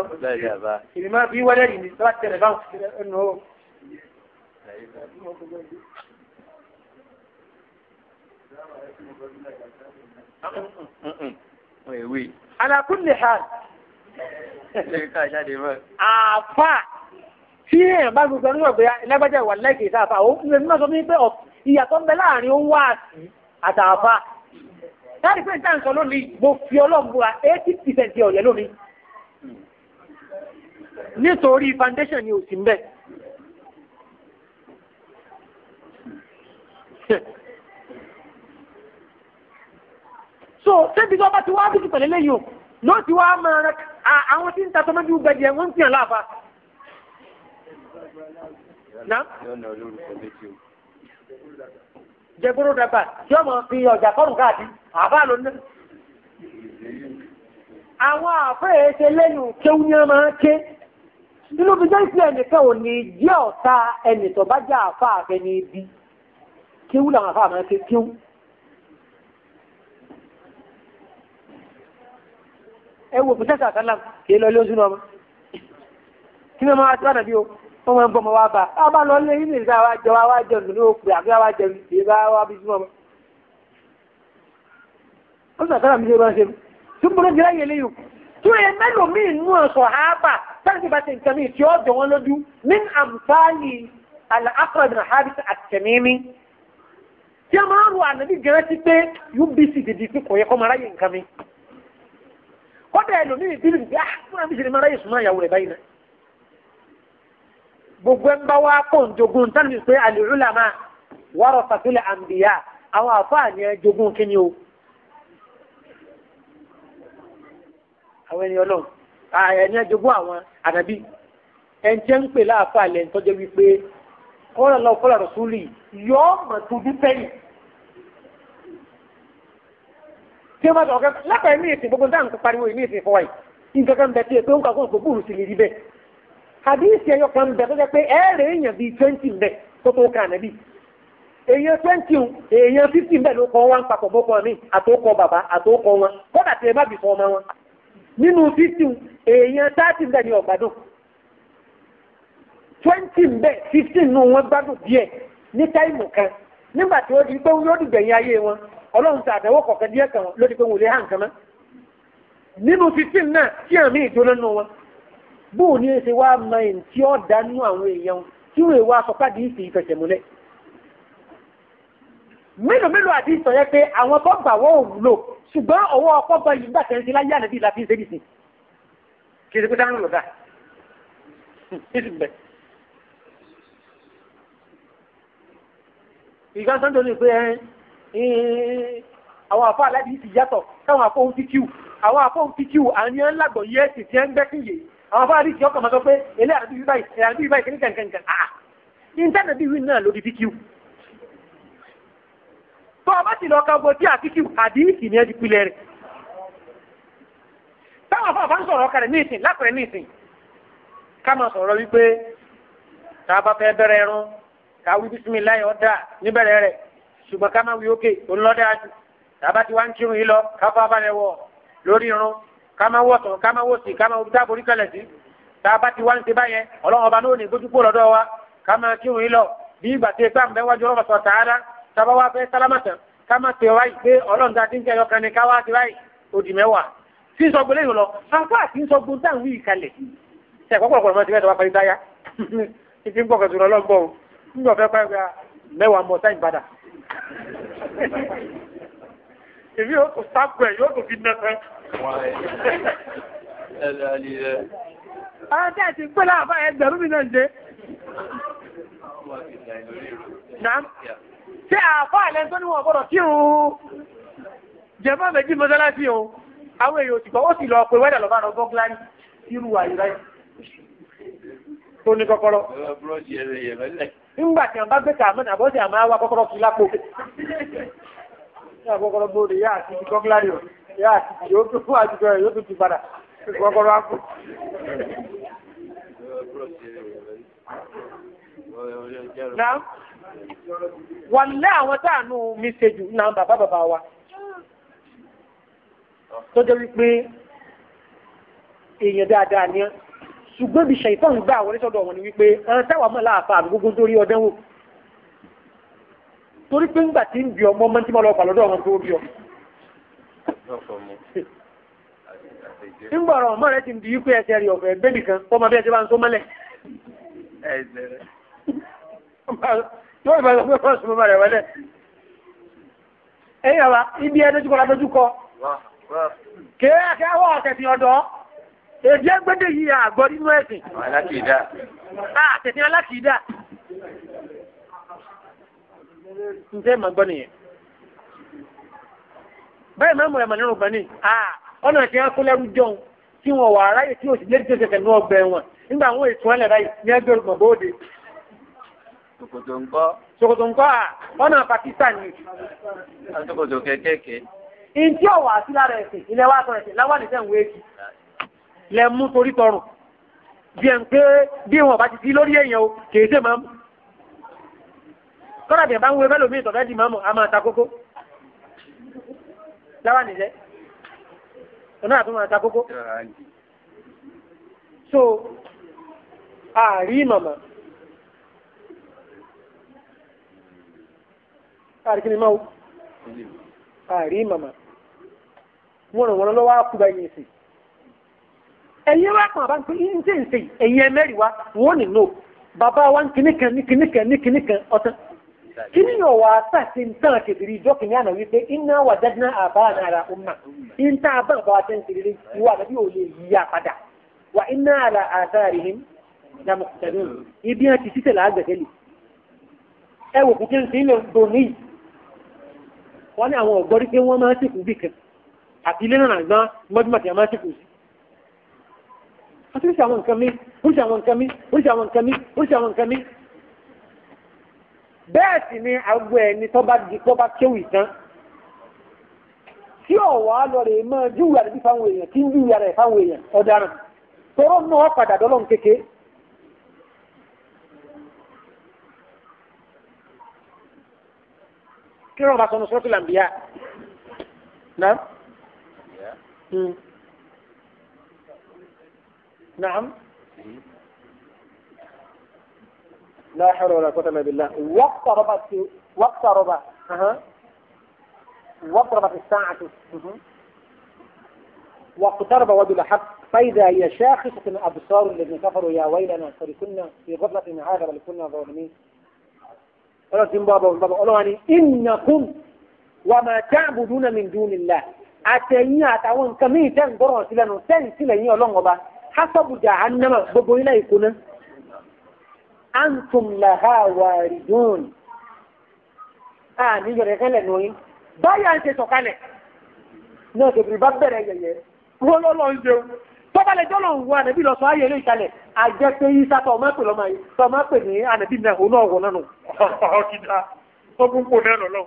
ìbí máa bí wẹ́lẹ́ yìí ní lọ́wọ́ tẹ̀lé báwọn ẹnu ọ̀rọ̀ ala kulli hal àfà tí èèyàn bá gbogbo ẹnu ọ̀gbẹ́ lágbájá ìwà lẹ́kẹ̀ẹ́ sáfà ó ń lè mú ọ̀sọ́ mi pé ìyàtọ̀ ń bẹ láàrin ó ń wá àsì àtàfà láti pé ìta nǹkan lónìí mo fi ọlọ́mùbúra eighty percent ọ̀yẹ́ lónìí nítorí foundation ni ò sí mbẹ́. so ṣébi tó bá ti wá bí tìpẹ̀lẹ́ lẹ́yìn o ló ti wá máa rẹ àwọn tí ń ta tọmọdé gbẹdì ẹ̀ wọ́n ń tìyàn láàfa. Na? jẹgbóró dàgbà tí ọmọ fi ọjà kọrùn káàkiri àbá ló ní. àwọn àfẹ́yẹ ṣe lẹ́nu kéwú ní ọmọ ké nínú fi jẹ́ ìpín ẹnìkan ò ní jẹ́ ọ̀tá ẹnì tó bá jẹ́ àfa àfẹ́ ní ibi kéwú làwọn àfa àmọ́ ké kéwú. ẹ wo pòtẹ́sì àkàlà kì í lọ ilé oṣù náà mọ́ kí ni wọ́n máa ti wá o wọ́n máa ń bọ́ ọmọ wa bá a bá lọ lé yín nìyí sáà wá jẹ wá àbí wá jẹ ìdè bí súnmọ́ ó sì mi ṣe máa ṣe tí mo ló di láyé eléyìí tó yẹ mẹ́lòmíì nú ọ̀sọ̀ àábà sáàsì bá ti nǹkan mi tí ó jọ wọn lójú ní àmfààní àlàáfàdì àhábìsì àtẹ̀mímí tí a máa ń ro ànàbí gẹ̀rẹ́ sí pé UBC dìdì pé kò yẹ kọ́ máa ráyè nǹkan mi kọ́dà ẹlòmíì bí gbogbo ẹnba wa kò ń jogún tani pé al-ulama warasatul anbiya àwọn àfààní ẹ jogún kíni o. àwọn ènìyàn lọ ẹni ẹ jogún àwọn ànábì ẹn jẹ́ ń pè láàfà lẹ̀ ń tọ́jọ́ wípé kọ́lá lọ kọ́lá rọ̀súlì yọ mọ̀ tó dúpẹ́ yìí. tí wọ́n bá sọ̀rọ̀ kẹ́ lápẹ̀ mí ìsìn gbogbo dáhùn pariwo ìmí ìsìn fọwọ́ yìí nǹkan kan bẹ tí ẹ pé ó ń kà kó ń gbogbo rí bẹ́ẹ̀. hadisi ẹyọ kan bẹ tó pé ẹrẹ èèyàn bíi twenty bẹ tó tó kà nàbí èèyàn twenty èèyàn fifty bẹ ló kọ wọn papọ̀ bọ́kọ mi àtòkọ bàbá àtòkọ wọn kódà tí ẹ bì fọ ọmọ wọn nínú fifty èèyàn thirty bẹ ní twenty bẹ nù wọn gbádùn ní táìmù kan nígbà tí ó di pé yóò ayé wọn ọlọ́run ti kọ̀ọ̀kan díẹ̀ kan hàn kan mọ́ nínú náà tí àmì bóò ní ẹsẹ̀ wá máa ẹ̀ tí ó dánú àwọn èèyàn tí wọ́n wá sọ pàdé ìfì ìfẹsẹ̀múlẹ̀. mélòó mélòó àti ìtàn yẹn pé àwọn tó gbà wọ́n ò wúlò ṣùgbọ́n ọwọ́ ọkọ̀ bọ yìí gbà tẹ̀sí láyé ànábì ìlàfín ṣe nìsín. kì í ṣe pé dáná lọ́dà ìgbà sọ́ńdọ̀ ní pé àwọn àfọ́ aláàbí ti yàtọ̀ táwọn àfọ́ òun ti kíw àwọn àfọ́ òun ti kíw àníyàn lágbọ̀ yẹ́ẹ̀sì tí ẹ ń gbẹ́kìnyè àwọn afárá àdìsí ọkàn máa sọ pé ilé àdàbí bíbá ìsẹ̀ àdàbí bíbá ìsẹ̀ nìkan nìkan àà ìńtánà bí wí náà lórí bíkíù tó ọba sì lọ kagbọ tí àkíkíù àdìsí ni ẹ ti pilẹ̀ rẹ̀ táwọn afárá ń sọ̀rọ̀ ọkàn rẹ̀ ní ìsìn lápẹ̀rẹ̀ ní ìsìn ká máa sọ̀rọ̀ wípé tá a bá fẹ́ bẹ̀rẹ̀ ẹrun ká wí bísímìláì ọ̀dà níbẹ̀rẹ̀ rẹ̀ ṣùgbọ́n ká má wí ókè òun lọ́dà ká máa wọ̀ sọ̀rọ̀ ká máa wọ̀ sí ká máa wọ́n táàbù oríkàlẹ̀ sí tá a bá ti wá ń ṣe báyẹn ọlọ́run ọba náà ní ìgbójúkó lọ́dọ̀ wa ká máa kírun yín lọ bí ìgbà tí ipá mbẹ́ wájú ọlọ́run sọ̀tà ara tábà wá fẹ́ sálámàtà ká máa tẹ̀ wáyì pé ọlọ́run tá a ti ń kẹyọ kan ní ká wá sí wáyì òdì mẹ́wàá tí ń sọgbó lẹ́yìn lọ afá àti ń sọgbó dáhùn yìí kalẹ̀ ṣe àkọ́kọ́rọ́ mọ́ ti bẹ́ẹ̀ tó wá parí dáyà ìfi ń gbọ́ kẹsùn lọ́gbọ́n ń gbọ́ fẹ́ pẹ́ mẹ́wàá mọ́ sáyìn padà èmi yóò tún sáàpù ẹ̀ yóò tún fi nẹ́fẹ́. ọ̀rọ̀ tẹ́ ti pẹ́ láàbá ẹgbẹ̀rún mi náà jẹ́. ṣé àfọ́ àlẹ́ tó níwọ̀n gbọ́dọ̀ kí òun jẹ̀mọ́ méjì mọ́sálásí o àwọn èèyàn ti gbọ́ ó sì lọ pé wẹ́dà lọ́ba lọ gọ́gláni irú àyíká tó ní kọ́kọ́rọ́. nígbà tí àwọn bá gbé kàmọ́nà àbọ̀dé àmọ́ àwa kọ́kọ́rọ́ kí lápò àkọ́kọ́rọ́ bóde yá àti ti kọ́kílárì ọ̀ yá àti ti yóò tó fún àjùjọ rẹ̀ yóò tó ti padà kọ́kọ́rọ́ á kú. Náà wọ́n lé àwọn táànù mi ṣe jù náà bàbá bàbá wa tó jẹ́ wípé èèyàn dáadáa ni ṣùgbọ́n bí ṣe ìfọ̀hún gbà wọlé sọ́dọ̀ wọn ni wípé ọ̀n táwọn mọ̀ láàfà àgbógún tó rí ọdẹ́wò. torí pé ńgbà tí ń bí ọmọ ọmọ tí mo lọ pàlọ́dọ̀ ọmọ tó bí ọ. ńgbà ọ̀rọ̀ ọmọ rẹ ti ń di ikú ẹsẹ̀ rí ọ̀fẹ́ bébì kan kọ́ máa bí ẹsẹ̀ bá ń mọ́lẹ̀. bá mọ́mọ́ rẹ̀ wọlé. ẹ̀yin àwa ibi ẹ dojúkọ la dojúkọ. kèé àkẹ́wọ́ ọ̀kẹ́sìn ọ̀dọ́ èdè gbẹ́dẹ̀ yìí àgbọ̀ nínú ẹ̀sìn. njẹ́ màá gbọ́ nìyẹn. báyìí máa mọ̀ ẹ̀mọ̀ nínú ọgbà ní ọ̀nà àti akólẹ́rú jọun tí wọ́n wà aráyè tí òsì lérí tẹ̀sẹ̀ tẹ̀lú ọgbà ẹ̀wọ̀n nígbà àwọn ètò ẹlẹ̀ báyìí ní ẹgbẹ́ olùmọ̀ bóde. ṣòkòtò ńkọ́. ṣòkòtò ńkọ́ à ọ̀nà Pakistan ni. ṣòkòtò kékèké. ìntí ọ̀wà sí lára ẹ̀sìn ilẹ̀ wa sọ̀rọ̀ ẹ̀sìn láwàlì tẹ̀ ń wé kí lẹ mú torí tọrùn bí ẹ̀ ń pé bí wọn bá ti di lórí èèyàn o kì í ṣe kọ́ra bí bá ń wé mẹ́lòmíì tọ̀fẹ́ di mọ́mọ́ a máa ta kókó láwa nìjẹ́ òun náà máa ta kókó. so ààrí màmá ààrí kí ni máa wú ààrí màmá wọn ràn wọn lọ́wọ́ á kú báyìí nìsín ẹ̀yin wá kan àbáǹkì ní ṣe ń ṣe ẹ̀yin ẹ̀mẹ́rìí wa wọ́n ní no bàbá wa ń kíníkan ní kíníkan ní kíníkan ọ̀tán kíní yóò wá sàtì ntàn kẹfìrí ìjọ kìíní àná wípé iná wà jẹ́dínà àbá àná ọmọ ìntà àbá àbá wa tẹ́ǹtì rere ìwà àbẹ́bí ò lè yí apádà wà iná àlà àtàrí him dàmú tẹ̀lé ibi hàn ti títẹ̀ làágbẹ̀tẹ̀ lè ẹ wò kúkẹ́ ní ilẹ̀ dòní wọ́n àwọn ọ̀gbọ́n rí pé máa ń sìnkú bì kan àti ilé náà gbọ́n mọ́júmọ́tì máa ń sìnkú sí oríṣi àwọn nǹkan mi oríṣi àwọn nǹkan mi oríṣi àwọn nǹkan mi oríṣi àwọn nǹkan mi bẹ́ẹ̀ sì ni agbo ẹni tó bá di tó bá kéwì tán tí ọ̀wá lọ rè mọ́ júwìá rẹ̀ fáwọn èèyàn tí ń júwìá rẹ̀ fáwọn èèyàn ọ̀daràn tọrọ náà padà dọ́lọ́n kéke. kí ló ń bá sọnù sọ́tù làǹbíyà náà. نعم لا حول ولا قوة إلا بالله واقتربت واقترب أها واقتربت الساعة واقترب وجه الحق فإذا هي شاخصة الأبصار الذين كفروا يا ويلنا قد كنا في غفلة من هذا بل كنا ظالمين قال زمبابا وزمبابا قالوا يعني إنكم وما تعبدون من دون الله أتيني أتعون كمي تنقرون سلانو تنسلني ألونغبا حسب جهنم بقول لا antum laha waridun a ní yọrẹ kẹlẹ nù yín báyà ń ṣe sọ̀kalẹ̀ náà tòbí bá bẹ̀rẹ̀ yẹyẹ wọn lọlọ ń jẹun tọbalẹ jọlọ ń wo ànàbí lọ sọ ayé ilé ìkalẹ̀ àjẹ pé yín sátọ ọmọ pè lọmọ yìí tọ ọmọ pè ní ànàbí náà òun náà wọ nánu. ọkìdá tó kún kò náà lọlọ.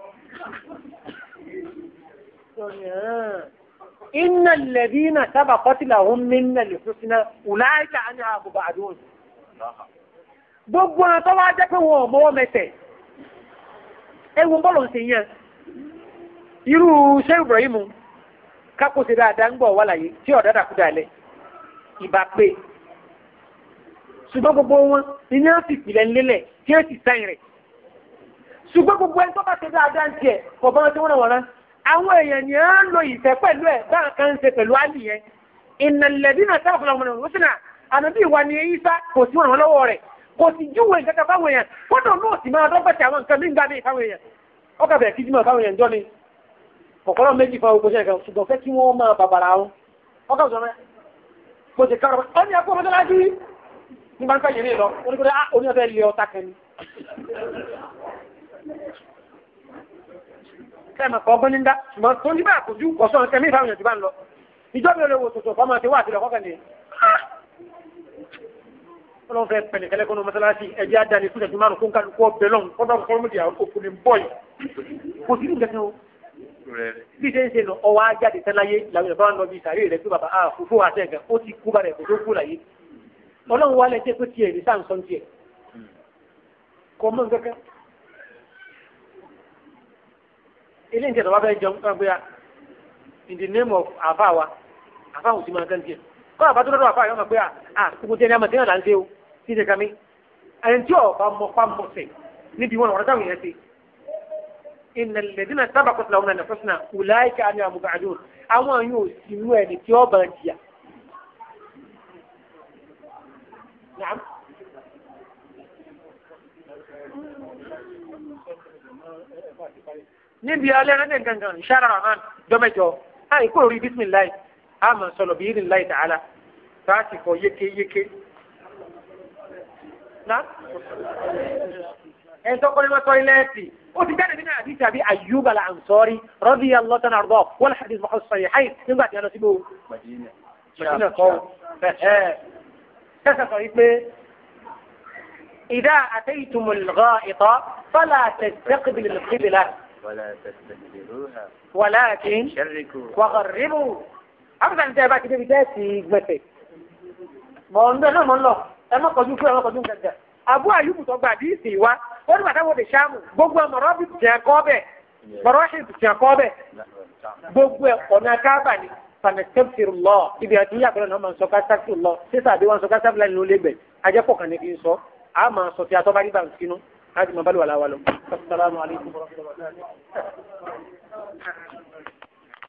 inna alladhina sabaqat lahum minna al-husna ulaika anha mub'adun. gbogbo ọ̀nà tó wá jẹ́ pé mọ́wọ́ ewu bọ́ọ̀lù sí yẹn irú ṣé Ibrahim kákò dáadáa ń gbọ̀ wà láyé tí ọ̀dá dàkúdà lẹ̀ ìbá pé ṣùgbọ́n gbogbo wọn ní á gbogbo ẹni tó bá ṣe dáadáa ń tiẹ̀ kò bá wọn tí wọ́n wọ̀nà àwọn èèyàn ni ń lo ìfẹ́ pẹ̀lú ẹ̀ bá nǹkan ń ṣe pẹ̀lú àlì yẹn ó sì nà bí ìwà ni kò sí kò sì júwe kankan fáwọn èèyàn kódà náà sì máa dọ́gbẹ̀tì àwọn nǹkan nígbà míì fáwọn èèyàn ó kà bẹ̀rẹ̀ kí jùmọ̀ fáwọn èèyàn jọ ni kọ̀kọ́rọ́ méjì fún ogun ṣẹ̀kan ṣùgbọ́n fẹ́ kí wọ́n máa bàbàrà wọn ó kà sọ̀rọ̀ mo ti kárọ̀ ó ní akó mọ́tọ́lájú ní bá ń pẹ̀yẹ̀ ní lọ ó ní kó dé ah, ó ní ọ̀fẹ́ lé ọta kan ni. kẹ́mà kọ́ ọgbọ́n ní ń dá ṣùgbọ́n tó ní bá àkójú kọ̀ọ̀sán kẹ́mí ìfáwọn èèyàn ti bá ń lọ ìjọba olówó tuntun kọ́ máa ti wá àtìlọ́kọ́kẹ́ ni ọlọ́run fẹ́ pẹ̀lẹ́ kẹlẹ́ kọ́nù mọ́sálásí ẹ̀jẹ̀ àdáni fún ẹ̀jú márùn kóńkà kó bẹ̀lọ́n kọ́dọ̀ fọ́lọ́mùdì àwọn òkùnrin bọ́ọ̀lì kò sí nǹkan kan o. bí ṣe ń ṣe nà ọwọ́ ajáde tẹ́láyé làwọn ìfọwọ́n lọ bí sàárè rẹ̀ pé bàbá baba ah, kò fún wa sẹ́ǹkà o ti kú balẹ̀ kò tó kú láyé ọlọ́run wa lẹ́sẹ̀ pé tiẹ̀ ní sáǹsọ́ tiẹ̀ kọ́ mọ́ nǹkan kan. ele ìjẹ́ tọ́wọ́ fẹ́ jẹun kan gbéra in the name of àfáà wa àfáà òsì máa ń kẹ́ ń tiẹ̀ kọ́ àbátúndọ́dọ́ àfáà yọ̀ kí ṣe kàmí ẹni tí ọba mọ pàmò sẹ níbi wọn ọ̀rọ̀ táwọn yẹn ṣe innal ladina sabaqat lahumul husna ulaika anha mub'adun àwọn yóò sì mú ẹni tí ọba jìyà. نعم níbi alẹ́ rẹ̀ gangan ìṣára rahman dọ́mẹjọ àìkú orí bisimilayi a máa sọ̀rọ̀ bí irin láì tààlà bá a ti kọ yékéyéké نعم انت قول ما صليتي وفي جانب ابي ايوب الانصاري رضي الله تعالى عنه والحديث محصل الصحيحين من بعد انا سيبه مدينه مدينه قوم كذا صحيح إذا أتيتم الغائط فلا تستقبل القبلة ولا تستقبلوها ولكن شركوا وغربوا أبدا أنت يا باكي بيتاتي ما عندنا من الله ẹ má kọjú fún ẹ má kọjú gàgà àbú àyùbù tó gbà díìsì wa ó ní bàtà wọlé sàmù gbogbo ẹ mọ̀rọ́ bí tìǹà kọ́ bẹ̀ mọ̀rọ́ ṣe tìǹà kọ́ bẹ̀ gbogbo ẹ ọ̀nà káàbà ni fanẹtẹ́fìrì lọ ibi àti ìyá àgbẹ̀rẹ̀ náà máa ń sọ kásáfìrì lọ sísà àbí wọn sọ kásáfìrì lẹ́nu kan ní kí